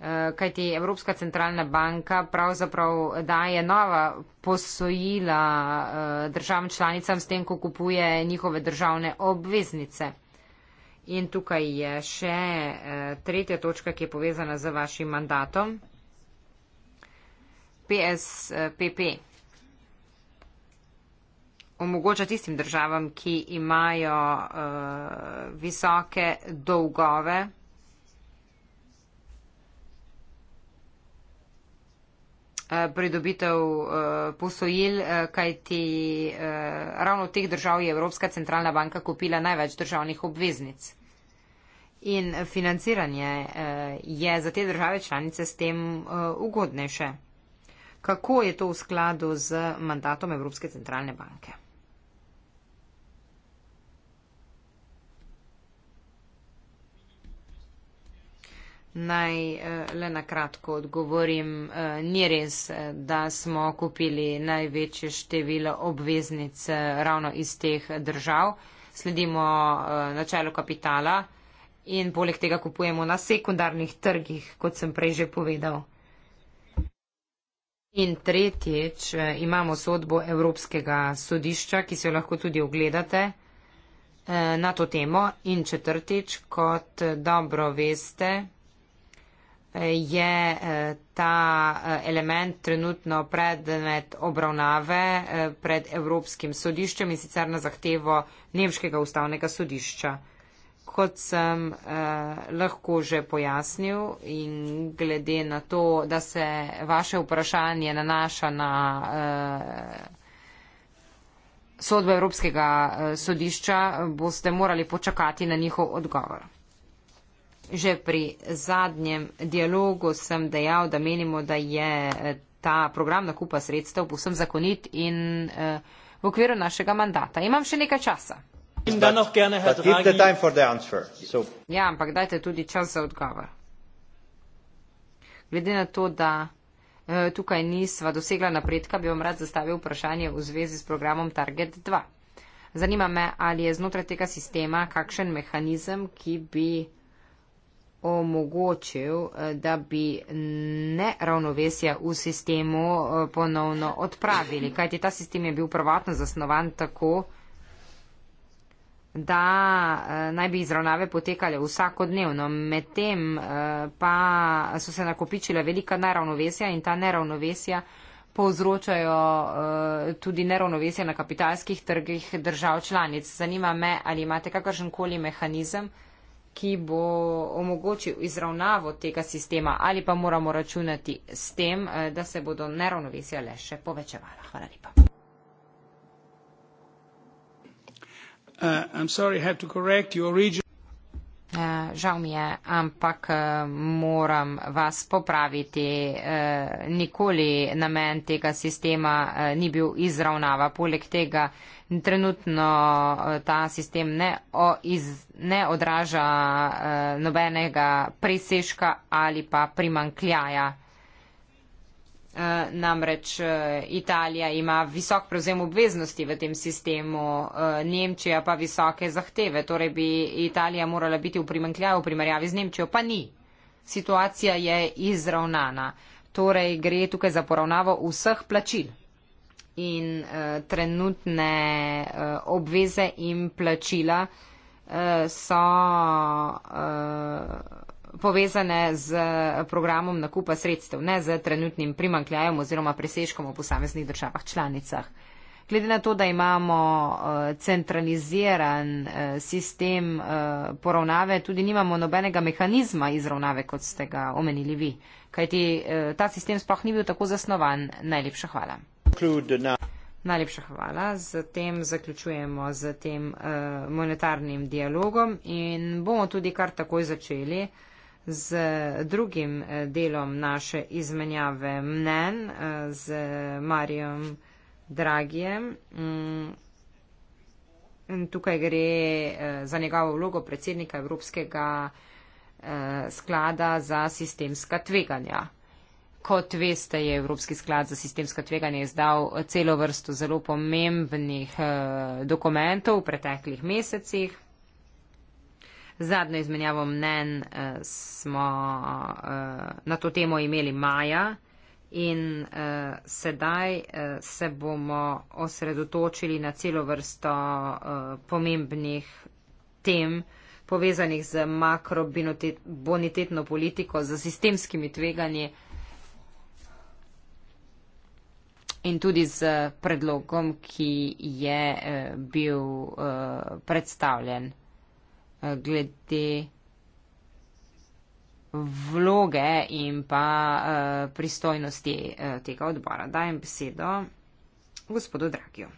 Eh, Kaj ti Evropska centralna banka pravzaprav daje nova posojila eh, državam članicam s tem, ko kupuje njihove državne obveznice. In tukaj je še eh, tretja točka, ki je povezana z vašim mandatom. PSPP omogoča tistim državam, ki imajo uh, visoke dolgove, uh, pridobitev uh, posojil, uh, kajti uh, ravno v teh držav je Evropska centralna banka kupila največ državnih obveznic. In financiranje eh, je za te države članice s tem eh, ugodnejše. Kako je to v skladu z mandatom Evropske centralne banke? Naj eh, le na kratko odgovorim, ni res, da smo kupili največje število obveznic ravno iz teh držav. Sledimo načelu kapitala in poleg tega kupujemo na sekundarnih trgih, kot sem prej že povedal. In tretjič eh, imamo sodbo Evropskega sodišča, ki se jo lahko tudi ogledate eh, na to temo. In četrtič, kot eh, dobro veste, je ta element trenutno predmet obravnave pred Evropskim sodiščem in sicer na zahtevo Nemškega ustavnega sodišča kot sem eh, lahko že pojasnil in glede na to, da se vaše vprašanje nanaša na eh, sodbo Evropskega eh, sodišča, boste morali počakati na njihov odgovor. Že pri zadnjem dialogu sem dejal, da menimo, da je eh, ta program nakupa sredstev povsem zakonit in eh, v okviru našega mandata. Imam še nekaj časa but, but keep the answer, so. Ja, ampak dajte tudi čas za odgovor. Glede na to, da uh, tukaj nisva dosegla napredka, bi vam rad zastavil vprašanje v zvezi s programom Target 2. Zanima me, ali je znotraj tega sistema kakšen mehanizem, ki bi omogočil, eh, da bi neravnovesja v sistemu eh, ponovno odpravili. Kajti ta sistem je bil prvotno zasnovan tako, da eh, naj bi izravnave potekale vsakodnevno, medtem eh, pa so se nakopičile velika neravnovesja in ta neravnovesja povzročajo eh, tudi neravnovesje na kapitalskih trgih držav članic. Zanima me, ali imate kakršenkoli mehanizem, ki bo omogočil izravnavo tega sistema ali pa moramo računati s tem, da se bodo neravnovesja le še povečevala. Hvala lepa. Uh, eh, žal mi je, ampak eh, moram vas popraviti. Eh, nikoli namen tega sistema ni bil izravnava. Poleg tega trenutno ta sistem ne, o, iz, ne odraža nobenega presežka ali pa primankljaja. Eh, namreč eh, Italija ima visok prevzem obveznosti v tem sistemu, eh, Nemčija pa visoke zahteve, torej bi Italija morala biti v primankljaju v primerjavi z Nemčijo, pa ni. Situacija je izravnana, torej gre tukaj za poravnavo vseh plačil in uh, trenutne uh, obveze in plačila uh, so. Uh, povezane z programom nakupa sredstev, ne z trenutnim primankljajem oziroma presežkom v posameznih državah članicah. Glede na to, da imamo eh, centraliziran eh, sistem eh, poravnave, tudi nimamo nobenega mehanizma izravnave, kot ste ga omenili vi. Kajti ta sistem sploh ni bil tako zasnovan. Najlepša hvala. Najlepša hvala. Zatem zaključujemo z tem monetarnim dialogom in bomo tudi kar takoj začeli z drugim eh, delom naše izmenjave mnen eh, z Marijom Dragijem. Mm, tukaj gre eh, za njegovo vlogo predsednika Evropskega sklada za sistemska tveganja. Kot veste, je Evropski sklad za sistemska tveganja izdal celo vrsto zelo pomembnih dokumentov v preteklih mesecih. Zadnjo izmenjavo mnen eh, smo eh, na to temo imeli maja in eh, sedaj se bomo osredotočili na celo vrsto pomembnih tem povezanih z makrobonitetno politiko, z sistemskimi tveganji in tudi z predlogom, ki je bil predstavljen glede vloge in pa eh, pristojnosti eh, tega odbora. Dajem besedo gospodu Dragiju.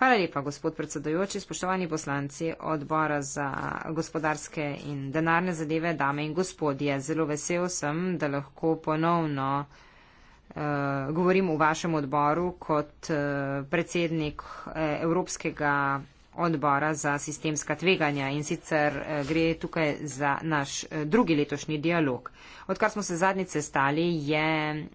Hvala lepa, gospod predsedojoči, spoštovani poslanci odbora za gospodarske in denarne zadeve, dame in gospodje. Zelo vesel sem, da lahko ponovno uh, govorim v vašem odboru kot uh, predsednik uh, Evropskega odbora za sistemska tveganja in sicer eh, gre tukaj za naš eh, drugi letošnji dialog. Odkar smo se zadnjice stali, je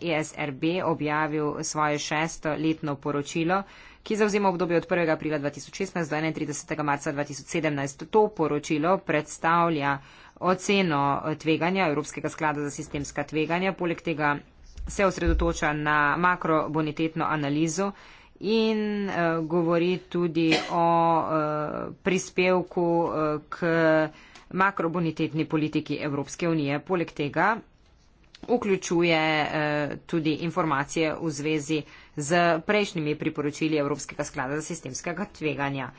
ESRB eh, e objavil svoje šesto letno poročilo, ki zavzima obdobje od 1. aprila 2016 do 31. marca 2017. To poročilo predstavlja oceno tveganja Evropskega sklada za sistemska tveganja, poleg tega se osredotoča na makrobonitetno analizo, in uh, govori tudi o uh, prispevku uh, k makrobonitetni politiki Evropske unije. Poleg tega vključuje uh, tudi informacije v zvezi z prejšnjimi priporočili Evropskega sklada za sistemskega tveganja.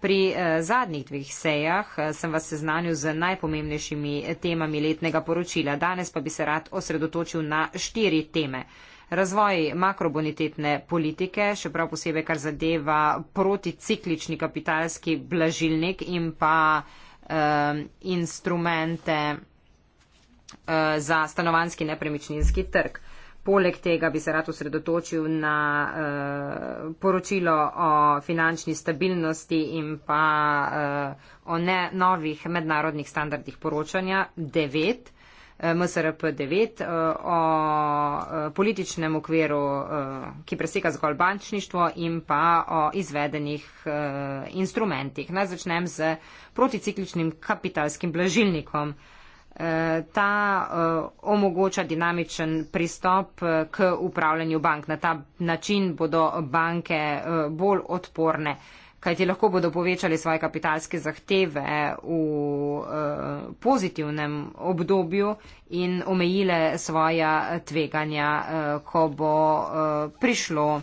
Pri uh, zadnjih dveh sejah uh, sem vas seznanil z najpomembnejšimi temami letnega poročila. Danes pa bi se rad osredotočil na štiri teme. Uh, razvoj makrobonitetne politike, še prav posebej, kar zadeva proticiklični kapitalski blažilnik in pa um, instrumente uh, za stanovanski nepremičninski trg. Poleg tega bi se rad osredotočil na uh, poročilo o finančni stabilnosti in pa uh, o ne, novih mednarodnih standardih poročanja 9. MSRP 9 eh, o eh, političnem okviru, eh, ki preseka zgolj bančništvo in pa o izvedenih instrumentih. Naj začnem z proticikličnim kapitalskim blažilnikom. Ta omogoča dinamičen pristop k upravljanju bank. Na ta način bodo banke bolj odporne kajti lahko bodo povečali svoje kapitalske zahteve v uh, pozitivnem obdobju in omejile svoja tveganja, uh, ko bo uh, prišlo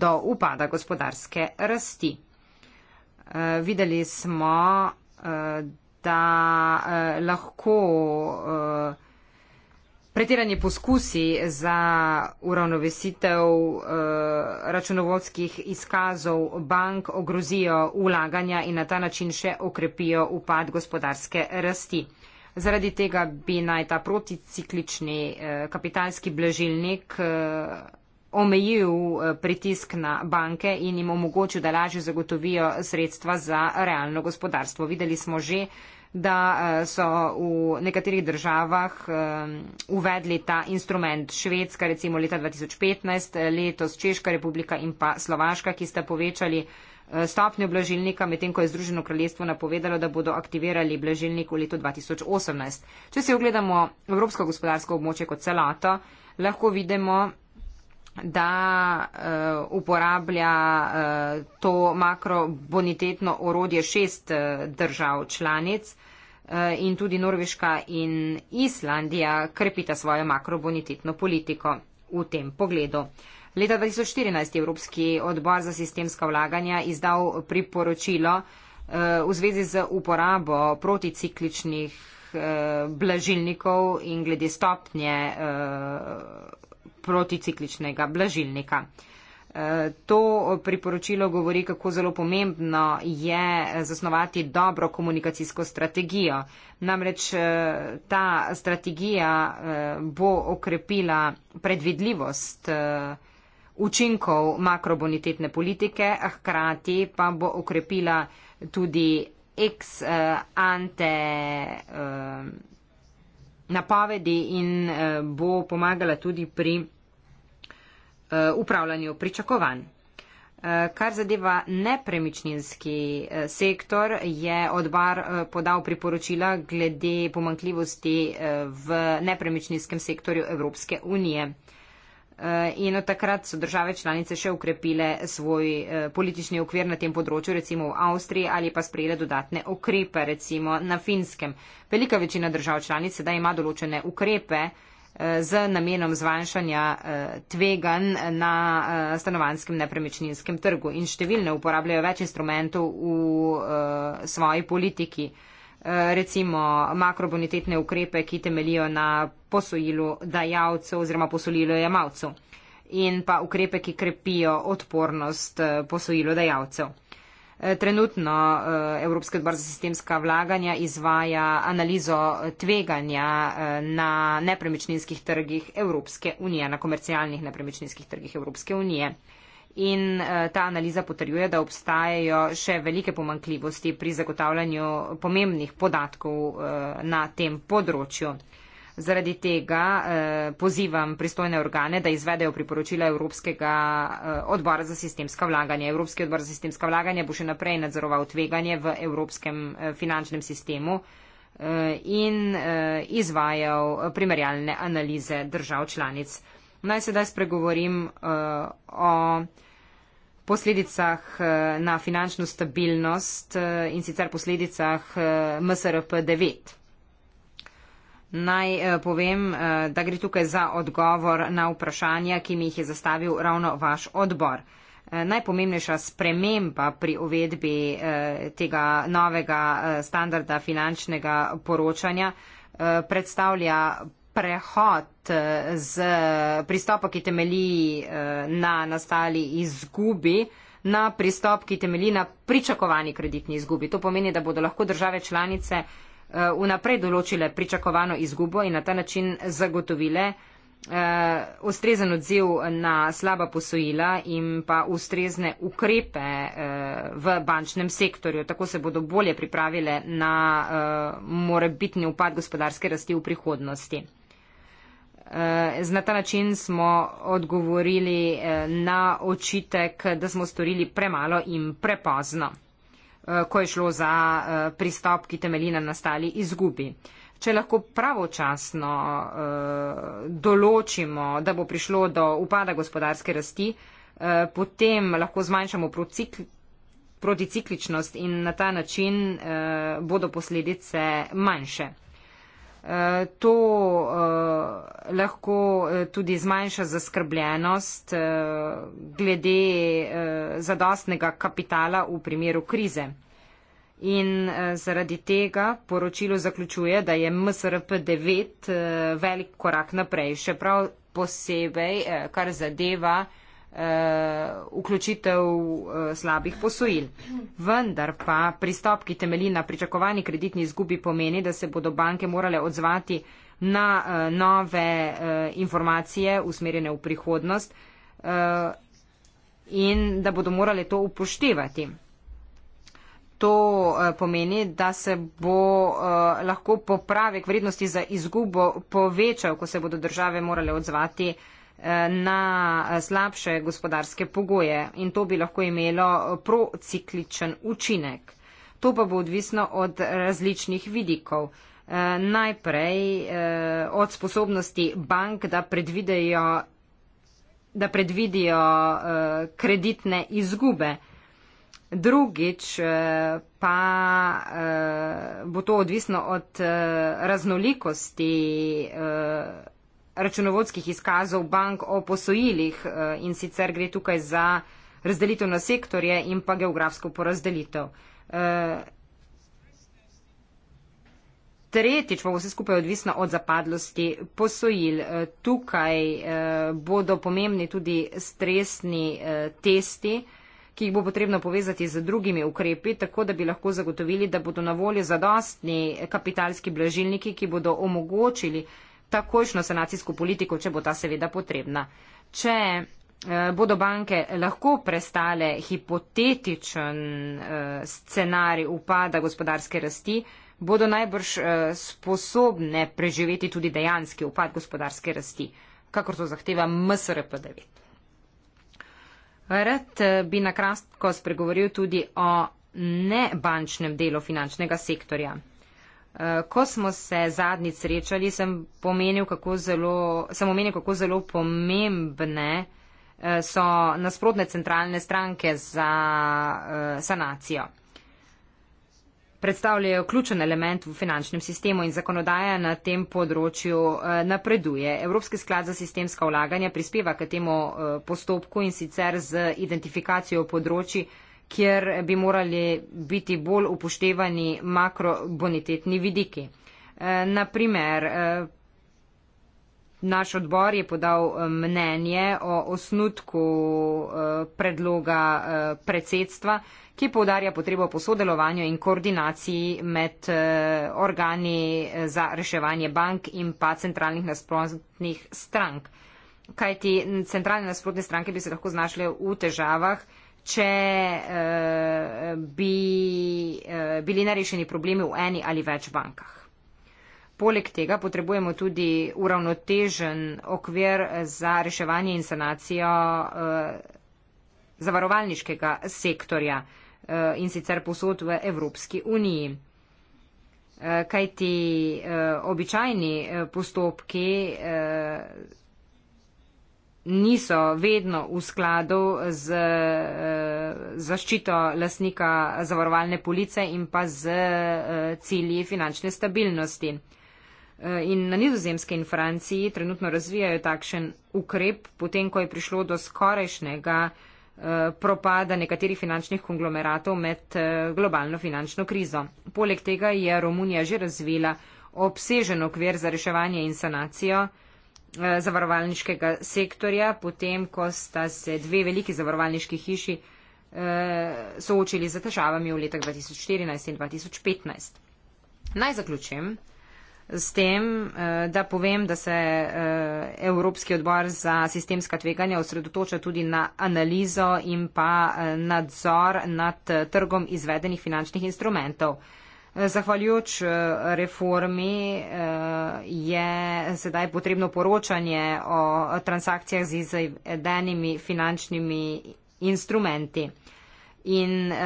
do upada gospodarske rasti. Uh, videli smo, uh, da uh, lahko uh, pretirani poskusi za uravnovesitev uh, računovodskih izkazov bank ogrozijo ulaganja in na ta način še okrepijo upad gospodarske rasti. Zaradi tega bi naj ta proticiklični uh, kapitalski blažilnik uh, omejil pritisk na banke in jim omogočil, da lažje zagotovijo sredstva za realno gospodarstvo. Videli smo že, da eh, so v nekaterih državah eh, uvedli ta instrument. Švedska recimo leta 2015, eh, letos Češka republika in pa Slovaška, ki sta povečali stopnjo blažilnika, medtem ko je Združeno kraljestvo napovedalo, da bodo aktivirali blažilnik v letu 2018. Če si ogledamo Evropsko gospodarsko območje kot celato, lahko vidimo, da uh, uporablja uh, to makrobonitetno orodje šest uh, držav članic uh, in tudi Norveška in Islandija krepita svojo makrobonitetno politiko v tem pogledu. Leta 2014 je Evropski odbor za sistemska vlaganja izdal priporočilo v zvezi z uporabo proticikličnih blažilnikov in glede stopnje proticikličnega blažilnika. E, to priporočilo govori, kako zelo pomembno je zasnovati dobro komunikacijsko strategijo. Namreč e, ta strategija e, bo okrepila predvidljivost učinkov makrobonitetne politike, a hkrati pa bo okrepila tudi ex ante napovedi in bo pomagala tudi pri. Eh, upravljanju pričakovanj. Eh, kar zadeva nepremičninski eh, sektor, je odbar podal priporočila glede pomankljivosti v nepremičninskem sektorju Evropske unije. In od takrat so države članice še ukrepile svoj politični okvir na tem področju, recimo v Avstriji, ali pa sprejele dodatne ukrepe, recimo na Finskem. Velika večina držav članic sedaj ima določene ukrepe, z namenom zvanjšanja eh, tvegan na eh, stanovanskem nepremičninskem trgu in številne uporabljajo več instrumentov v eh, svoji politiki, recimo makrobonitetne ukrepe, ki temelijo na posojilu dajavcev oziroma posojilu jemavcev in pa ukrepe, ki krepijo odpornost posojilo dajavcev. Trenutno eh, Evropski odbor za sistemska vlaganja izvaja analizo tveganja eh, na nepremičninskih trgih Evropske unije, na komercialnih nepremičninskih trgih Evropske unije. In eh, ta analiza potrjuje, da obstajajo še velike pomankljivosti pri zagotavljanju pomembnih podatkov na tem področju. Zaradi tega eh, pozivam pristojne organe, da izvedejo priporočila Evropskega eh, odbora za sistemska vlaganja. Evropski odbor za sistemska vlaganja bo še naprej nadzoroval tveganje v evropskem eh, finančnem sistemu eh, in eh, izvajal primerjalne analize držav članic. Naj sedaj spregovorim eh, o posledicah eh, na finančno stabilnost eh, in sicer posledicah eh, MSRP 9. Naj eh, povem, eh, da gre tukaj za odgovor na vprašanja, ki mi jih je zastavil ravno vaš odbor. Eh, najpomembnejša sprememba pri uvedbi tega novega standarda finančnega poročanja predstavlja prehod z pristopa, ki temelji na nastali izgubi, na pristop, ki temelji na pričakovani kreditni izgubi. To pomeni, da bodo lahko države članice Eh, vnaprej določile pričakovano izgubo in na ta način zagotovile eh, ustrezen odziv na slaba posojila in pa ustrezne ukrepe eh, v bančnem sektorju. Tako se bodo bolje pripravile na morebitni upad gospodarske rasti v prihodnosti. Z na ta način smo odgovorili na očitek, da smo storili premalo in prepozno. Eh, ko je šlo za eh, pristop, ki temelji na nastali izgubi. Če lahko pravočasno eh, določimo, da bo prišlo do upada gospodarske rasti, potem lahko zmanjšamo procikl proticikličnost in na ta način eh, bodo posledice manjše. To eh, lahko eh, tudi zmanjša zaskrbljenost eh, glede zadostnega kapitala v primeru krize. In zaradi tega poročilo zaključuje, da je MSRP 9 velik korak naprej, še prav posebej, kar zadeva uh, vključitev uh, slabih posojil. Vendar pa pristop, ki temelji na pričakovani kreditni izgubi, pomeni, da se bodo banke morale odzvati na uh, nove uh, informacije usmerjene v prihodnost uh, in da bodo morale to upoštevati. To uh, pomeni, da se bo uh, lahko popravek vrednosti za izgubo povečal, ko se bodo države morale odzvati uh, Eh, na slabše gospodarske pogoje in to bi lahko imelo procikličen učinek. To pa bo odvisno od različnih vidikov. Eh, najprej eh, od sposobnosti bank, da predvidijo, da predvidijo kreditne izgube. Drugič pa bo to odvisno od raznolikosti računovodskih izkazov bank o posojilih eh, in sicer gre tukaj za razdelitev na sektorje in pa geografsko porazdelitev. Eh, tretjič pa bo vse skupaj odvisno od zapadlosti posojil. Eh, tukaj bodo pomembni tudi stresni testi, ki jih bo potrebno povezati z drugimi ukrepi, tako da bi lahko zagotovili, da bodo na voljo zadostni kapitalski blažilniki, ki bodo omogočili takojšno sanacijsko politiko, če bo ta seveda potrebna. Če eh, bodo banke lahko prestale hipotetičen eh, scenarij upada gospodarske rasti, bodo najbrž eh, sposobne preživeti tudi dejanski upad gospodarske rasti, kakor to zahteva MSRP9. Rad bi na kratko spregovoril tudi o nebančnem delu finančnega sektorja. Eh, ko smo se zadnjič srečali, sem omenil, kako zelo, sem omenil, kako zelo pomembne eh, so nasprotne centralne stranke za eh, sanacijo. Predstavljajo ključen element v finančnem sistemu in zakonodaja na tem področju napreduje. Evropski sklad za sistemska vlaganja prispeva k temu postopku in sicer z identifikacijo področji, kjer bi morali biti bolj upoštevani makrobonitetni vidiki. Eh, Naprimer, eh, naš odbor je podal eh, mnenje o osnutku predloga predsedstva, ki povdarja potrebo po sodelovanju in koordinaciji med organi za reševanje bank in pa centralnih nasprotnih strank. Kajti centralne nasprotne stranke bi se lahko znašle v težavah, Če uh, bi uh, bili narešeni problemi v eni ali več bankah. Poleg tega potrebujemo tudi uravnotežen okvir za reševanje in sanacijo uh, zavarovalniškega sektorja uh, in sicer posod v Evropski uniji. Uh, kaj ti uh, običajni uh, postopki. Uh, niso vedno v skladu z eh, zaščito lasnika zavarovalne police in pa z eh, cilji finančne stabilnosti. Eh, in na nizozemske in Franciji trenutno razvijajo takšen ukrep, potem ko je prišlo do skorešnega propada nekaterih finančnih konglomeratov med globalno finančno krizo. Poleg tega je Romunija že razvila obsežen okvir za reševanje in sanacijo, Eh, zavarovalniškega sektorja, potem ko sta se dve veliki zavarovalniški hiši eh, soočili z težavami v letih 2014 in 2015. Naj zaključim s tem, eh, da povem, da se Evropski odbor za sistemska tveganja osredotoča tudi na analizo in pa nadzor nad trgom izvedenih finančnih instrumentov. Zahvaljujoč eh, reformi eh, je sedaj potrebno poročanje o transakcijah z izvedenimi finančnimi instrumenti. In uh,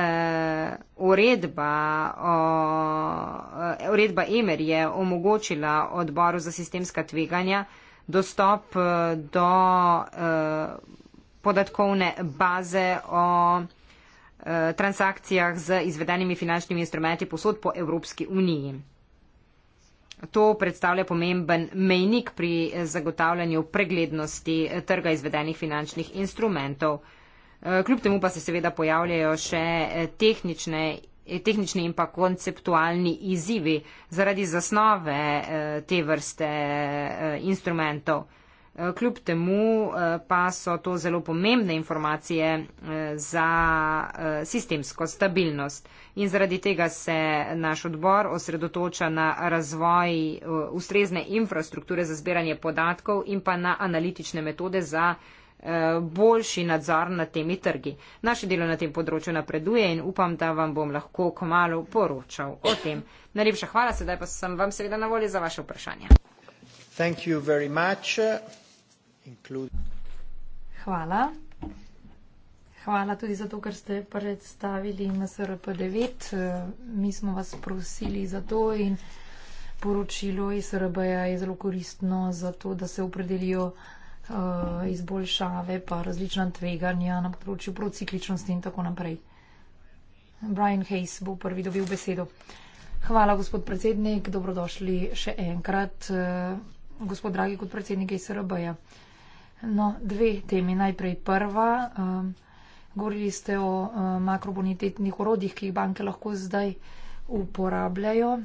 uredba, o, uredba EMER je omogočila odboru za sistemska tveganja dostop do uh, podatkovne baze o Eh, transakcijah z izvedenimi finančnimi instrumenti posod po Evropski uniji. To predstavlja pomemben mejnik pri zagotavljanju preglednosti trga izvedenih finančnih instrumentov. Eh, kljub temu pa se seveda pojavljajo še tehnične, tehnični in pa konceptualni izzivi zaradi zasnove eh, te vrste instrumentov. Kljub temu eh, pa so to zelo pomembne informacije eh, za eh, sistemsko stabilnost. In zaradi tega se naš odbor osredotoča na razvoj ustrezne infrastrukture za zbiranje podatkov in pa na analitične metode za boljši nadzor nad temi trgi. Naše delo na tem področju napreduje in upam, da vam bom lahko komalo poročal o tem. Najlepša hvala, sedaj pa sem vam seveda na voljo za vaše vprašanje. Thank you very much. Hvala. Hvala tudi za to, ker ste predstavili MSRP9. Mi smo vas prosili za to in poročilo ISRB je zelo koristno za to, da se opredelijo eh, izboljšave pa različna tveganja na področju procikličnosti in tako naprej. Brian Hayes bo prvi dobil besedo. Hvala, gospod predsednik. Dobrodošli še enkrat. Eh, gospod dragi, kot predsednik ISRB-ja. -ja. No, dve temi. Najprej prva. Um, govorili ste o um, makrobonitetnih urodjih, ki jih banke lahko zdaj uporabljajo.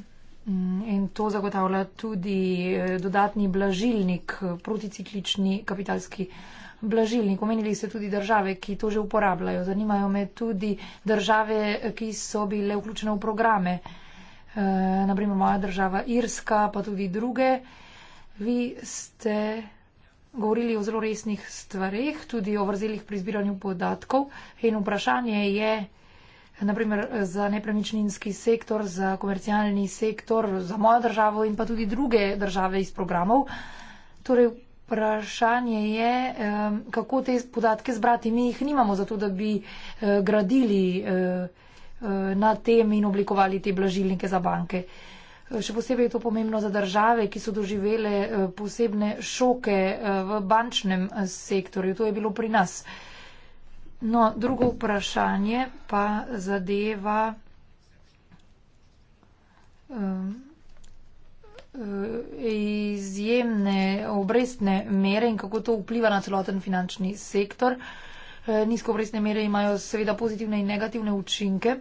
Mm, in to zagotavlja tudi eh, dodatni blažilnik, proticiklični kapitalski blažilnik. Omenili ste tudi države, ki to že uporabljajo. Zanimajo me tudi države, ki so bile vključene v programe. E, eh, naprimer moja država Irska, pa tudi druge. Vi ste govorili o zelo resnih stvarih, tudi o vrzelih pri zbiranju podatkov. In vprašanje je, naprimer, za nepremičninski sektor, za komercialni sektor, za mojo državo in pa tudi druge države iz programov. Torej, vprašanje je, kako te podatke zbrati. Mi jih nimamo zato, da bi eh, gradili eh, eh, na tem in oblikovali te blažilnike za banke še posebej je to pomembno za države, ki so doživele eh, posebne šoke eh, v bančnem eh, sektorju. To je bilo pri nas. No, drugo vprašanje pa zadeva ehm, izjemne obrestne mere in kako to vpliva na celoten finančni sektor. Nizko obrestne mere imajo seveda pozitivne in negativne učinke.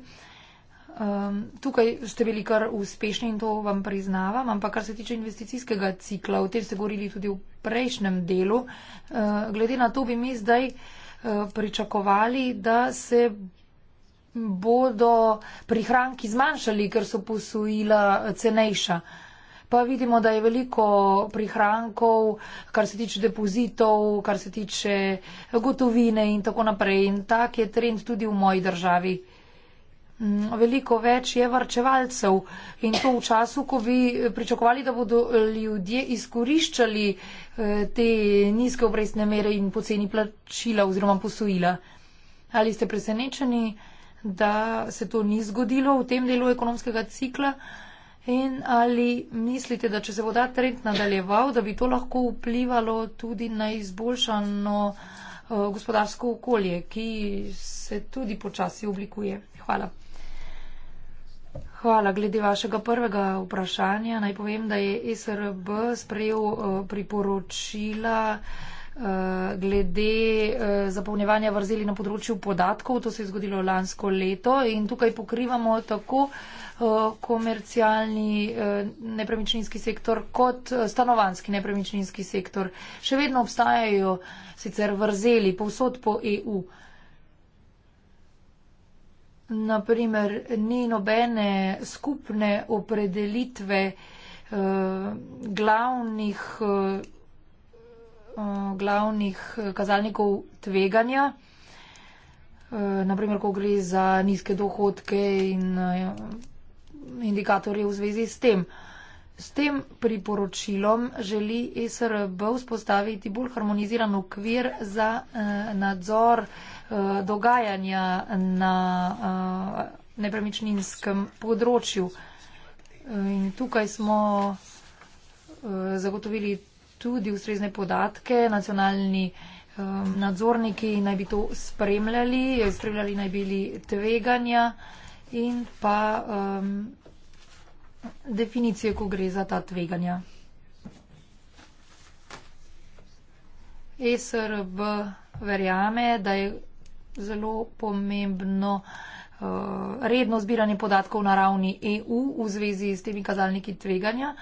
Um, tukaj ste bili kar uspešni in to vam priznavam, ampak kar se tiče investicijskega cikla, o tem ste govorili tudi v prejšnjem delu, uh, glede na to bi mi zdaj uh, pričakovali, da se bodo prihranki zmanjšali, ker so posojila cenejša. Pa vidimo, da je veliko prihrankov, kar se tiče depozitov, kar se tiče gotovine in tako naprej. In tak je trend tudi v moji državi. Uh, Mm, veliko več je varčevalcev in to v času, ko bi pričakovali, da bodo ljudje izkoriščali eh, te nizke obrestne mere in poceni plačila oziroma posojila. Ali ste presenečeni, da se to ni zgodilo v tem delu ekonomskega cikla in ali mislite, da če se bo ta trend nadaljeval, da bi to lahko vplivalo tudi na izboljšano eh, gospodarsko okolje, ki se tudi počasi oblikuje? Hvala. Hvala. Glede vašega prvega vprašanja naj povem, da je SRB sprejel eh, priporočila eh, glede eh, zapolnjevanja vrzeli na področju podatkov. To se je zgodilo lansko leto in tukaj pokrivamo tako komercialni nepremičninski sektor kot stanovanski nepremičninski sektor. Še vedno obstajajo sicer vrzeli povsod po EU naprimer, ni nobene skupne opredelitve eh, glavnih, eh, eh glavnih kazalnikov tveganja, eh, naprimer, ko gre za nizke dohodke in eh, indikatorje v zvezi s tem. S tem priporočilom želi SRB vzpostaviti bolj harmoniziran okvir za eh, nadzor eh, Eh, dogajanja na eh, nepremičninskem področju. In tukaj smo eh, zagotovili tudi ustrezne podatke, nacionalni nadzorniki naj bi to spremljali, spremljali naj bili tveganja in pa um, definicije, ko gre za ta tveganja. ESRB verjame, da je zelo pomembno eh, redno zbiranje podatkov na ravni EU v zvezi s temi kazalniki tveganja.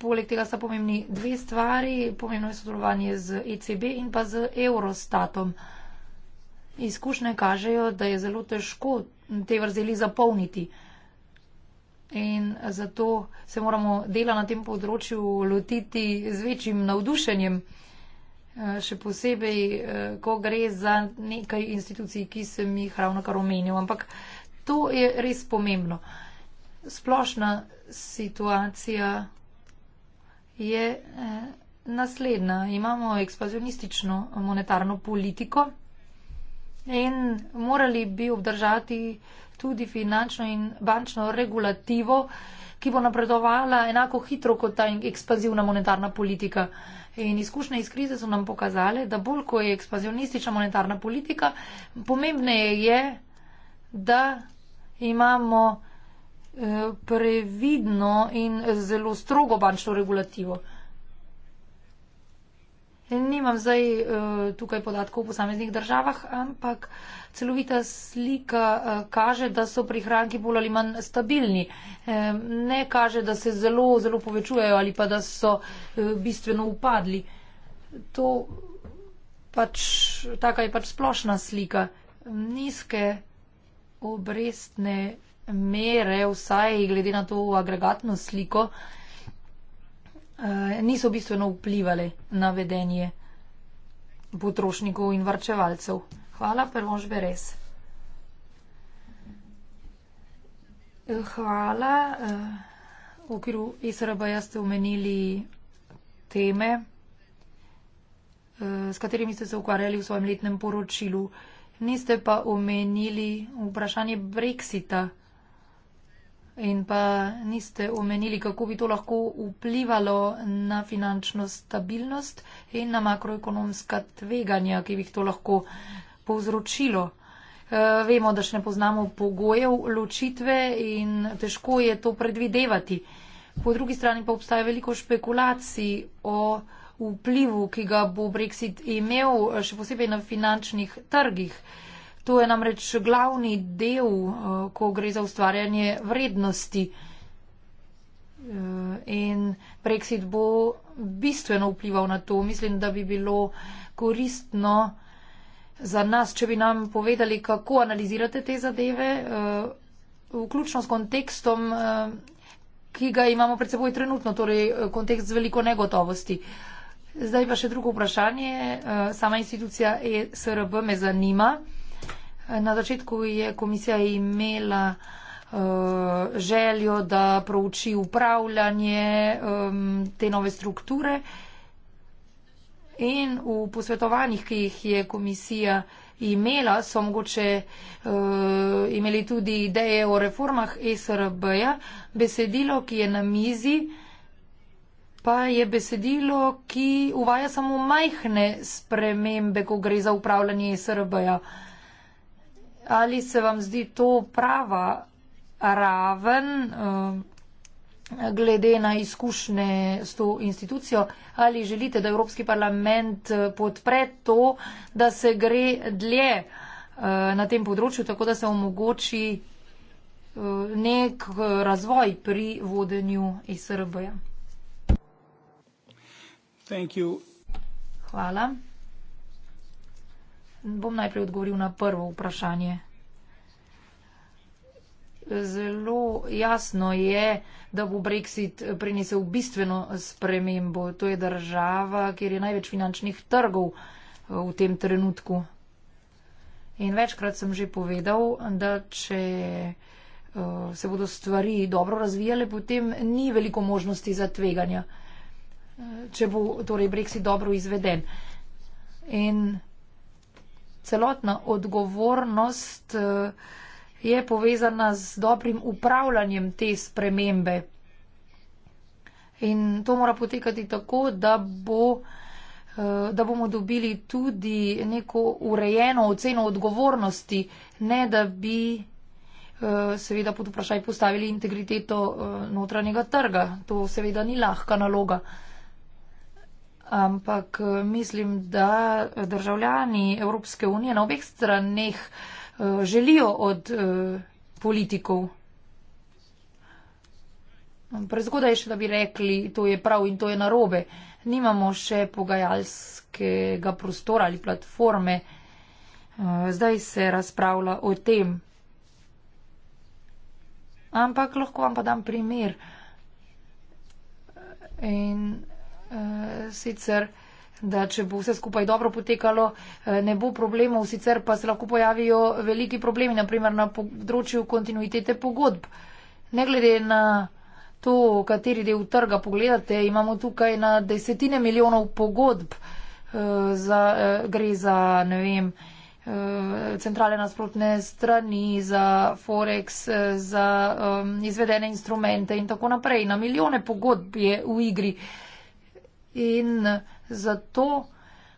Poleg tega sta pomembni dve stvari, pomembno je sodelovanje z ECB in pa z Eurostatom. Izkušnje kažejo, da je zelo težko te vrzeli zapolniti in zato se moramo dela na tem področju lotiti z večjim navdušenjem. Eh, še posebej, eh, ko gre za nekaj institucij, ki sem jih ravno kar omenil. Ampak to je res pomembno. Splošna situacija je eh, naslednja. Imamo ekspansionistično monetarno politiko in morali bi obdržati tudi finančno in bančno regulativo, ki bo napredovala enako hitro kot ta ekspanzivna monetarna politika. In izkušnje iz krize so nam pokazale, da bolj ko je ekspanzionistična monetarna politika, pomembneje je, da imamo eh, previdno in eh, zelo strogo bančno regulativo. Nimam zdaj eh, tukaj podatkov v posameznih državah, ampak celovita slika eh, kaže, da so prihranki bolj ali manj stabilni. Ne kaže, da se zelo, zelo povečujejo ali pa da so eh, bistveno upadli. To pač, taka je pač splošna slika. Nizke obrestne mere, vsaj glede na to agregatno sliko, Eh, niso bistveno vplivali na vedenje potrošnikov in varčevalcev. Hvala, Pervož Beres. Eh, hvala. Eh, v okviru ISRB-ja ste omenili teme, s katerimi ste se ukvarjali v svojem letnem poročilu. Niste pa omenili vprašanje Brexita. In pa niste omenili, kako bi to lahko vplivalo na finančno stabilnost in na makroekonomska tveganja, ki bi jih to lahko povzročilo. Eh, vemo, da še ne poznamo pogojev ločitve in težko je to predvidevati. Po drugi strani pa obstaja veliko špekulacij o vplivu, ki ga bo Brexit imel, eh, še posebej na finančnih trgih. To je namreč glavni del, eh, ko gre za ustvarjanje vrednosti. Eh, in Brexit bo bistveno vplival na to. Mislim, da bi bilo koristno za nas, če bi nam povedali, kako analizirate te zadeve, eh, vključno s kontekstom, ki ga imamo pred seboj trenutno, torej kontekst z veliko negotovosti. Zdaj pa še drugo vprašanje. Sama institucija ESRB me zanima. Na začetku je komisija imela eh, željo, da prouči upravljanje um, te nove strukture in v posvetovanjih, ki jih je komisija imela, so mogoče uh, imeli tudi ideje o reformah SRB-ja. Besedilo, ki je na mizi, pa je besedilo, ki uvaja samo majhne spremembe, ko gre za upravljanje SRB-ja. Uh, ali se vam zdi to prava raven, um, glede na izkušnje s to institucijo, ali želite, da Evropski parlament uh, podpre to, da se gre dlje uh, na tem področju, tako da se omogoči uh, nek razvoj pri vodenju iz Srbije. Hvala bom najprej odgovoril na prvo vprašanje. Zelo jasno je, da bo Brexit prinesel bistveno spremembo. To je država, kjer je največ finančnih trgov eh, v tem trenutku. In večkrat sem že povedal, da če eh, se bodo stvari dobro razvijale, potem ni veliko možnosti za tveganja, eh, če bo torej Brexit dobro izveden. In celotna odgovornost eh, je povezana z dobrim upravljanjem te spremembe. In to mora potekati tako, da, bo, eh, da bomo dobili tudi neko urejeno oceno odgovornosti, ne da bi eh, seveda pod vprašaj postavili integriteto notranjega trga. To seveda ni lahka naloga ampak eh, mislim, da državljani Evropske unije na obeh straneh eh, želijo od eh, politikov. Prezgodaj je še, da bi rekli, to je prav in to je narobe. Nimamo še pogajalskega prostora ali platforme. Zdaj se razpravlja o tem. Ampak lahko vam pa dam primer. In Eh, sicer, da če bo vse skupaj dobro potekalo, eh, ne bo problemov, sicer pa se lahko pojavijo veliki problemi, naprimer na področju kontinuitete pogodb. Ne glede na to, kateri del trga pogledate, imamo tukaj na desetine milijonov pogodb, eh, za, gre za, ne vem, centrale nasprotne strani, za Forex, za um, izvedene instrumente in tako naprej. Na milijone pogodb je v igri. Uh, In zato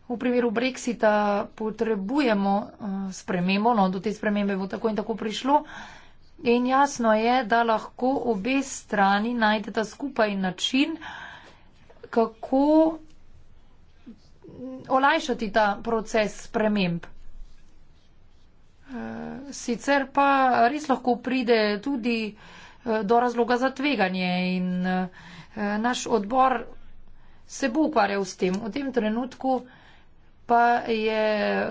v primeru Brexita potrebujemo eh, spremembo, no do te spremembe bo tako in tako prišlo. In jasno je, da lahko obe strani najdeta skupaj način, kako olajšati ta proces sprememb. Eh, sicer pa res lahko pride tudi eh, do razloga za tveganje in naš odbor se bo ukvarjal s tem. V tem trenutku pa je eh,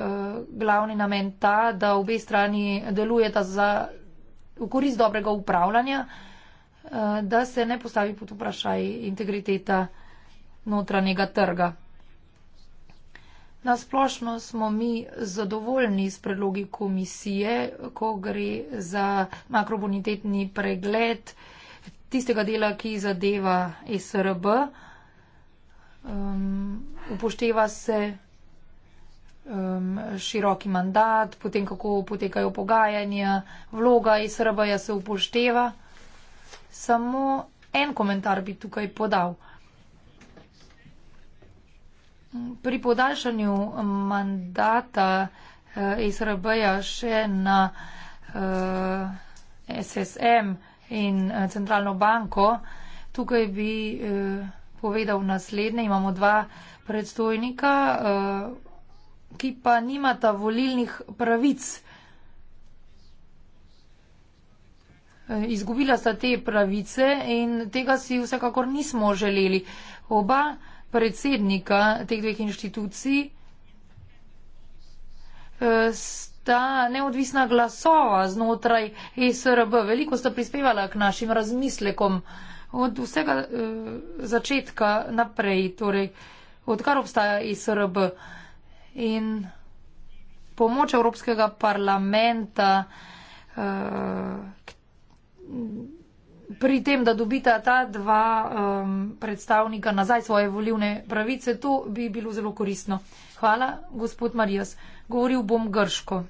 glavni namen ta, da obe strani delujeta za, v korist dobrega upravljanja, eh, da se ne postavi pod vprašaj integriteta notranjega trga. Nasplošno smo mi zadovoljni s predlogi komisije, ko gre za makrobonitetni pregled tistega dela, ki zadeva SRB um, upošteva se um, široki mandat, potem kako potekajo pogajanja, vloga iz Srbaja se upošteva. Samo en komentar bi tukaj podal. Pri podaljšanju mandata eh, SRB-ja še na eh, SSM in eh, centralno banko, tukaj bi povedal naslednje. Imamo dva predstojnika, eh, ki pa nimata volilnih pravic. Eh, izgubila sta te pravice in tega si vsekakor nismo želeli. Oba predsednika teh dveh inštitucij eh, sta neodvisna glasova znotraj e SRB. Veliko sta prispevala k našim razmislekom od vsega uh, začetka naprej, torej odkar obstaja ISRB in pomoč Evropskega parlamenta uh, eh, k, pri tem, da dobita ta dva um, predstavnika nazaj svoje volivne pravice, to bi bilo zelo koristno. Hvala, gospod Marijas. Govoril bom grško.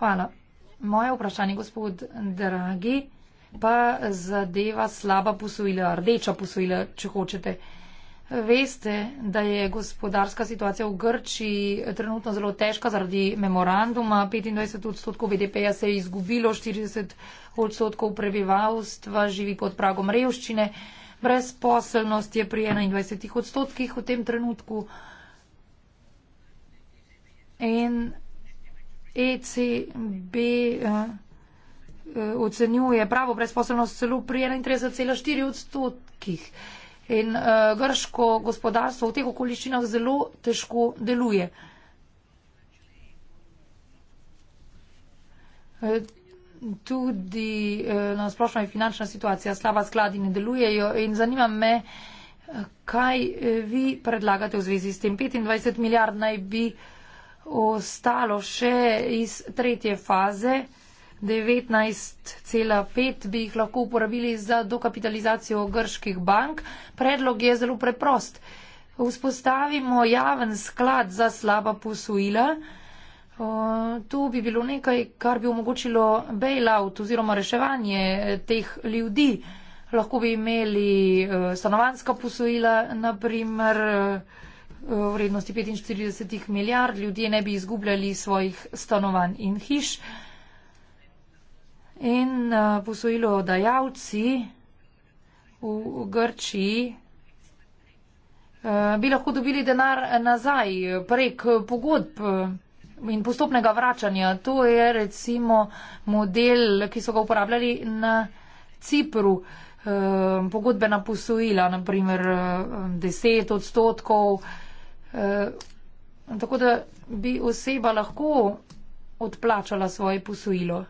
Hvala. Moje vprašanje, gospod Dragi, pa zadeva slaba posojila, rdeča posojila, če hočete. Veste, da je gospodarska situacija v Grčiji trenutno zelo težka zaradi memoranduma. 25 odstotkov BDP-ja se je izgubilo, 40 odstotkov prebivalstva živi pod pragom revščine, brezposelnost je pri 21 odstotkih v tem trenutku. In ECB uh, eh, eh, ocenjuje pravo brezposelnost celo pri 31,4 odstotkih. In uh, grško gospodarstvo v teh okoliščinah zelo težko deluje. Tudi na no, splošno je finančna situacija slaba, skladi ne delujejo in zanima me, kaj vi predlagate v zvezi s tem. 25 milijard naj bi uh, ostalo še iz tretje faze. 19,5 bi jih lahko uporabili za dokapitalizacijo grških bank. Predlog je zelo preprost. Vzpostavimo javen sklad za slaba posojila. Tu bi bilo nekaj, kar bi omogočilo bailout oziroma reševanje eh, teh ljudi. Lahko bi imeli eh, stanovanska posojila, naprimer. Eh, v vrednosti 45 milijard, ljudje ne bi izgubljali svojih stanovanj in hiš. In eh, posojilo dajavci v Grčiji eh, bi lahko dobili denar nazaj prek pogodb eh, in postopnega vračanja. To je recimo model, ki so ga uporabljali na Cipru. Pogodbena posojila, naprimer 10 odstotkov Eh, tako da bi oseba lahko odplačala svoje posojilo.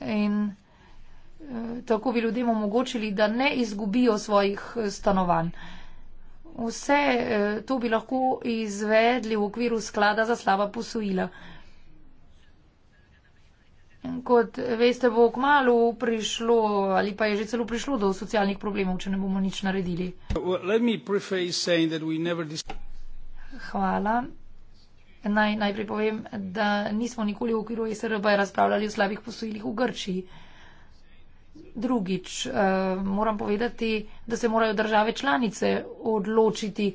In eh, tako bi ljudem omogočili, da ne izgubijo svojih eh, stanovanj. Vse to bi lahko izvedli v okviru sklada za slaba posojila kot veste, bo kmalo prišlo ali pa je že celo prišlo do socialnih problemov, če ne bomo nič naredili. Hvala. Naj, najprej povem, da nismo nikoli v okviru SRB razpravljali o slabih posojilih v Grčiji. Drugič, eh, moram povedati, da se morajo države članice odločiti,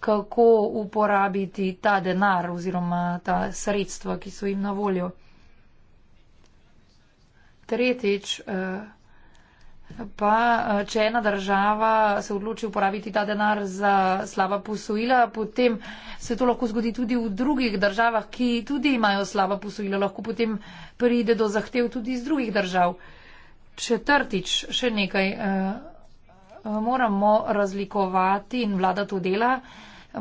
kako uporabiti ta denar oziroma ta sredstva, ki so jim na voljo. Tretjič, eh, pa eh, če ena država se odloči uporabiti ta denar za slaba posojila, potem se to lahko zgodi tudi v drugih državah, ki tudi imajo slaba posojila, lahko potem pride do zahtev tudi iz drugih držav. Četrtič, še nekaj, eh, moramo razlikovati in vlada to dela,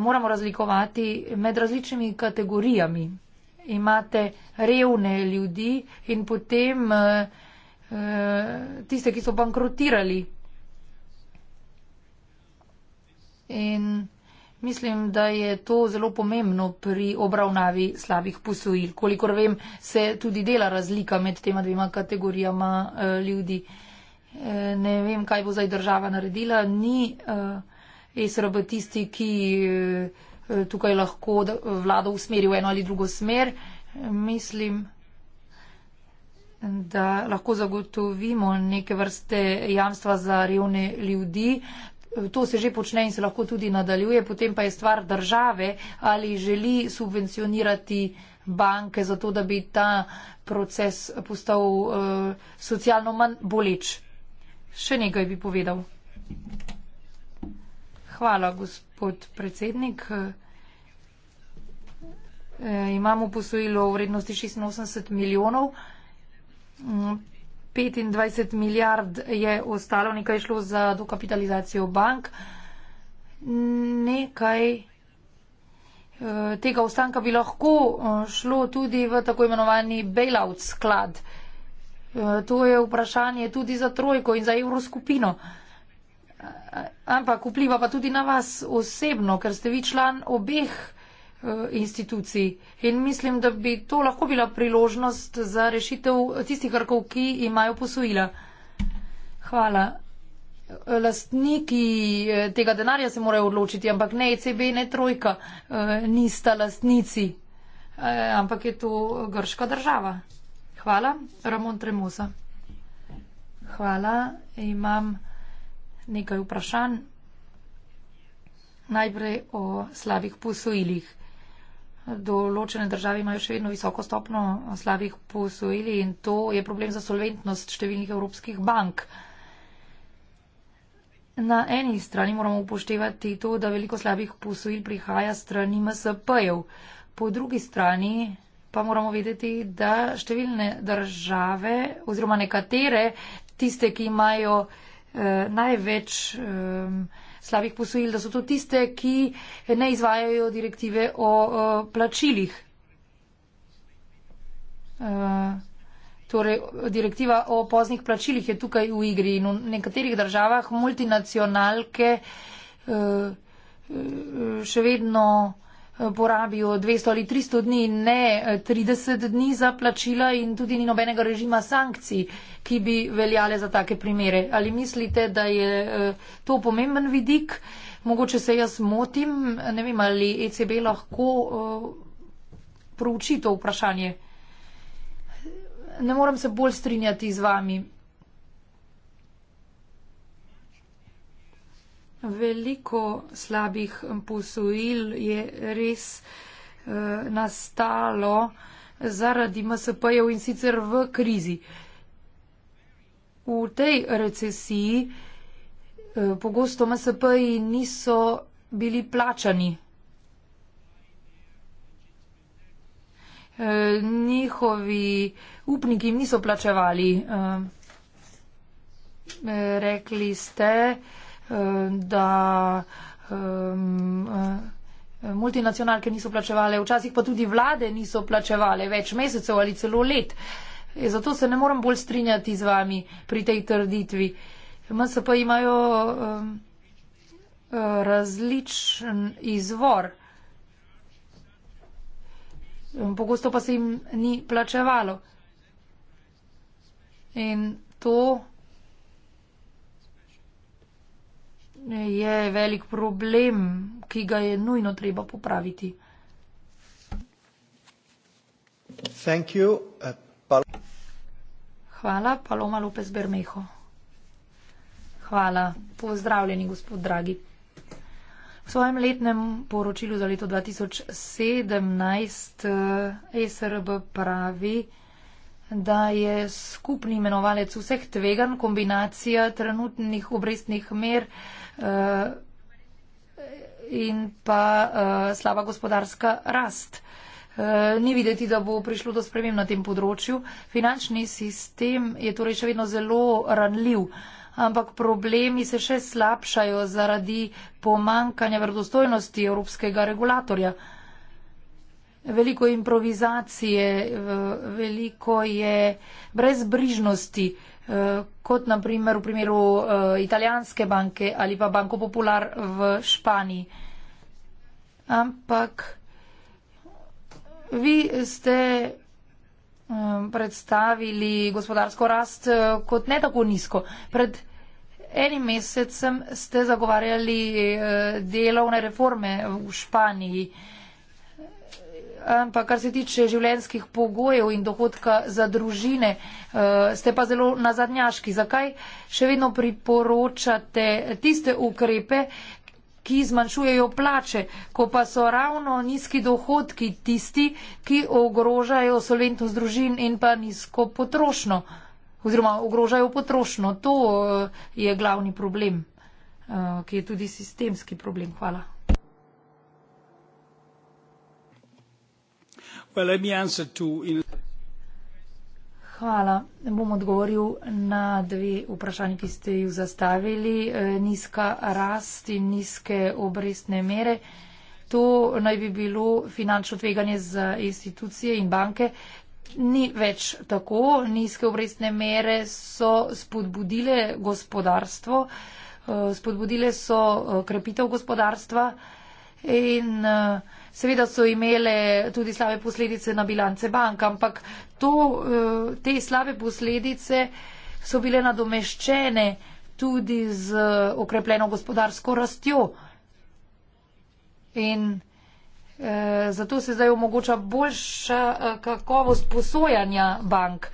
moramo razlikovati med različnimi kategorijami imate revne ljudi in potem uh, tiste, ki so bankrotirali. In mislim, da je to zelo pomembno pri obravnavi slabih posojil. Kolikor vem, se tudi dela razlika med tema dvema kategorijama uh, ljudi. Ne vem, kaj bo zdaj država naredila. Ni uh, SRB tisti, ki uh, Eh, tukaj lahko vlado usmeri v eno ali drugo smer. Mislim, da lahko zagotovimo neke vrste jamstva za revne ljudi. To se že počne in se lahko tudi nadaljuje, potem pa je stvar države, ali želi subvencionirati banke, zato da bi ta proces postal uh, socialno manj boleč. Še nekaj bi povedal. Hvala, gospod podpredsednik. Eh, imamo posojilo v vrednosti 86 milijonov, 25 mm, milijard je ostalo, nekaj je šlo za dokapitalizacijo bank, nekaj eh, tega ostanka bi lahko eh, šlo tudi v tako imenovani bailout sklad. To je vprašanje tudi za trojko in za evroskupino ampak vpliva pa tudi na vas osebno, ker ste vi član obeh eh, institucij in mislim, da bi to lahko bila priložnost za rešitev tistih arkov, ki imajo posojila. Hvala. Lastniki eh, tega denarja se morajo odločiti, ampak ne ECB, ne Trojka, eh, nista lastnici, ampak je to grška država. Hvala. Ramon Tremosa. Hvala. Imam nekaj vprašanj. Najprej o slabih posojilih. Določene države imajo še vedno visoko stopno slabih posojil in to je problem za solventnost številnih evropskih bank. Na eni strani moramo upoštevati to, da veliko slabih posojil prihaja strani MSP-jev. Po drugi strani pa moramo vedeti, da številne države oziroma nekatere, tiste, ki imajo Eh, največ eh, slabih posojil, da so to tiste, ki ne izvajajo direktive o plačilih. Eh, torej, direktiva o poznih plačilih je tukaj v igri in v nekaterih državah multinacionalke še vedno porabijo 200 ali 300 dni, ne 30 eh, dni za plačila in tudi ni nobenega režima sankcij, ki bi veljale za take primere. Ali mislite, da je eh, to pomemben vidik? Mogoče se jaz motim, ne vem, ali ECB lahko eh, prouči to vprašanje. Ne morem se bolj strinjati z vami. Veliko slabih posojil je res eh, nastalo zaradi MSP-jev in sicer v krizi. V tej recesiji eh, pogosto MSP-ji niso bili plačani. Eh, njihovi upniki jim niso plačevali. Eh, eh rekli ste, da um, eh, multinacionalke niso plačevale, včasih pa tudi vlade niso plačevale več mesecev ali celo let. E, zato se ne moram bolj strinjati z vami pri tej trditvi. MSP imajo um, različen izvor. Um, pogosto pa se jim ni plačevalo. In to je velik problem, ki ga je nujno treba popraviti. Thank you. Eh, Hvala, Paloma Lopez Bermejo. Hvala, pozdravljeni, gospod Dragi. V svojem letnem poročilu za leto 2017 SRB eh, pravi, da je skupni imenovalec vseh tvegan kombinacija trenutnih obrestnih mer eh, in pa eh, slaba gospodarska rast. Eh, ni videti, da bo prišlo do sprememb na tem področju. Finančni sistem je torej še vedno zelo ranljiv, ampak problemi se še slabšajo zaradi pomankanja vrdostojnosti evropskega regulatorja veliko improvizacije, eh, veliko je brezbrižnosti, eh, kot naprimer v primeru eh, italijanske banke ali pa Banko Popular v Španiji. Ampak vi ste predstavili gospodarsko rast kot ne tako nizko. Pred enim mesecem ste zagovarjali delovne reforme v Španiji. Ampak kar se tiče življenskih pogojev in dohodka za družine, eh, ste pa zelo nazadnjaški. Zakaj še vedno priporočate tiste ukrepe, ki zmanjšujejo plače, ko pa so ravno nizki dohodki tisti, ki ogrožajo solventnost družin in pa nizko potrošno? Oziroma ogrožajo potrošno. To eh, je glavni problem, eh, ki je tudi sistemski problem. Hvala. Hvala. Bom odgovoril na dve vprašanje, ki ste ju zastavili. E, nizka rast in nizke obrestne mere. To naj bi bilo finančno tveganje za institucije in banke. Ni več tako. Nizke obrestne mere so spodbudile gospodarstvo, e, spodbudile so e, krepitev gospodarstva in uh, Seveda so imele tudi slabe posledice na bilance bank, ampak to, eh, te slabe posledice so bile nadomeščene tudi z okrepljeno gospodarsko rastjo. In eh, zato se zdaj omogoča boljša eh, kakovost posojanja bank.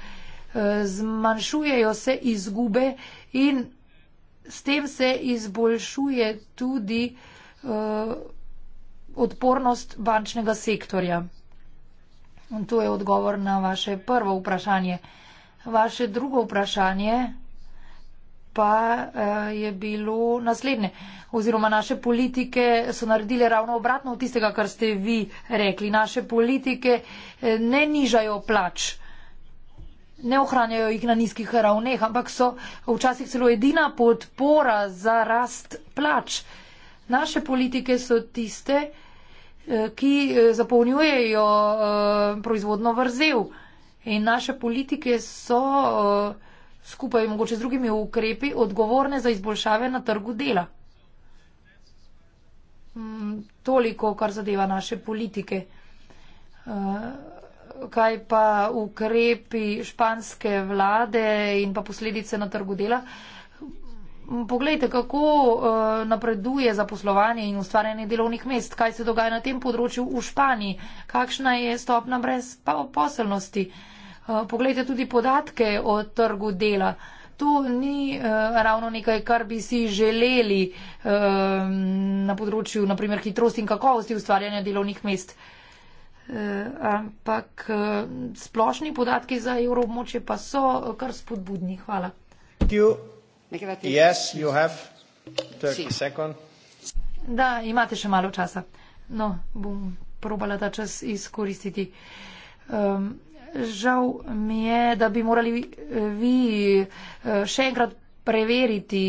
Zmanjšujejo se izgube in s tem se izboljšuje tudi odpornost bančnega sektorja. In to je odgovor na vaše prvo vprašanje. Vaše drugo vprašanje pa eh, je bilo naslednje. Oziroma naše politike so naredile ravno obratno od tistega, kar ste vi rekli. Naše politike eh, ne nižajo plač, ne ohranjajo jih na nizkih ravneh, ampak so včasih celo edina podpora za rast plač naše politike so tiste, eh, ki eh, zapolnjujejo eh, proizvodno vrzel. In naše politike so skupaj mogoče z drugimi ukrepi odgovorne za izboljšave na trgu dela. Mm, toliko, kar zadeva naše politike. Kaj pa ukrepi španske vlade in pa posledice na trgu dela? Poglejte, kako uh, napreduje zaposlovanje in ustvarjanje delovnih mest, kaj se dogaja na tem področju v Španiji, kakšna je stopna brezposelnosti. Uh, poglejte tudi podatke o trgu dela. To ni uh, ravno nekaj, kar bi si želeli uh, na področju naprimer, hitrosti in kakovosti ustvarjanja delovnih mest. Uh, ampak uh, splošni podatki za evroobmočje pa so kar spodbudni. Hvala. Thank you. Da, imate še malo časa. No, bom probala ta čas izkoristiti. Um, žal mi je, da bi morali eh, vi eh, še enkrat preveriti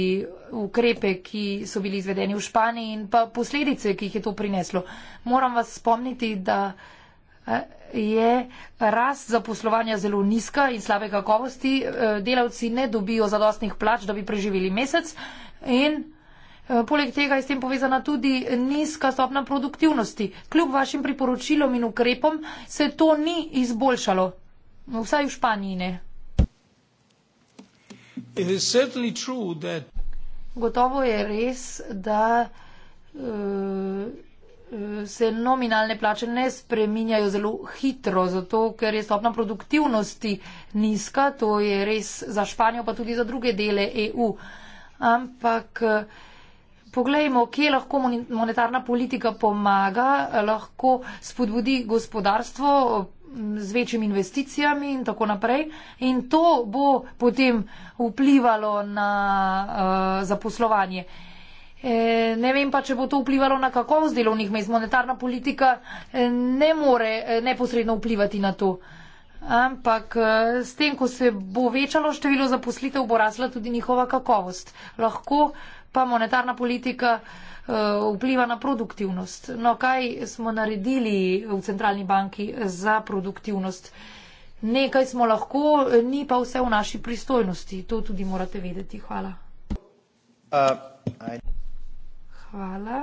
ukrepe, ki so bili izvedeni v Španiji in pa posledice, ki jih je to prineslo. Moram vas spomniti, da je rast zaposlovanja zelo nizka in slabe kakovosti. Eh, delavci ne dobijo zadostnih plač, da bi preživeli mesec. In eh, poleg tega je s tem povezana tudi nizka stopna produktivnosti. Kljub vašim priporočilom in ukrepom se to ni izboljšalo. Vsaj v Španiji ne. Gotovo je res, da. Uh, se nominalne plače ne spreminjajo zelo hitro, zato ker je stopna produktivnosti nizka, to je res za Španijo, pa tudi za druge dele EU. Ampak eh, poglejmo, kje lahko monetarna politika pomaga, lahko spodbudi gospodarstvo mm, z večjimi investicijami in tako naprej. In to bo potem vplivalo na uh, zaposlovanje. Uh, Eh, ne vem pa, če bo to vplivalo na kakovost delovnih mest. Monetarna politika eh, ne more eh, neposredno vplivati na to. Ampak s tem, ko se bo večalo število zaposlitev, bo rasla tudi njihova kakovost. Lahko pa monetarna politika vpliva na produktivnost. No, kaj smo naredili v centralni banki za produktivnost? Nekaj smo lahko, ni pa vse v naši pristojnosti. To tudi morate vedeti. Hvala. Uh, I... Hvala.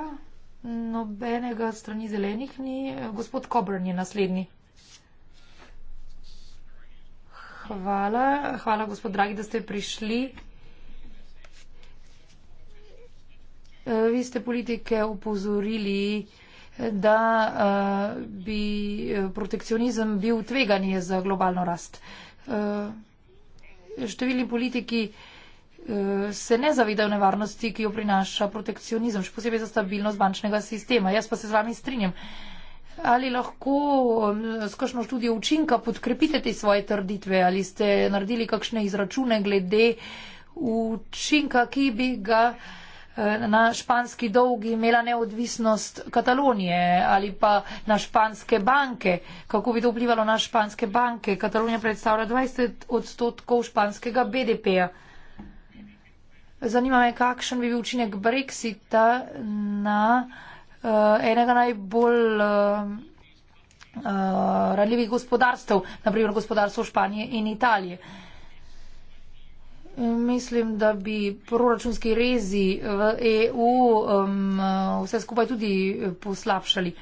Nobenega strani zelenih ni. Gospod Coburn je naslednji. Hvala. Hvala, gospod Dragi, da ste prišli. Eh, vi ste politike upozorili, da eh, bi eh, protekcionizem bil tveganje za globalno rast. Številni politiki. Eh, se ne zavedajo nevarnosti, ki jo prinaša protekcionizem, še posebej za stabilnost bančnega sistema. Jaz pa se z vami strinjam. Ali lahko s kakšno študijo učinka podkrepite te svoje trditve ali ste naredili kakšne izračune glede učinka, ki bi ga eh, na španski dolg imela neodvisnost Katalonije ali pa na španske banke, kako bi to vplivalo na španske banke. Katalonija predstavlja 20 odstotkov španskega BDP-ja. Zanima me, kakšen bi bil učinek Brexita na uh, enega najbolj uh, eh, uh, eh, radljivih gospodarstv, naprimer gospodarstvo Španije in Italije. Mislim, da bi proračunski rezi v EU um, vse skupaj tudi poslabšali.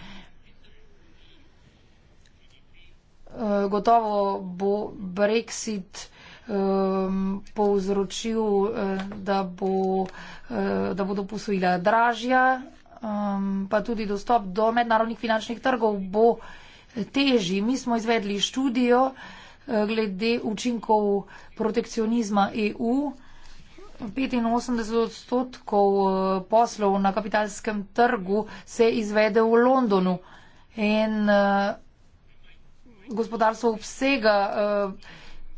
Gotovo bo Brexit uh, um, povzročil, eh, da, bo, eh, da bodo posojila dražja, um, pa tudi dostop do mednarodnih finančnih trgov bo teži. Mi smo izvedli študijo eh, glede učinkov protekcionizma EU. 85 odstotkov poslov na kapitalskem trgu se izvede v Londonu in uh, gospodarstvo obsega uh,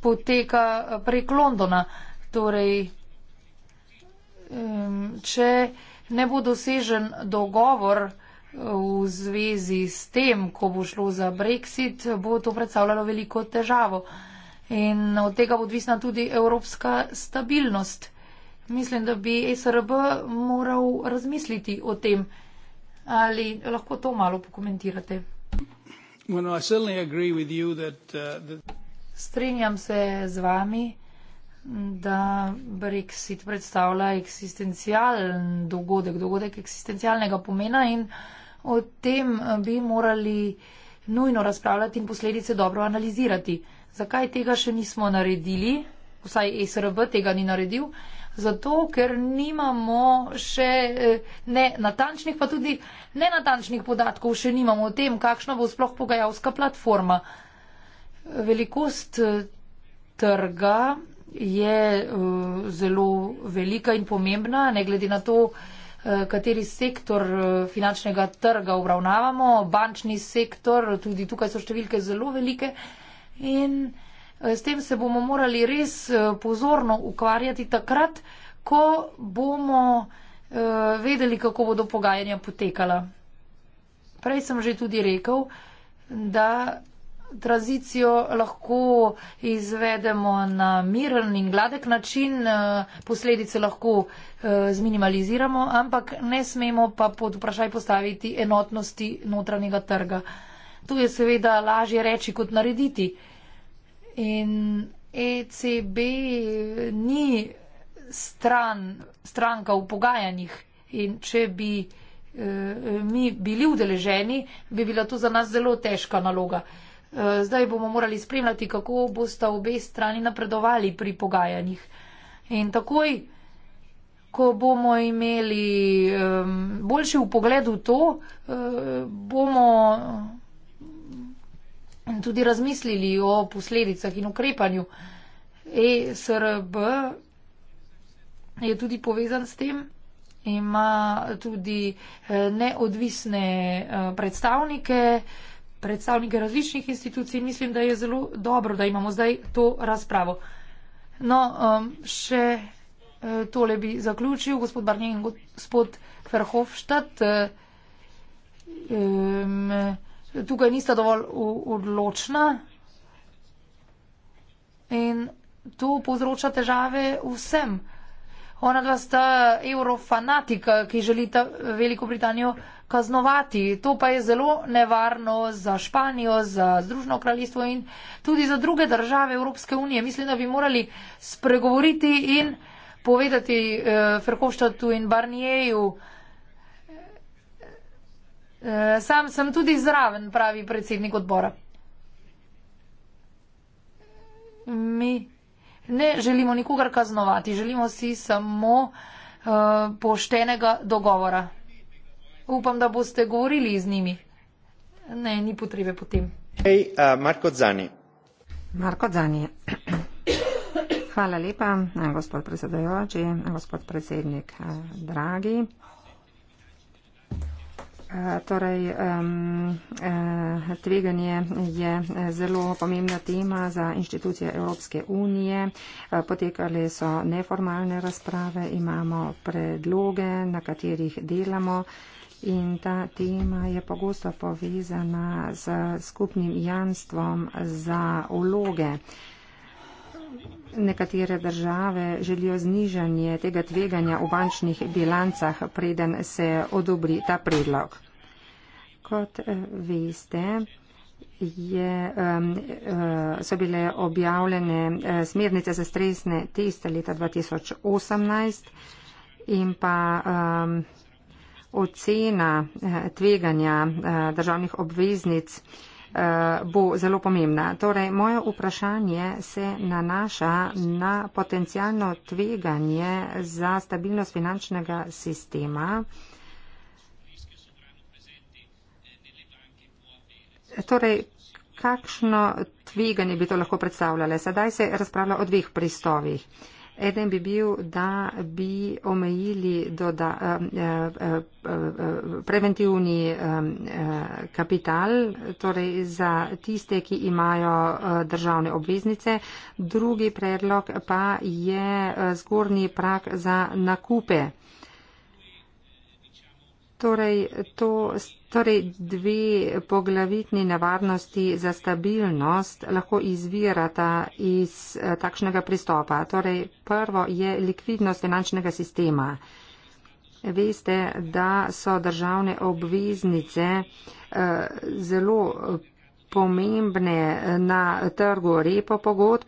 poteka eh, prek Londona. Torej, če ne bo dosežen dogovor eh, v zvezi s tem, ko bo šlo za Brexit, bo to predstavljalo veliko težavo. In od tega bo odvisna tudi evropska stabilnost. Mislim, da bi SRB moral razmisliti o tem. Ali lahko to malo pokomentirate? Well, no, Strinjam se z vami, da Brexit predstavlja eksistencialen dogodek, dogodek eksistencialnega pomena in o tem bi morali nujno razpravljati in posledice dobro analizirati. Zakaj tega še nismo naredili, vsaj SRB tega ni naredil? Zato, ker nimamo še eh, ne natančnih, pa tudi ne natančnih podatkov, še nimamo o tem, kakšna bo sploh pogajalska platforma. Velikost eh, trga je eh, zelo velika in pomembna, ne glede na to, eh, kateri sektor finančnega trga obravnavamo, bančni sektor, tudi tukaj so številke zelo velike in s tem se bomo morali res pozorno ukvarjati takrat, ko bomo vedeli, kako bodo pogajanja potekala. Prej sem že tudi rekel, da tranzicijo lahko izvedemo na miren in gladek način, eh, posledice lahko eh, zminimaliziramo, ampak ne smemo pa pod vprašaj postaviti enotnosti notranjega trga. To je seveda lažje reči kot narediti. In ECB ni stran, stranka v pogajanjih in če bi eh, mi bili udeleženi, bi bila to za nas zelo težka naloga. Zdaj bomo morali spremljati, kako bosta obe strani napredovali pri pogajanjih. In takoj, ko bomo imeli um, boljši v pogledu to, uh, bomo tudi razmislili o posledicah in ukrepanju. ESRB je tudi povezan s tem, ima tudi eh, neodvisne eh, predstavnike, uh, predstavnike različnih institucij in mislim, da je zelo dobro, da imamo zdaj to razpravo. No, um, še uh, tole bi zaključil gospod Barnje in gospod Ferhofštad. Uh, eh, um, tukaj nista dovolj odločna in to povzroča težave vsem. Ona dva sta eurofanatika, ki želita Veliko Britanijo kaznovati. To pa je zelo nevarno za Španijo, za Združno kraljestvo in tudi za druge države Evropske unije. Mislim, da bi morali spregovoriti in povedati eh, Ferhoštatu in Barnijeju. Eh, sam sem tudi zraven, pravi predsednik odbora. Mi ne želimo nikogar kaznovati, želimo si samo uh, poštenega dogovora upam, da boste govorili z njimi. Ne, ni potrebe potem. Hej, uh, Marko Zani. Marko Zani. [coughs] Hvala lepa, gospod predsedojoči, gospod predsednik, eh, dragi. Eh, torej, tveganje je zelo pomembna tema za inštitucije Evropske unije. Potekale so neformalne razprave, imamo predloge, na katerih delamo. In ta tema je pogosto povezana z skupnim janstvom za vloge. Nekatere države želijo znižanje tega tveganja v bančnih bilancah, preden se odobri ta predlog. Kot eh, veste, je, eh, so bile objavljene eh, smernice za stresne teste leta 2018 in pa ocena eh, tveganja eh, državnih obveznic eh, bo zelo pomembna. Torej, moje vprašanje se nanaša na potencijalno tveganje za stabilnost finančnega sistema. Torej, kakšno tveganje bi to lahko predstavljale? Sedaj se razpravlja o dveh pristovih. Uh, Eden bi bil, da bi omejili doda, eh, eh, eh, preventivni kapital, torej za tiste, ki imajo državne obveznice. Drugi predlog pa je zgornji prak za nakupe. Torej, to, torej dve poglavitni nevarnosti za stabilnost lahko izvirata iz eh, takšnega pristopa. Torej, prvo je likvidnost finančnega sistema. Veste, da so državne obveznice eh, zelo pomembne eh, na trgu repo pogodb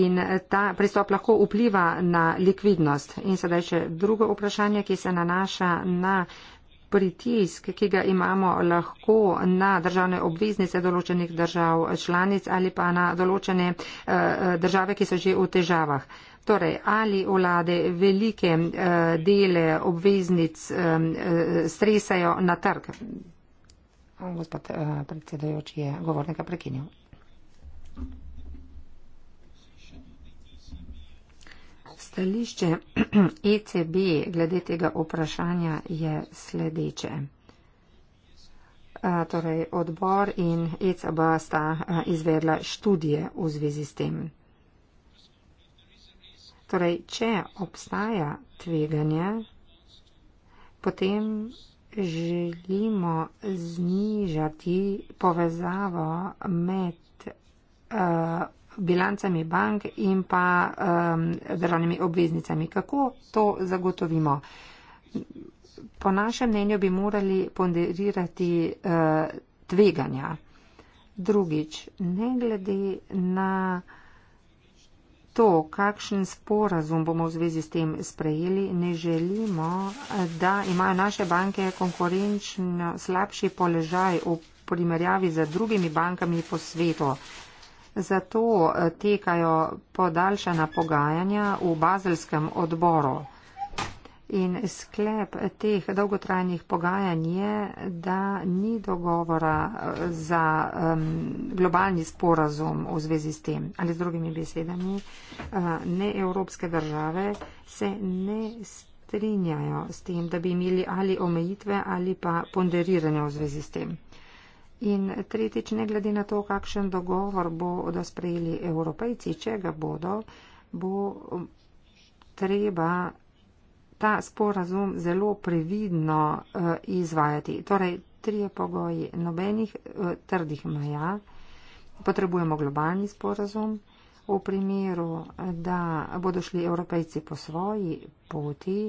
in ta pristop lahko vpliva na likvidnost. In sedaj še drugo vprašanje, ki se nanaša na pritisk, ki ga imamo lahko na državne obveznice določenih držav članic ali pa na določene eh, države, ki so že v težavah. Torej, ali vlade velike eh, dele obveznic eh, stresajo na trg? Gospod predsedujoči je govornika prekinil. stališče ECB [clears throat] e glede tega vprašanja je sledeče. Torej, odbor in ECB sta izvedla študije v zvezi s tem. Torej, če obstaja tveganje, potem želimo znižati povezavo med uh, bilancami bank in pa um, državnimi obveznicami. Kako to zagotovimo? Po našem mnenju bi morali ponderirati uh, tveganja. Drugič, ne glede na to, kakšen sporazum bomo v zvezi s tem sprejeli, ne želimo, da imajo naše banke konkurenčno slabši položaj v primerjavi z drugimi bankami po svetu. Uh, Zato eh, tekajo podaljšana pogajanja v bazelskem odboru. In sklep teh dolgotrajnih pogajanj je, da ni dogovora eh, za um, globalni sporazum v zvezi s tem. Ali z drugimi besedami, uh, ne evropske države se ne strinjajo s tem, da bi imeli ali omejitve ali pa ponderiranje v zvezi s tem. In tretjič, ne glede na to, kakšen dogovor bodo sprejeli evropejci, če ga bodo, bo um, treba ta sporazum zelo previdno uh, izvajati. Torej, trije pogoji, nobenih uh, trdih meja, potrebujemo globalni sporazum. V primeru, da bodo šli evropejci po svoji poti,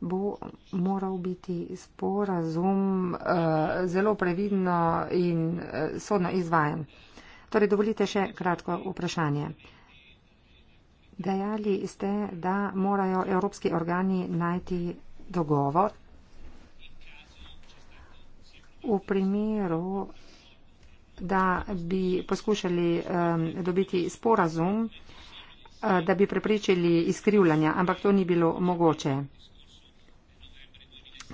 bo moral biti sporazum uh, zelo previdno in uh, sodno izvajan. Torej, dovolite še kratko vprašanje. Dejali ste, da morajo evropski organi najti dogovor. V primeru, da bi poskušali um, dobiti sporazum, uh, da bi prepričali izkrivljanja, ampak to ni bilo mogoče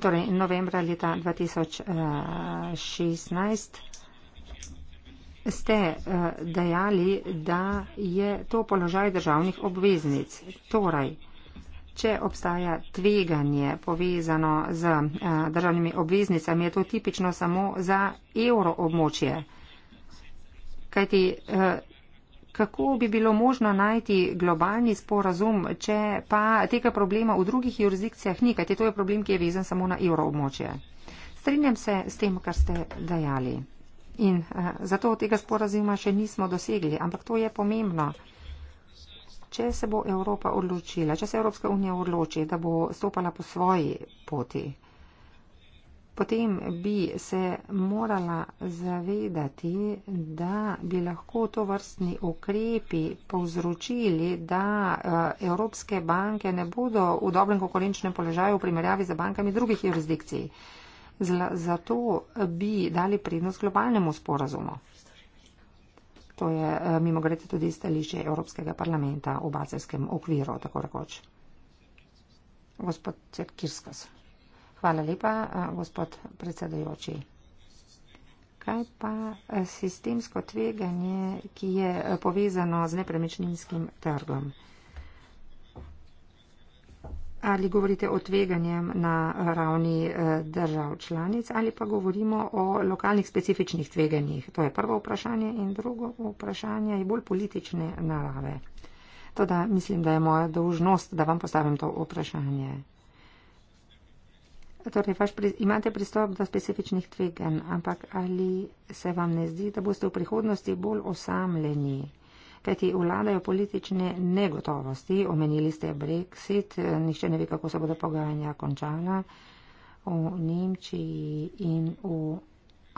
torej novembra leta 2016, ste eh, dejali, da je to položaj državnih obveznic. Torej, če obstaja tveganje povezano z eh, državnimi obveznicami, je to tipično samo za evroobmočje. Kajti eh, kako bi bilo možno najti globalni sporazum, če pa tega problema v drugih jurisdikcijah ni, kajte to je problem, ki je vezan samo na evroobmočje. Strinjam se s tem, kar ste dejali. In uh, zato tega sporazuma še nismo dosegli, ampak to je pomembno. Če se bo Evropa odločila, če se Evropska unija odloči, da bo stopala po svoji poti, potem bi se morala zavedati, da bi lahko to vrstni ukrepi povzročili, da eh, evropske banke ne bodo v dobrem konkurenčnem položaju v primerjavi z bankami drugih jurisdikcij. Zato bi dali prednost globalnemu sporazumu. To je eh, mimo grede tudi stališče Evropskega parlamenta v bazelskem okviru, tako rekoč. Gospod Kirskos. Hvala lepa, gospod predsedajoči. Kaj pa e, sistemsko tveganje, ki je e, povezano z nepremičninskim trgom? Ali govorite o tveganjem na ravni e, držav članic ali pa govorimo o lokalnih specifičnih tveganjih? To je prvo vprašanje in drugo vprašanje je bolj politične narave. Toda mislim, da je moja dolžnost, da vam postavim to vprašanje. Torej, vaš, imate pristop do specifičnih tveganj, ampak ali se vam ne zdi, da boste v prihodnosti bolj osamljeni? Kajti vladajo politične negotovosti, omenili ste Brexit, nišče ne ve, kako se bodo pogajanja končala v Nemčiji in v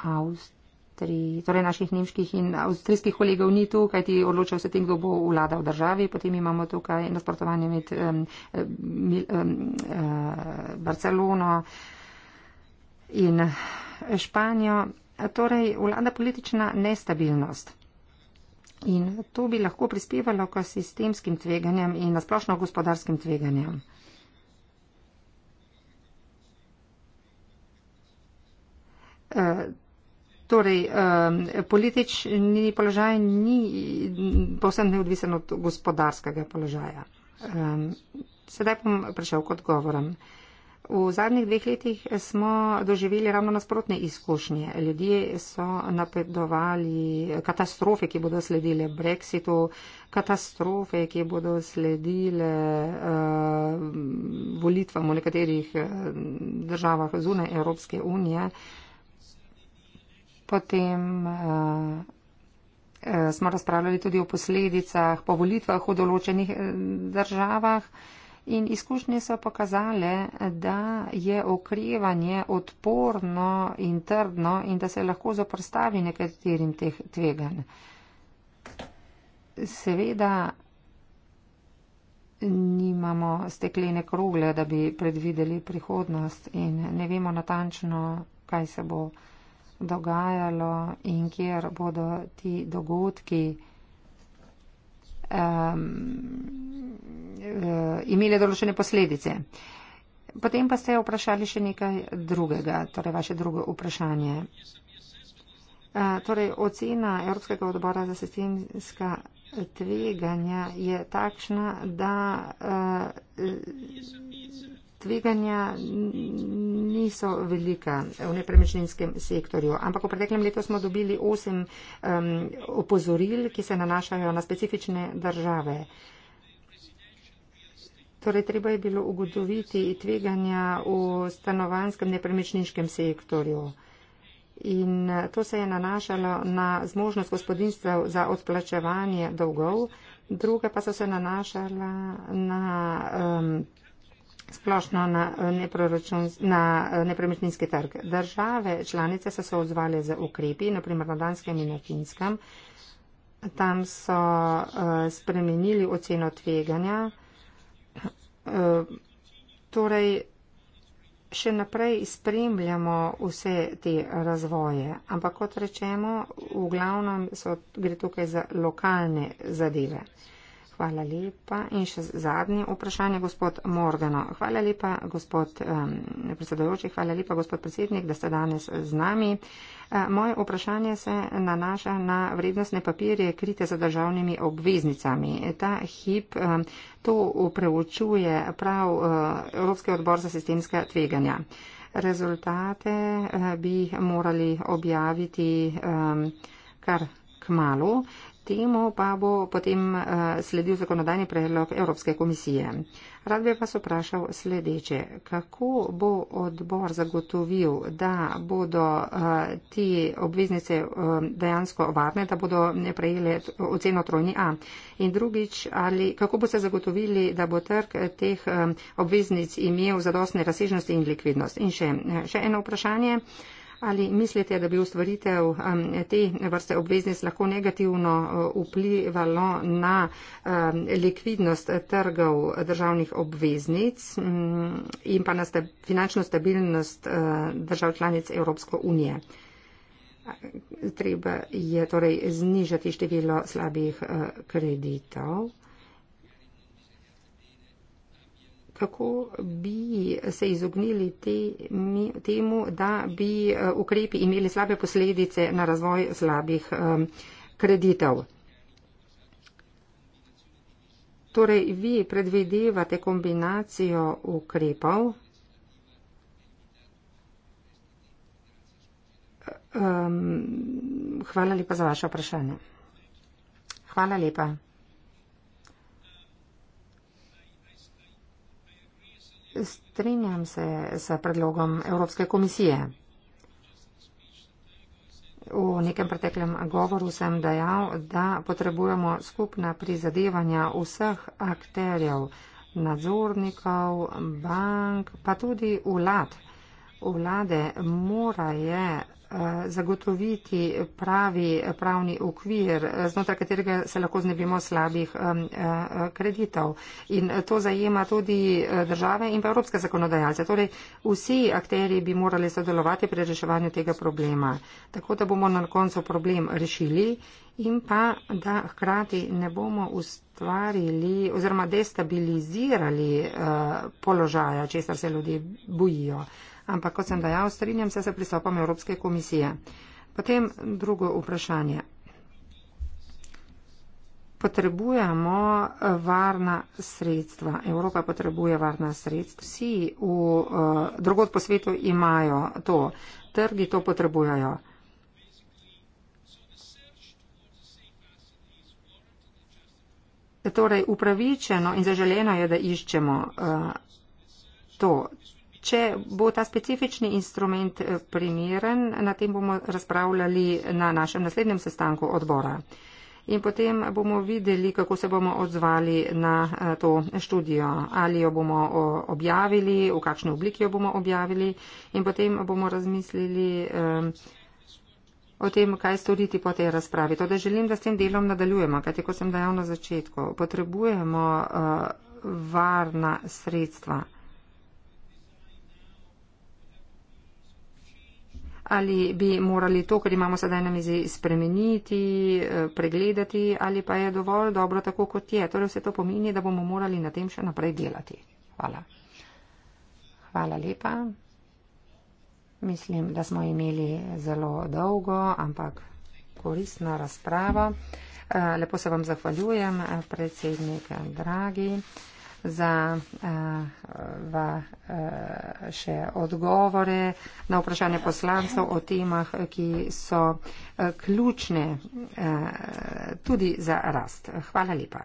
Avstriji tri, torej naših nemških in avstrijskih kolegov ni tu, kajti odločajo se tem, kdo bo vlada v državi. Potem imamo tukaj nasprotovanje med um, um, uh, Barcelono in Španijo. Torej, vlada politična nestabilnost. In to bi lahko prispevalo k sistemskim tveganjem in nasplošno gospodarskim tveganjem. Uh, Torej, um, politični položaj ni posebno neodvisen od gospodarskega položaja. Um, sedaj bom prišel kot govorem. V zadnjih dveh letih smo doživeli ravno nasprotne izkušnje. Ljudje so napredovali katastrofe, ki bodo sledile Brexitu, katastrofe, ki bodo sledile uh, volitvam v nekaterih državah zune Evropske unije. Uh, Potem uh, smo razpravljali tudi o posledicah po volitvah v določenih eh, državah in izkušnje so pokazale, da je okrevanje odporno in trdno in da se lahko zoprstavi nekaterim teh tveganj. Seveda nimamo steklene krogle, da bi predvideli prihodnost in ne vemo natančno, kaj se bo zgodilo dogajalo in kjer bodo ti dogodki um, imeli določene posledice. Potem pa ste vprašali še nekaj drugega, torej vaše drugo vprašanje. Eh, torej, ocena Evropskega odbora za sistemska tveganja je takšna, da eh, tveganja niso velika v nepremičninskem sektorju, ampak v preteklem letu smo dobili osem um, opozoril, ki se nanašajo na specifične države. Torej, treba je bilo ugotoviti tveganja v stanovanskem nepremičninskem sektorju. In eh, to se je nanašalo na zmožnost gospodinstv za odplačevanje dolgov, druga pa so se nanašala na. Um, splošno na, eh, na eh, nepremičninski trg. Države članice so se odzvali z ukrepi, naprimer na Danskem in na Finskem. Tam so uh, spremenili oceno tveganja. Uh, torej, še naprej spremljamo vse te razvoje, ampak kot rečemo, v glavnem so, gre tukaj za lokalne zadeve. Uh, Hvala lepa. In še zadnje vprašanje, gospod Mordeno. Hvala lepa, gospod um, predsedojoči, hvala lepa, gospod predsednik, da ste danes eh, z nami. E, moje vprašanje se nanaša na vrednostne papirje krite za državnimi obveznicami. Ta hip um, to preučuje prav uh, Evropski odbor za sistemska tveganja. Rezultate uh, bi morali objaviti um, kar. Malo temu pa bo potem uh, sledil zakonodajni predlog Evropske komisije. Rad bi vas vprašal sledeče, kako bo odbor zagotovil, da bodo uh, eh, ti obveznice uh, dejansko varne, da bodo prejele oceno trojni A? In drugič, ali, kako boste zagotovili, da bo trg teh uh, obveznic imel zadostne razsežnosti in likvidnost? In še, še eno vprašanje. Uh, Ali mislite, da bi ustvaritev um, te vrste obveznic lahko negativno uh, vplivalo na um, likvidnost trgov državnih obveznic mm, in pa na finančno stabilnost uh, držav članic Evropske unije? Treba je torej znižati število slabih uh, kreditov. kako bi se izognili te, mi, temu, da bi eh, ukrepi imeli slabe posledice na razvoj slabih um, kreditov. Torej, vi predvidevate kombinacijo ukrepov. Um, hvala lepa za vaše vprašanje. Hvala lepa. Strinjam se s predlogom Evropske komisije. V nekem preteklem govoru sem dejal, da potrebujemo skupna prizadevanja vseh akterjev, nadzornikov, bank, pa tudi vlad. Vlade morajo Eh, zagotoviti pravi pravni okvir, znotraj katerega se lahko znebimo slabih eh, kreditov. In to zajema tudi eh, države in pa evropske zakonodajalce. Torej, vsi akteri bi morali sodelovati pri reševanju tega problema, tako da bomo na koncu problem rešili in pa da hkrati ne bomo ustvarili oziroma destabilizirali položaja, česar se ljudje bojijo ampak kot sem dejal, strinjam se s pristopom Evropske komisije. Potem drugo vprašanje. Potrebujemo eh, varna sredstva. Evropa potrebuje varna sredstva. Vsi v eh, drugot po svetu imajo to. Trgi to potrebujajo. Torej, upravičeno in zaželeno je, da iščemo uh, to. Če bo ta specifični instrument eh, primeren, na tem bomo razpravljali na našem naslednjem sestanku odbora. In potem bomo videli, kako se bomo odzvali na eh, to študijo, ali jo bomo objavili, v kakšni obliki jo bomo objavili in potem bomo razmislili eh, o tem, kaj storiti po tej razpravi. To, da želim, da s tem delom nadaljujemo, kajte, kot sem dejal na začetku, potrebujemo varna sredstva. ali bi morali to, kar imamo sedaj na mizi, spremeniti, eh, pregledati, ali pa je dovolj dobro tako, kot je. Torej vse to pomeni, da bomo morali na tem še naprej delati. Hvala. Hvala lepa. Mislim, da smo imeli zelo dolgo, ampak koristno razpravo. Eh, lepo se vam zahvaljujem, eh, predsednik Dragi za uh, eh, va, uh, še odgovore na vprašanje poslancev o temah, ki so uh, ključne uh, tudi za rast. Hvala lepa.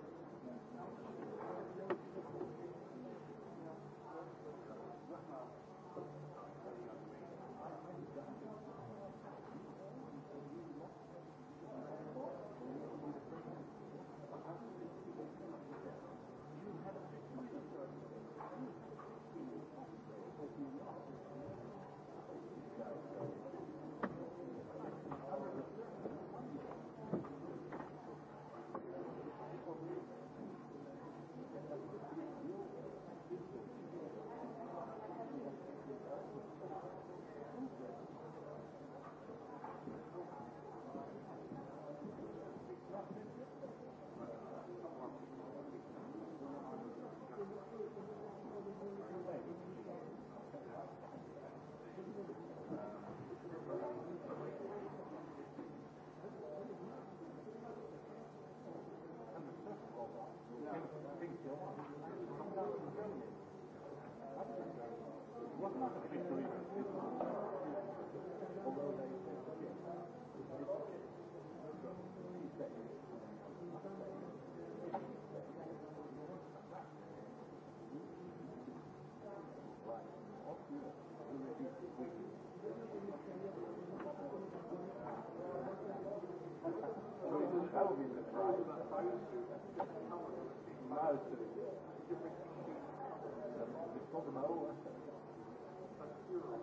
That would be the price. Most of it, yeah. It's probably my old one.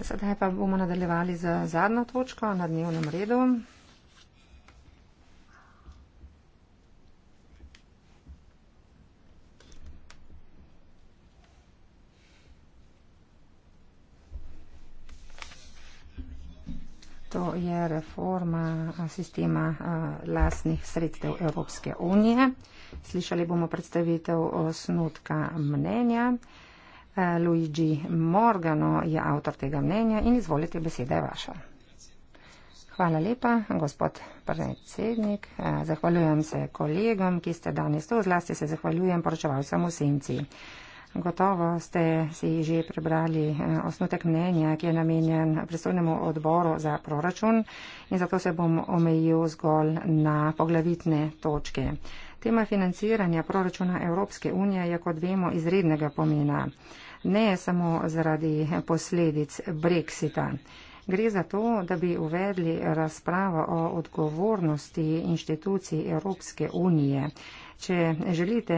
Sedaj pa bomo nadaljevali z zadnjo točko na dnevnem redu. To je reforma sistema lastnih sredstev Evropske unije. Slišali bomo predstavitev osnutka mnenja. Luigi Morgano je avtor tega mnenja in izvolite beseda je vaša. Hvala lepa, gospod predsednik. Zahvaljujem se kolegom, ki ste danes tu. Zlasti se zahvaljujem poročevalcem v Senci. Gotovo ste si že prebrali eh, osnutek mnenja, ki je namenjen predstavnemu odboru za proračun in zato se bom omejil zgolj na poglavitne točke. Tema financiranja proračuna Evropske unije je, kot vemo, izrednega pomena ne samo zaradi posledic Brexita. Gre za to, da bi uvedli razpravo o odgovornosti inštitucij Evropske unije. Če želite,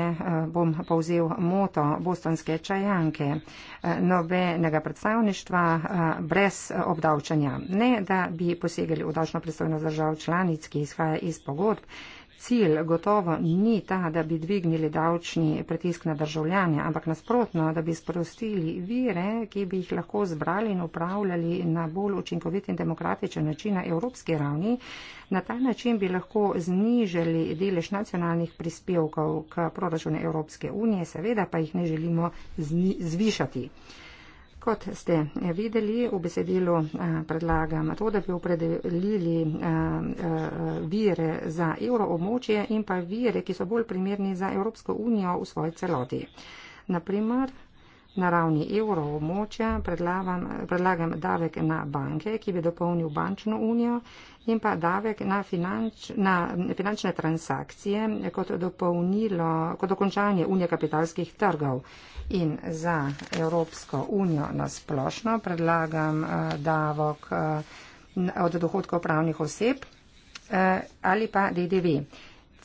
bom povzel moto bostonske čajanke nobenega predstavništva brez obdavčanja. Ne, da bi posegali v davčno pristojnost držav članic, ki izhaja iz pogodb, cilj gotovo ni ta, da bi dvignili davčni pritisk na državljanje, ampak nasprotno, da bi sprostili vire, ki bi jih lahko zbrali in upravljali na bolj učinkovit in demokratičen način na evropski ravni. Na ta način bi lahko znižali delež nacionalnih prispevkov k proračunu Evropske unije, seveda pa jih ne želimo zvišati. Kot ste videli, v besedilu eh, predlagam to, da bi opredelili eh, eh, vire za evroobmočje in pa vire, ki so bolj primerni za Evropsko unijo v svoji celoti. Naprimer, Na ravni evroobmočja predlagam, predlagam davek na banke, ki bi dopolnil bančno unijo in pa davek na, finanč, na finančne transakcije kot, kot dokončanje unije kapitalskih trgov. In za Evropsko unijo nasplošno predlagam eh, davek eh, od dohodkov pravnih oseb eh, ali pa DDV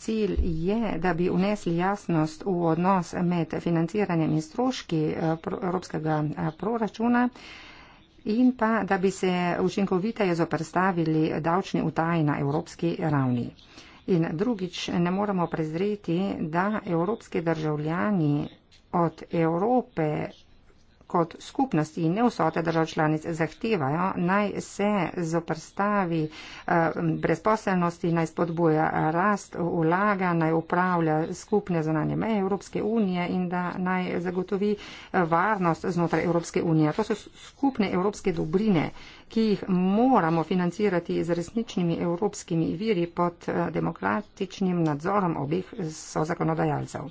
cilj je, da bi unesli jasnost v odnos med financiranjem in stroški eh, evropskega eh, proračuna in pa, da bi se učinkovite je zoprstavili davčni utaji na evropski ravni. In drugič, ne moremo prezreti, da evropski državljani od Evrope kot skupnosti in ne vsote držav članic zahtevajo, naj se zoprstavi eh, brezposelnosti, naj spodbuja rast, ulaga, naj upravlja skupne zunanje meje Evropske unije in da naj zagotovi eh, varnost znotraj Evropske unije. To so skupne evropske dobrine, ki jih moramo financirati z resničnimi evropskimi viri pod eh, demokratičnim nadzorom obih sozakonodajalcev.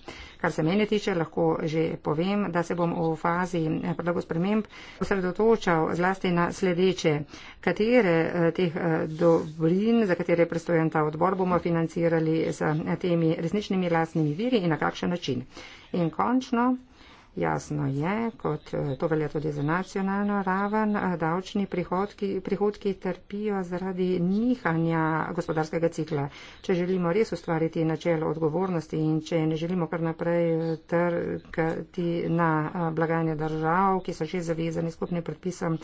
Kar se mene tiče, lahko že povem, da se bom v fazi eh, predlogu sprememb osredotočal zlasti na sledeče, katere eh, teh dobrin, za katere prestojen ta odbor, bomo financirali z temi resničnimi lastnimi viri in na kakšen način. In končno, Jasno je, kot eh, to velja tudi za nacionalno raven, eh, davčni prihodki, prihodki trpijo zaradi nihanja gospodarskega cikla. Če želimo res ustvariti načelo odgovornosti in če ne želimo kar naprej eh, trkati na blagajne držav, ki so že zavezani skupnim predpisom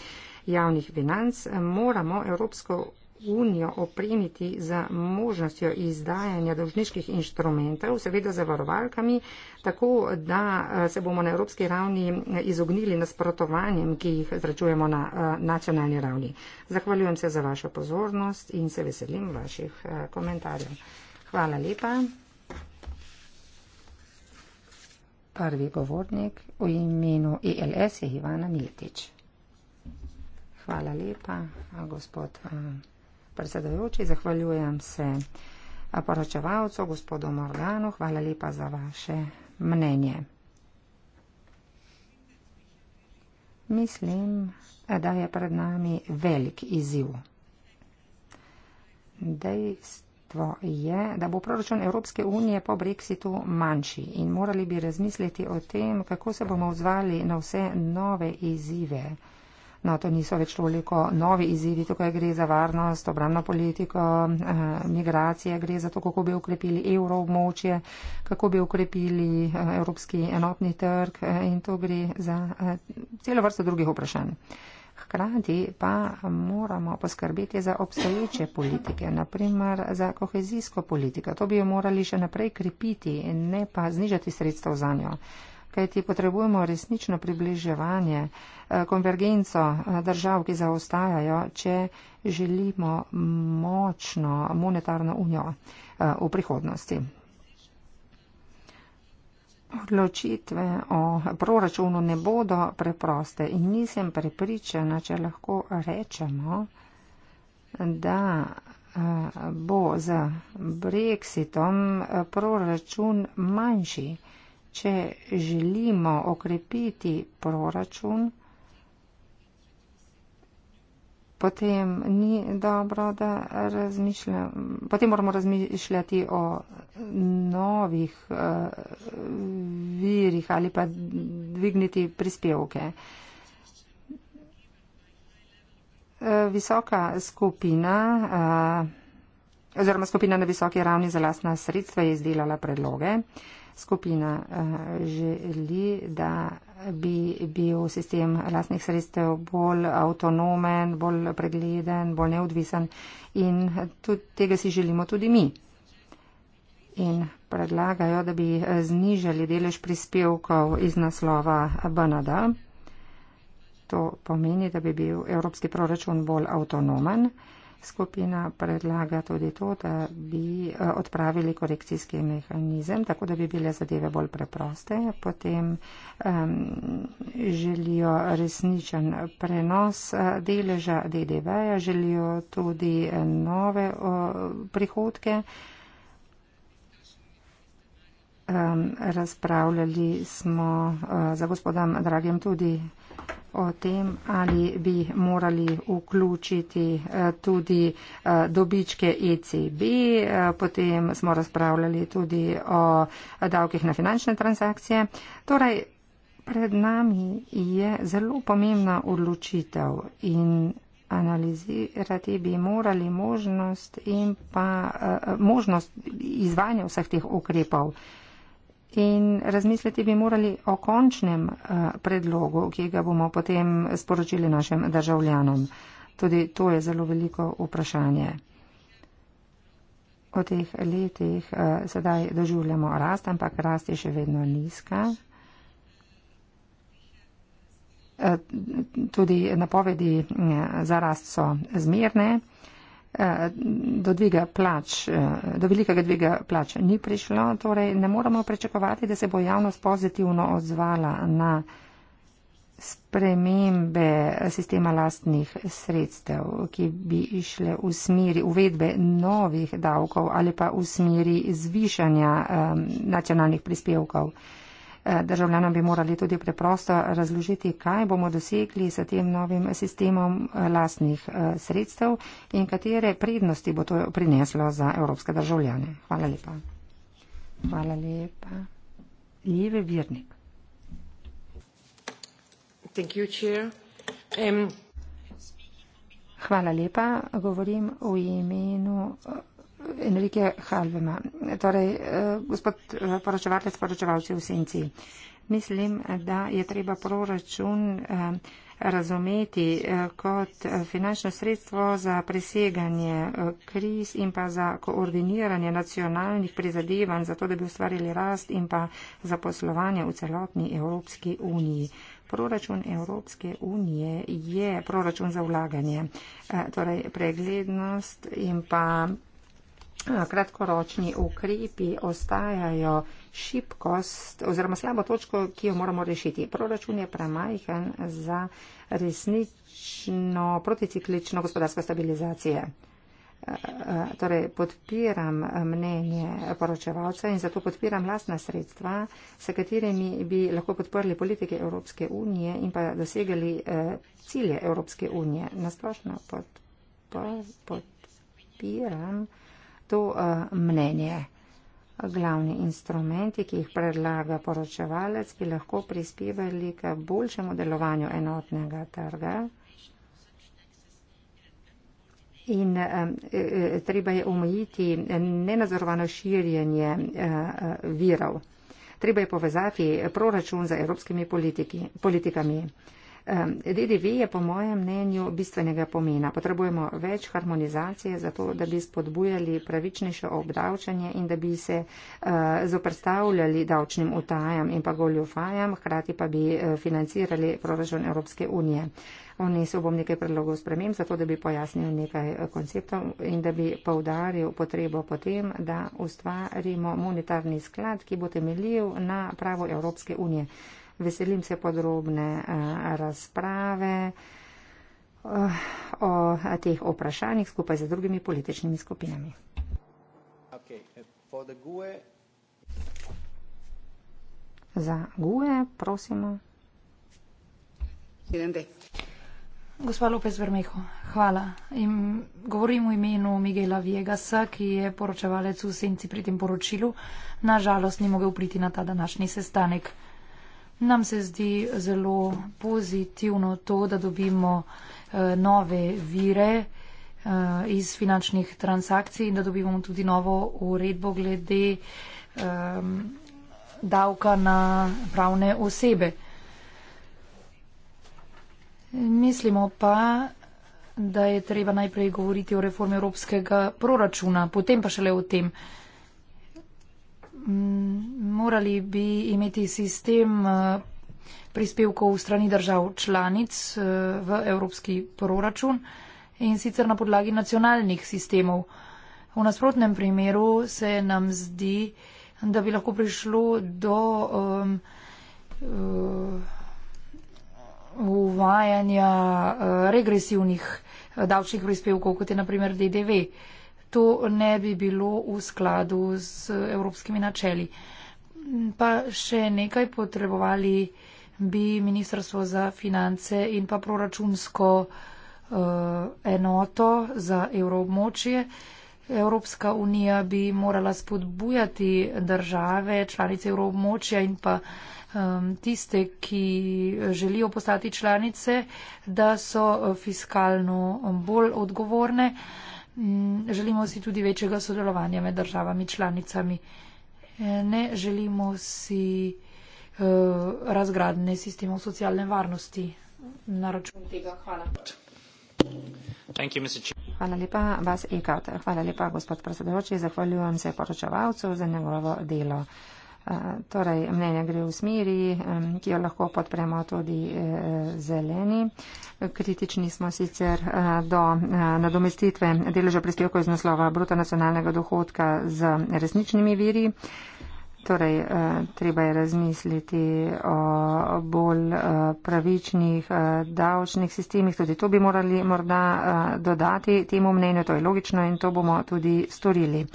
javnih financ, moramo Evropsko unijo opremiti z možnostjo izdajanja dolžniških inštrumentov, seveda za varovalkami, tako da eh, se bomo na evropski ravni eh, izognili nasprotovanjem, ki jih zračujemo na eh, nacionalni ravni. Zahvaljujem se za vašo pozornost in se veselim vaših komentarjev. Hvala lepa. Prvi govornik v imenu ELS je Ivana Miletič. Hvala lepa, gospod predsedujoči, zahvaljujem se eh, poročevalcu, gospodu Morganu, hvala lepa za vaše mnenje. Mislim, eh, da je pred nami velik izziv. Dejstvo je, da bo proračun Evropske unije po Brexitu manjši in morali bi razmisliti o tem, kako se bomo odzvali na vse nove izzive. No, to niso več toliko novi izzivi, tukaj gre za varnost, obramno politiko, eh, migracije, gre za to, kako bi ukrepili evroobmočje, kako bi ukrepili eh, evropski enotni trg eh, in to gre za celo vrsto drugih vprašanj. Hkrati pa moramo poskrbeti za obstoječe politike, naprimer za kohezijsko politiko. To bi jo morali še naprej krepiti in ne pa znižati sredstev za njo kajti potrebujemo resnično približevanje, eh, konvergenco eh, držav, ki zaostajajo, če želimo močno monetarno unijo eh, v prihodnosti. Odločitve o proračunu ne bodo preproste in nisem prepričana, če lahko rečemo, da bo z Brexitom proračun manjši če želimo okrepiti proračun, potem ni dobro, da razmišljamo, potem moramo razmišljati o novih eh, virih ali pa dvigniti prispevke. Eh, visoka skupina eh, oziroma skupina na visoki ravni za lastna sredstva je izdelala predloge skupina eh, želi, da bi bil sistem lastnih sredstev bolj avtonomen, bolj pregleden, bolj neodvisen in tudi, tega si želimo tudi mi. In predlagajo, da bi znižali delež prispevkov iz naslova BND. To pomeni, da bi bil evropski proračun bolj avtonomen skupina predlaga tudi to, da bi eh, odpravili korekcijski mehanizem, tako da bi bile zadeve bolj preproste. Potem um, želijo resničen prenos eh, deleža DDV-ja, želijo tudi eh, nove o, prihodke. Um, razpravljali smo uh, za gospodom Dragem tudi o tem, ali bi morali vključiti eh, tudi eh, dobičke ECB. Eh, potem smo razpravljali tudi o davkih na finančne transakcije. Torej, pred nami je zelo pomembna odločitev in analizirati bi morali možnost, pa, možnost izvanja vseh teh ukrepov. In razmisliti bi morali o končnem eh, predlogu, ki ga bomo potem sporočili našim državljanom. Tudi to je zelo veliko vprašanje. V teh letih eh, sedaj doživljamo rast, ampak rast je še vedno nizka. Eh, tudi napovedi za rast so zmirne. Eh, do dviga plač, eh, do velikega dviga plač ni prišlo, torej ne moramo prečakovati, da se bo javnost pozitivno odzvala na spremembe sistema lastnih sredstev, ki bi išle v smeri uvedbe novih davkov ali pa v smeri zvišanja um, nacionalnih prispevkov. Uh, državljanom bi morali tudi preprosto razložiti, kaj bomo dosegli s tem novim sistemom eh, lastnih eh, sredstev in katere prednosti bo to prineslo za evropske državljane. Hvala lepa. Hvala lepa. Lijeve Virnik. Um, Hvala lepa. Govorim v imenu Enrique Halvema. Torej, eh, gospod eh, poročevalec, poročevalci v senci. Mislim, da je treba proračun eh, razumeti kot finančno sredstvo za preseganje kriz in pa za koordiniranje nacionalnih prizadevanj, zato da bi ustvarili rast in pa zaposlovanje v celotni Evropski uniji. Proračun Evropske unije je proračun za vlaganje, torej preglednost in pa kratkoročni ukrepi ostajajo šibkost oziroma slabo točko, ki jo moramo rešiti. Proračun je premajhen za resnično proticiklično gospodarsko stabilizacijo. Torej, podpiram mnenje poročevalca in zato podpiram lastna sredstva, s katerimi bi lahko podprli politike Evropske unije in pa dosegali e, cilje Evropske unije. Nasplošno podpiram. Pod, pod, to uh, mnenje. Glavni instrumenti, ki jih predlaga poročevalec, bi lahko prispevali k boljšemu delovanju enotnega trga. In eh, eh, eh treba je omejiti nenazorovano širjenje eh, virov. Treba je povezati proračun z evropskimi politiki, politikami. DDV je po mojem mnenju bistvenega pomena. Potrebujemo več harmonizacije za to, da bi spodbujali pravičnejše obdavčanje in da bi se eh, zoprstavljali davčnim utajam in pa goljofajam, hkrati pa bi eh, financirali proračun Evropske unije. Vnesel bom nekaj predlogov sprememb, zato da bi pojasnil nekaj eh, konceptov in da bi povdaril potrebo potem, da ustvarimo monetarni sklad, ki bo temeljil na pravo Evropske unije. Veselim se podrobne eh, razprave eh, o eh, teh vprašanjih skupaj z drugimi političnimi skupinami. E. Za GUE prosimo. Gospa Lopez Vermejo, hvala. In govorim v imenu Miguela Viegasa, ki je poročevalec v senci pri tem poročilu. Nažalost, ni mogel priti na ta današnji sestanek. Nam se zdi zelo pozitivno to, da dobimo eh, nove vire eh, iz finančnih transakcij in da dobimo tudi novo uredbo glede ehm, davka na pravne osebe. Mislimo pa, da je treba najprej govoriti o reformi evropskega proračuna, potem pa šele o tem, Mm, morali bi imeti sistem eh, prispevkov strani držav članic eh, v evropski proračun in sicer na podlagi nacionalnih sistemov. V nasprotnem primeru se nam zdi, da bi lahko prišlo do um, um, uvajanja uh, regresivnih davčnih prispevkov, kot je naprimer DDV. Uh, to ne bi bilo v skladu z evropskimi načeli. Pa še nekaj potrebovali bi Ministrstvo za finance in pa proračunsko uh, enoto za evroobmočje. Evropska unija bi morala spodbujati države, članice evroobmočja in pa tiste, ki želijo postati članice, da so fiskalno bolj odgovorne. Mm, želimo si tudi večjega sodelovanja med državami članicami. Eh, ne želimo si uh, eh, razgradne sistemov socialne varnosti na račun tega. Hvala. Hvala lepa, vas Ekat. Hvala lepa, gospod predsedujoči. Zahvaljujem se poročevalcu za njegovo delo. Eh, torej, mnenja gre v smeri, ki jo lahko podpremo tudi eh, zeleni. Kritični smo sicer eh, do nadomestitve deleža prispevkov iz naslova bruto nacionalnega dohodka z resničnimi viri. Torej, treba je razmisliti o bolj pravičnih davčnih sistemih. Tudi to bi morali morda dodati temu mnenju. To je logično in to bomo tudi storili.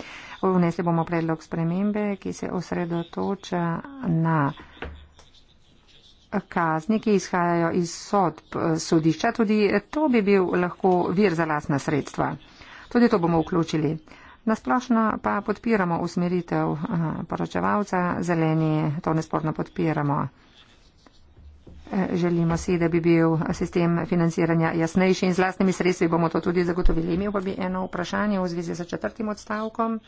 Vnesli bomo predlog spremembe, ki se osredotoča na kazni, ki izhajajo iz sodb eh, sodišča. Tudi to bi bil lahko vir za lasna sredstva. Tudi to bomo vključili. Nasplošno pa podpiramo usmeritev eh, poročevalca, zeleni to nesporno podpiramo. Želimo si, da bi bil sistem financiranja jasnejši in z lastnimi sredstvi bomo to tudi zagotovili. Imel pa bi eno vprašanje v zvezi z četrtim odstavkom,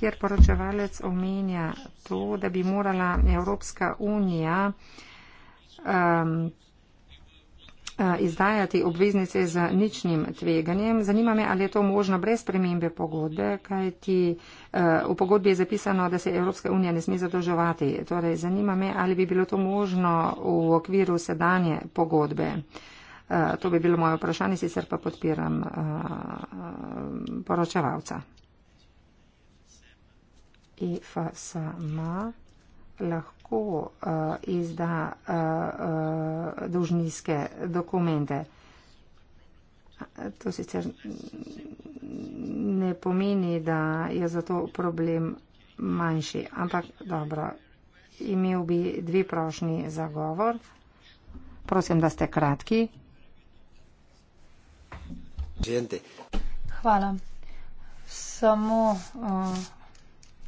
kjer poročevalec omenja to, da bi morala Evropska unija um, izdajati obveznice z ničnim tveganjem. Zanima me, ali je to možno brez premembe pogodbe, kajti v pogodbi je zapisano, da se Evropska unija ne sme zadolževati. Torej, zanima me, ali bi bilo to možno v okviru sedanje pogodbe. To bi bilo moje vprašanje, sicer pa podpiram poročevalca. IFSM lahko težko uh, izda uh, eh, uh, eh, dožninske dokumente. To sicer ne pomeni, da je zato problem manjši, ampak dobro, imel bi dve prošnji za govor. Prosim, da ste kratki. Hvala. Samo uh,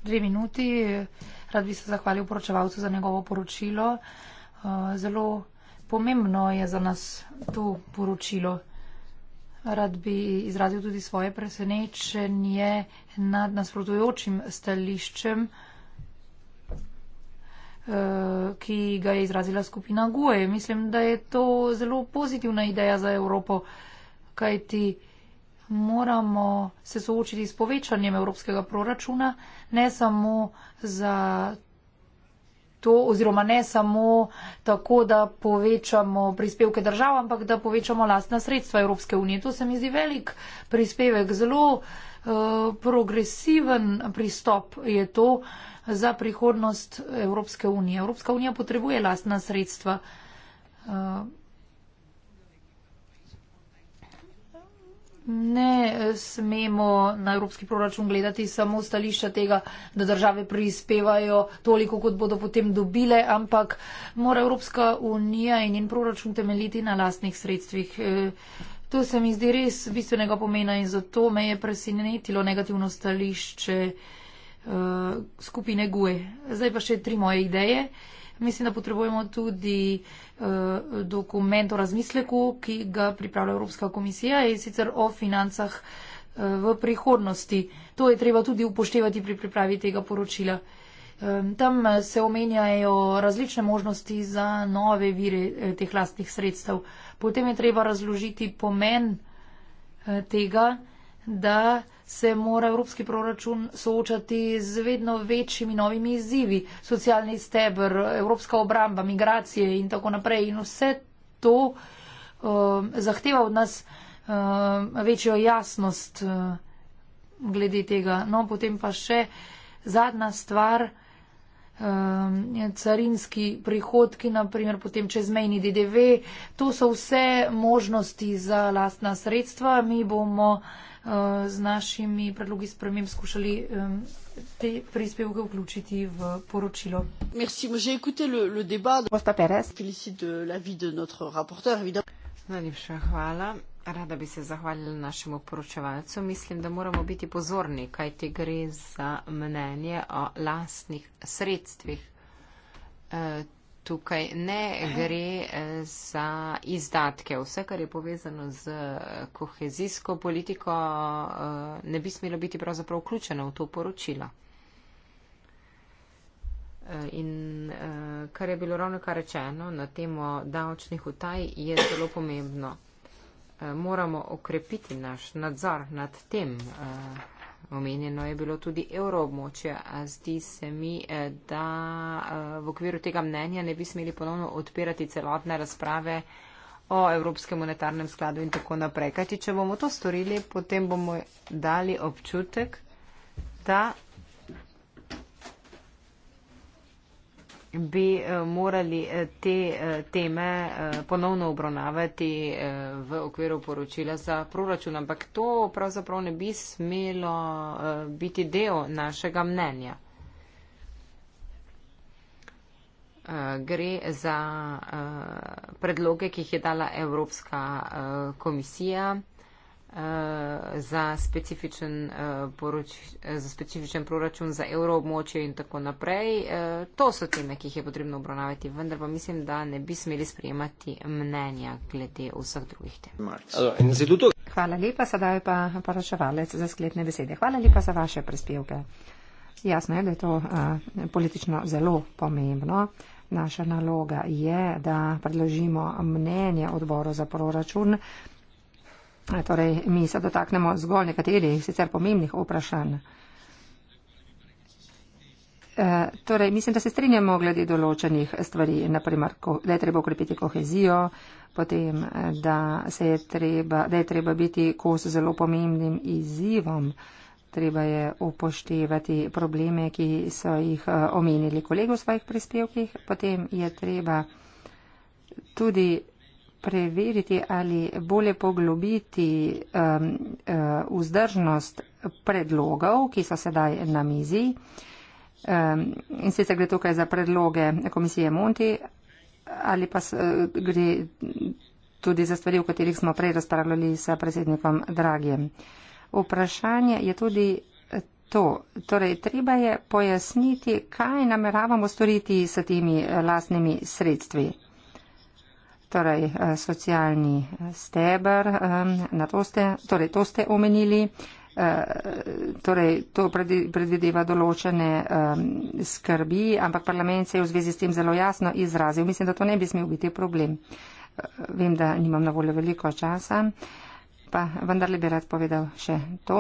dve minuti. Rad bi se zahvalil poročevalcu za njegovo poročilo. Eh, zelo pomembno je za nas to poročilo. Rad bi izrazil tudi svoje presenečenje nad nasprotujočim stališčem, eh, ki ga je izrazila skupina GUE. Mislim, da je to zelo pozitivna ideja za Evropo, kajti moramo se soočiti s povečanjem evropskega proračuna, ne samo za to, oziroma ne samo tako, da povečamo prispevke držav, ampak da povečamo lastna sredstva Evropske unije. To se mi zdi velik prispevek, zelo uh, progresiven pristop je to za prihodnost Evropske unije. Evropska unija potrebuje lastna sredstva. Uh, ne eh, smemo na evropski proračun gledati samo stališča tega, da države prispevajo toliko, kot bodo potem dobile, ampak mora Evropska unija in njen proračun temeljiti na lastnih sredstvih. Eh, to se mi zdi res bistvenega pomena in zato me je presenetilo negativno stališče uh, skupine GUE. Zdaj pa še tri moje ideje. Uh, Mislim, da potrebujemo tudi eh, dokument o razmisleku, ki ga pripravlja Evropska komisija in sicer o financah eh, v prihodnosti. To je treba tudi upoštevati pri pripravi tega poročila. Tam eh, se omenjajo različne možnosti za nove vire teh lastnih sredstev. Potem je treba razložiti pomen tega, da se mora evropski proračun soočati z vedno večjimi novimi izzivi. Socialni stebr, evropska obramba, migracije in tako naprej. In vse to uh, zahteva od nas uh, večjo jasnost uh, glede tega. No, potem pa še zadnja stvar, uh, carinski prihodki, naprimer potem čezmejni DDV. To so vse možnosti za lastna sredstva. Mi bomo uh, Eh, z našimi predlogi sprememb skušali te prispevke vključiti v poročilo. Najlepša hvala. Rada bi se zahvalila našemu poročevalcu. Mislim, da moramo biti pozorni, kaj ti gre za mnenje o lastnih sredstvih. E, tukaj ne gre eh, za izdatke. Vse, kar je povezano z eh, kohezijsko politiko, eh, ne bi smelo biti pravzaprav vključeno v to poročilo. In kar je bilo ravno kar rečeno na temo davčnih utaj, je zelo pomembno. Moramo okrepiti naš nadzor nad tem, Omenjeno je bilo tudi evroobmočje. Zdi se mi, eh, da eh, v okviru tega mnenja ne bi smeli ponovno odpirati celotne razprave o Evropskem monetarnem skladu in tako naprej. Kajti, če bomo to storili, potem bomo dali občutek, da bi eh, morali eh, te eh, teme ponovno obravnavati v okviru poročila za proračun, ampak to pravzaprav ne bi smelo biti del našega mnenja. Gre za predloge, ki jih je dala Evropska komisija. Eh, za specifičen, eh, poroč, eh, za specifičen proračun za evroobmočje in tako naprej. To so teme, ki jih je potrebno obravnavati, vendar pa mislim, da ne bi smeli sprejemati mnenja glede vseh drugih tem. Hvala lepa, sedaj pa poročevalec za sklepne besede. Hvala lepa za vaše prispevke. Jasno je, da je to politično zelo pomembno. Naša naloga je, da predložimo mnenje odboru za proračun Torej, mi se dotaknemo zgolj nekaterih sicer pomembnih vprašanj. E, torej, mislim, da se strinjamo glede določenih stvari, naprimer, da je treba ukrepiti kohezijo, potem, da, se je treba, da je treba biti kos zelo pomembnim izzivom, treba je upoštevati probleme, ki so jih e, omenili kolegi v svojih prispevkih, potem je treba tudi preveriti ali bolje poglobiti um, uh, vzdržnost predlogov, ki so sedaj na mizi. Um, in sicer gre tukaj za predloge komisije Monti ali pa s, uh, gre tudi za stvari, o katerih smo prej razpravljali s predsednikom Dragijem. Vprašanje je tudi to. Torej, treba je pojasniti, kaj nameravamo storiti s temi lastnimi sredstvi torej eh, socialni eh, stebr, eh, na to ste, torej to ste omenili, torej to predvideva določene skrbi, ampak parlament se je v zvezi s tem zelo jasno izrazil. Mislim, da to ne bi smel biti problem. Vem, da nimam na voljo veliko časa, pa vendar li bi rad povedal še to.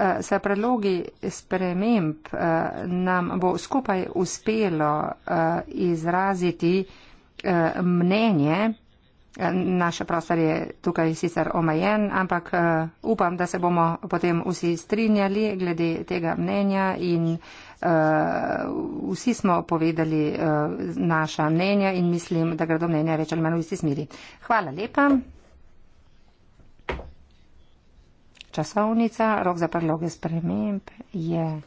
Eh, Sa predlogi sprememb eh, nam bo skupaj uspelo eh, izraziti mnenje. Naš prostor je tukaj sicer omejen, ampak upam, da se bomo potem vsi strinjali glede tega mnenja in vsi smo povedali naša mnenja in mislim, da gredo mnenja več ali manj v isti smeri. Hvala lepa. časovnica, rok za predloge sprememb je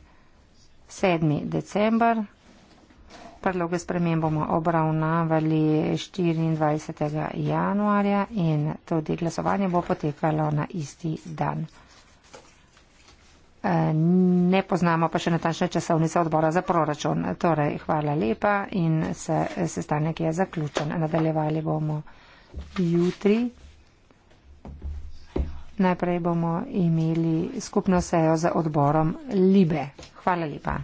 7. december. Predloge sprememb bomo obravnavali 24. januarja in tudi glasovanje bo potekalo na isti dan. E, ne poznamo pa še natančne časovnice odbora za proračun. Torej, hvala lepa in se sestanek je zaključen. Nadaljevali bomo jutri. Najprej bomo imeli skupno sejo z odborom Libe. Hvala lepa.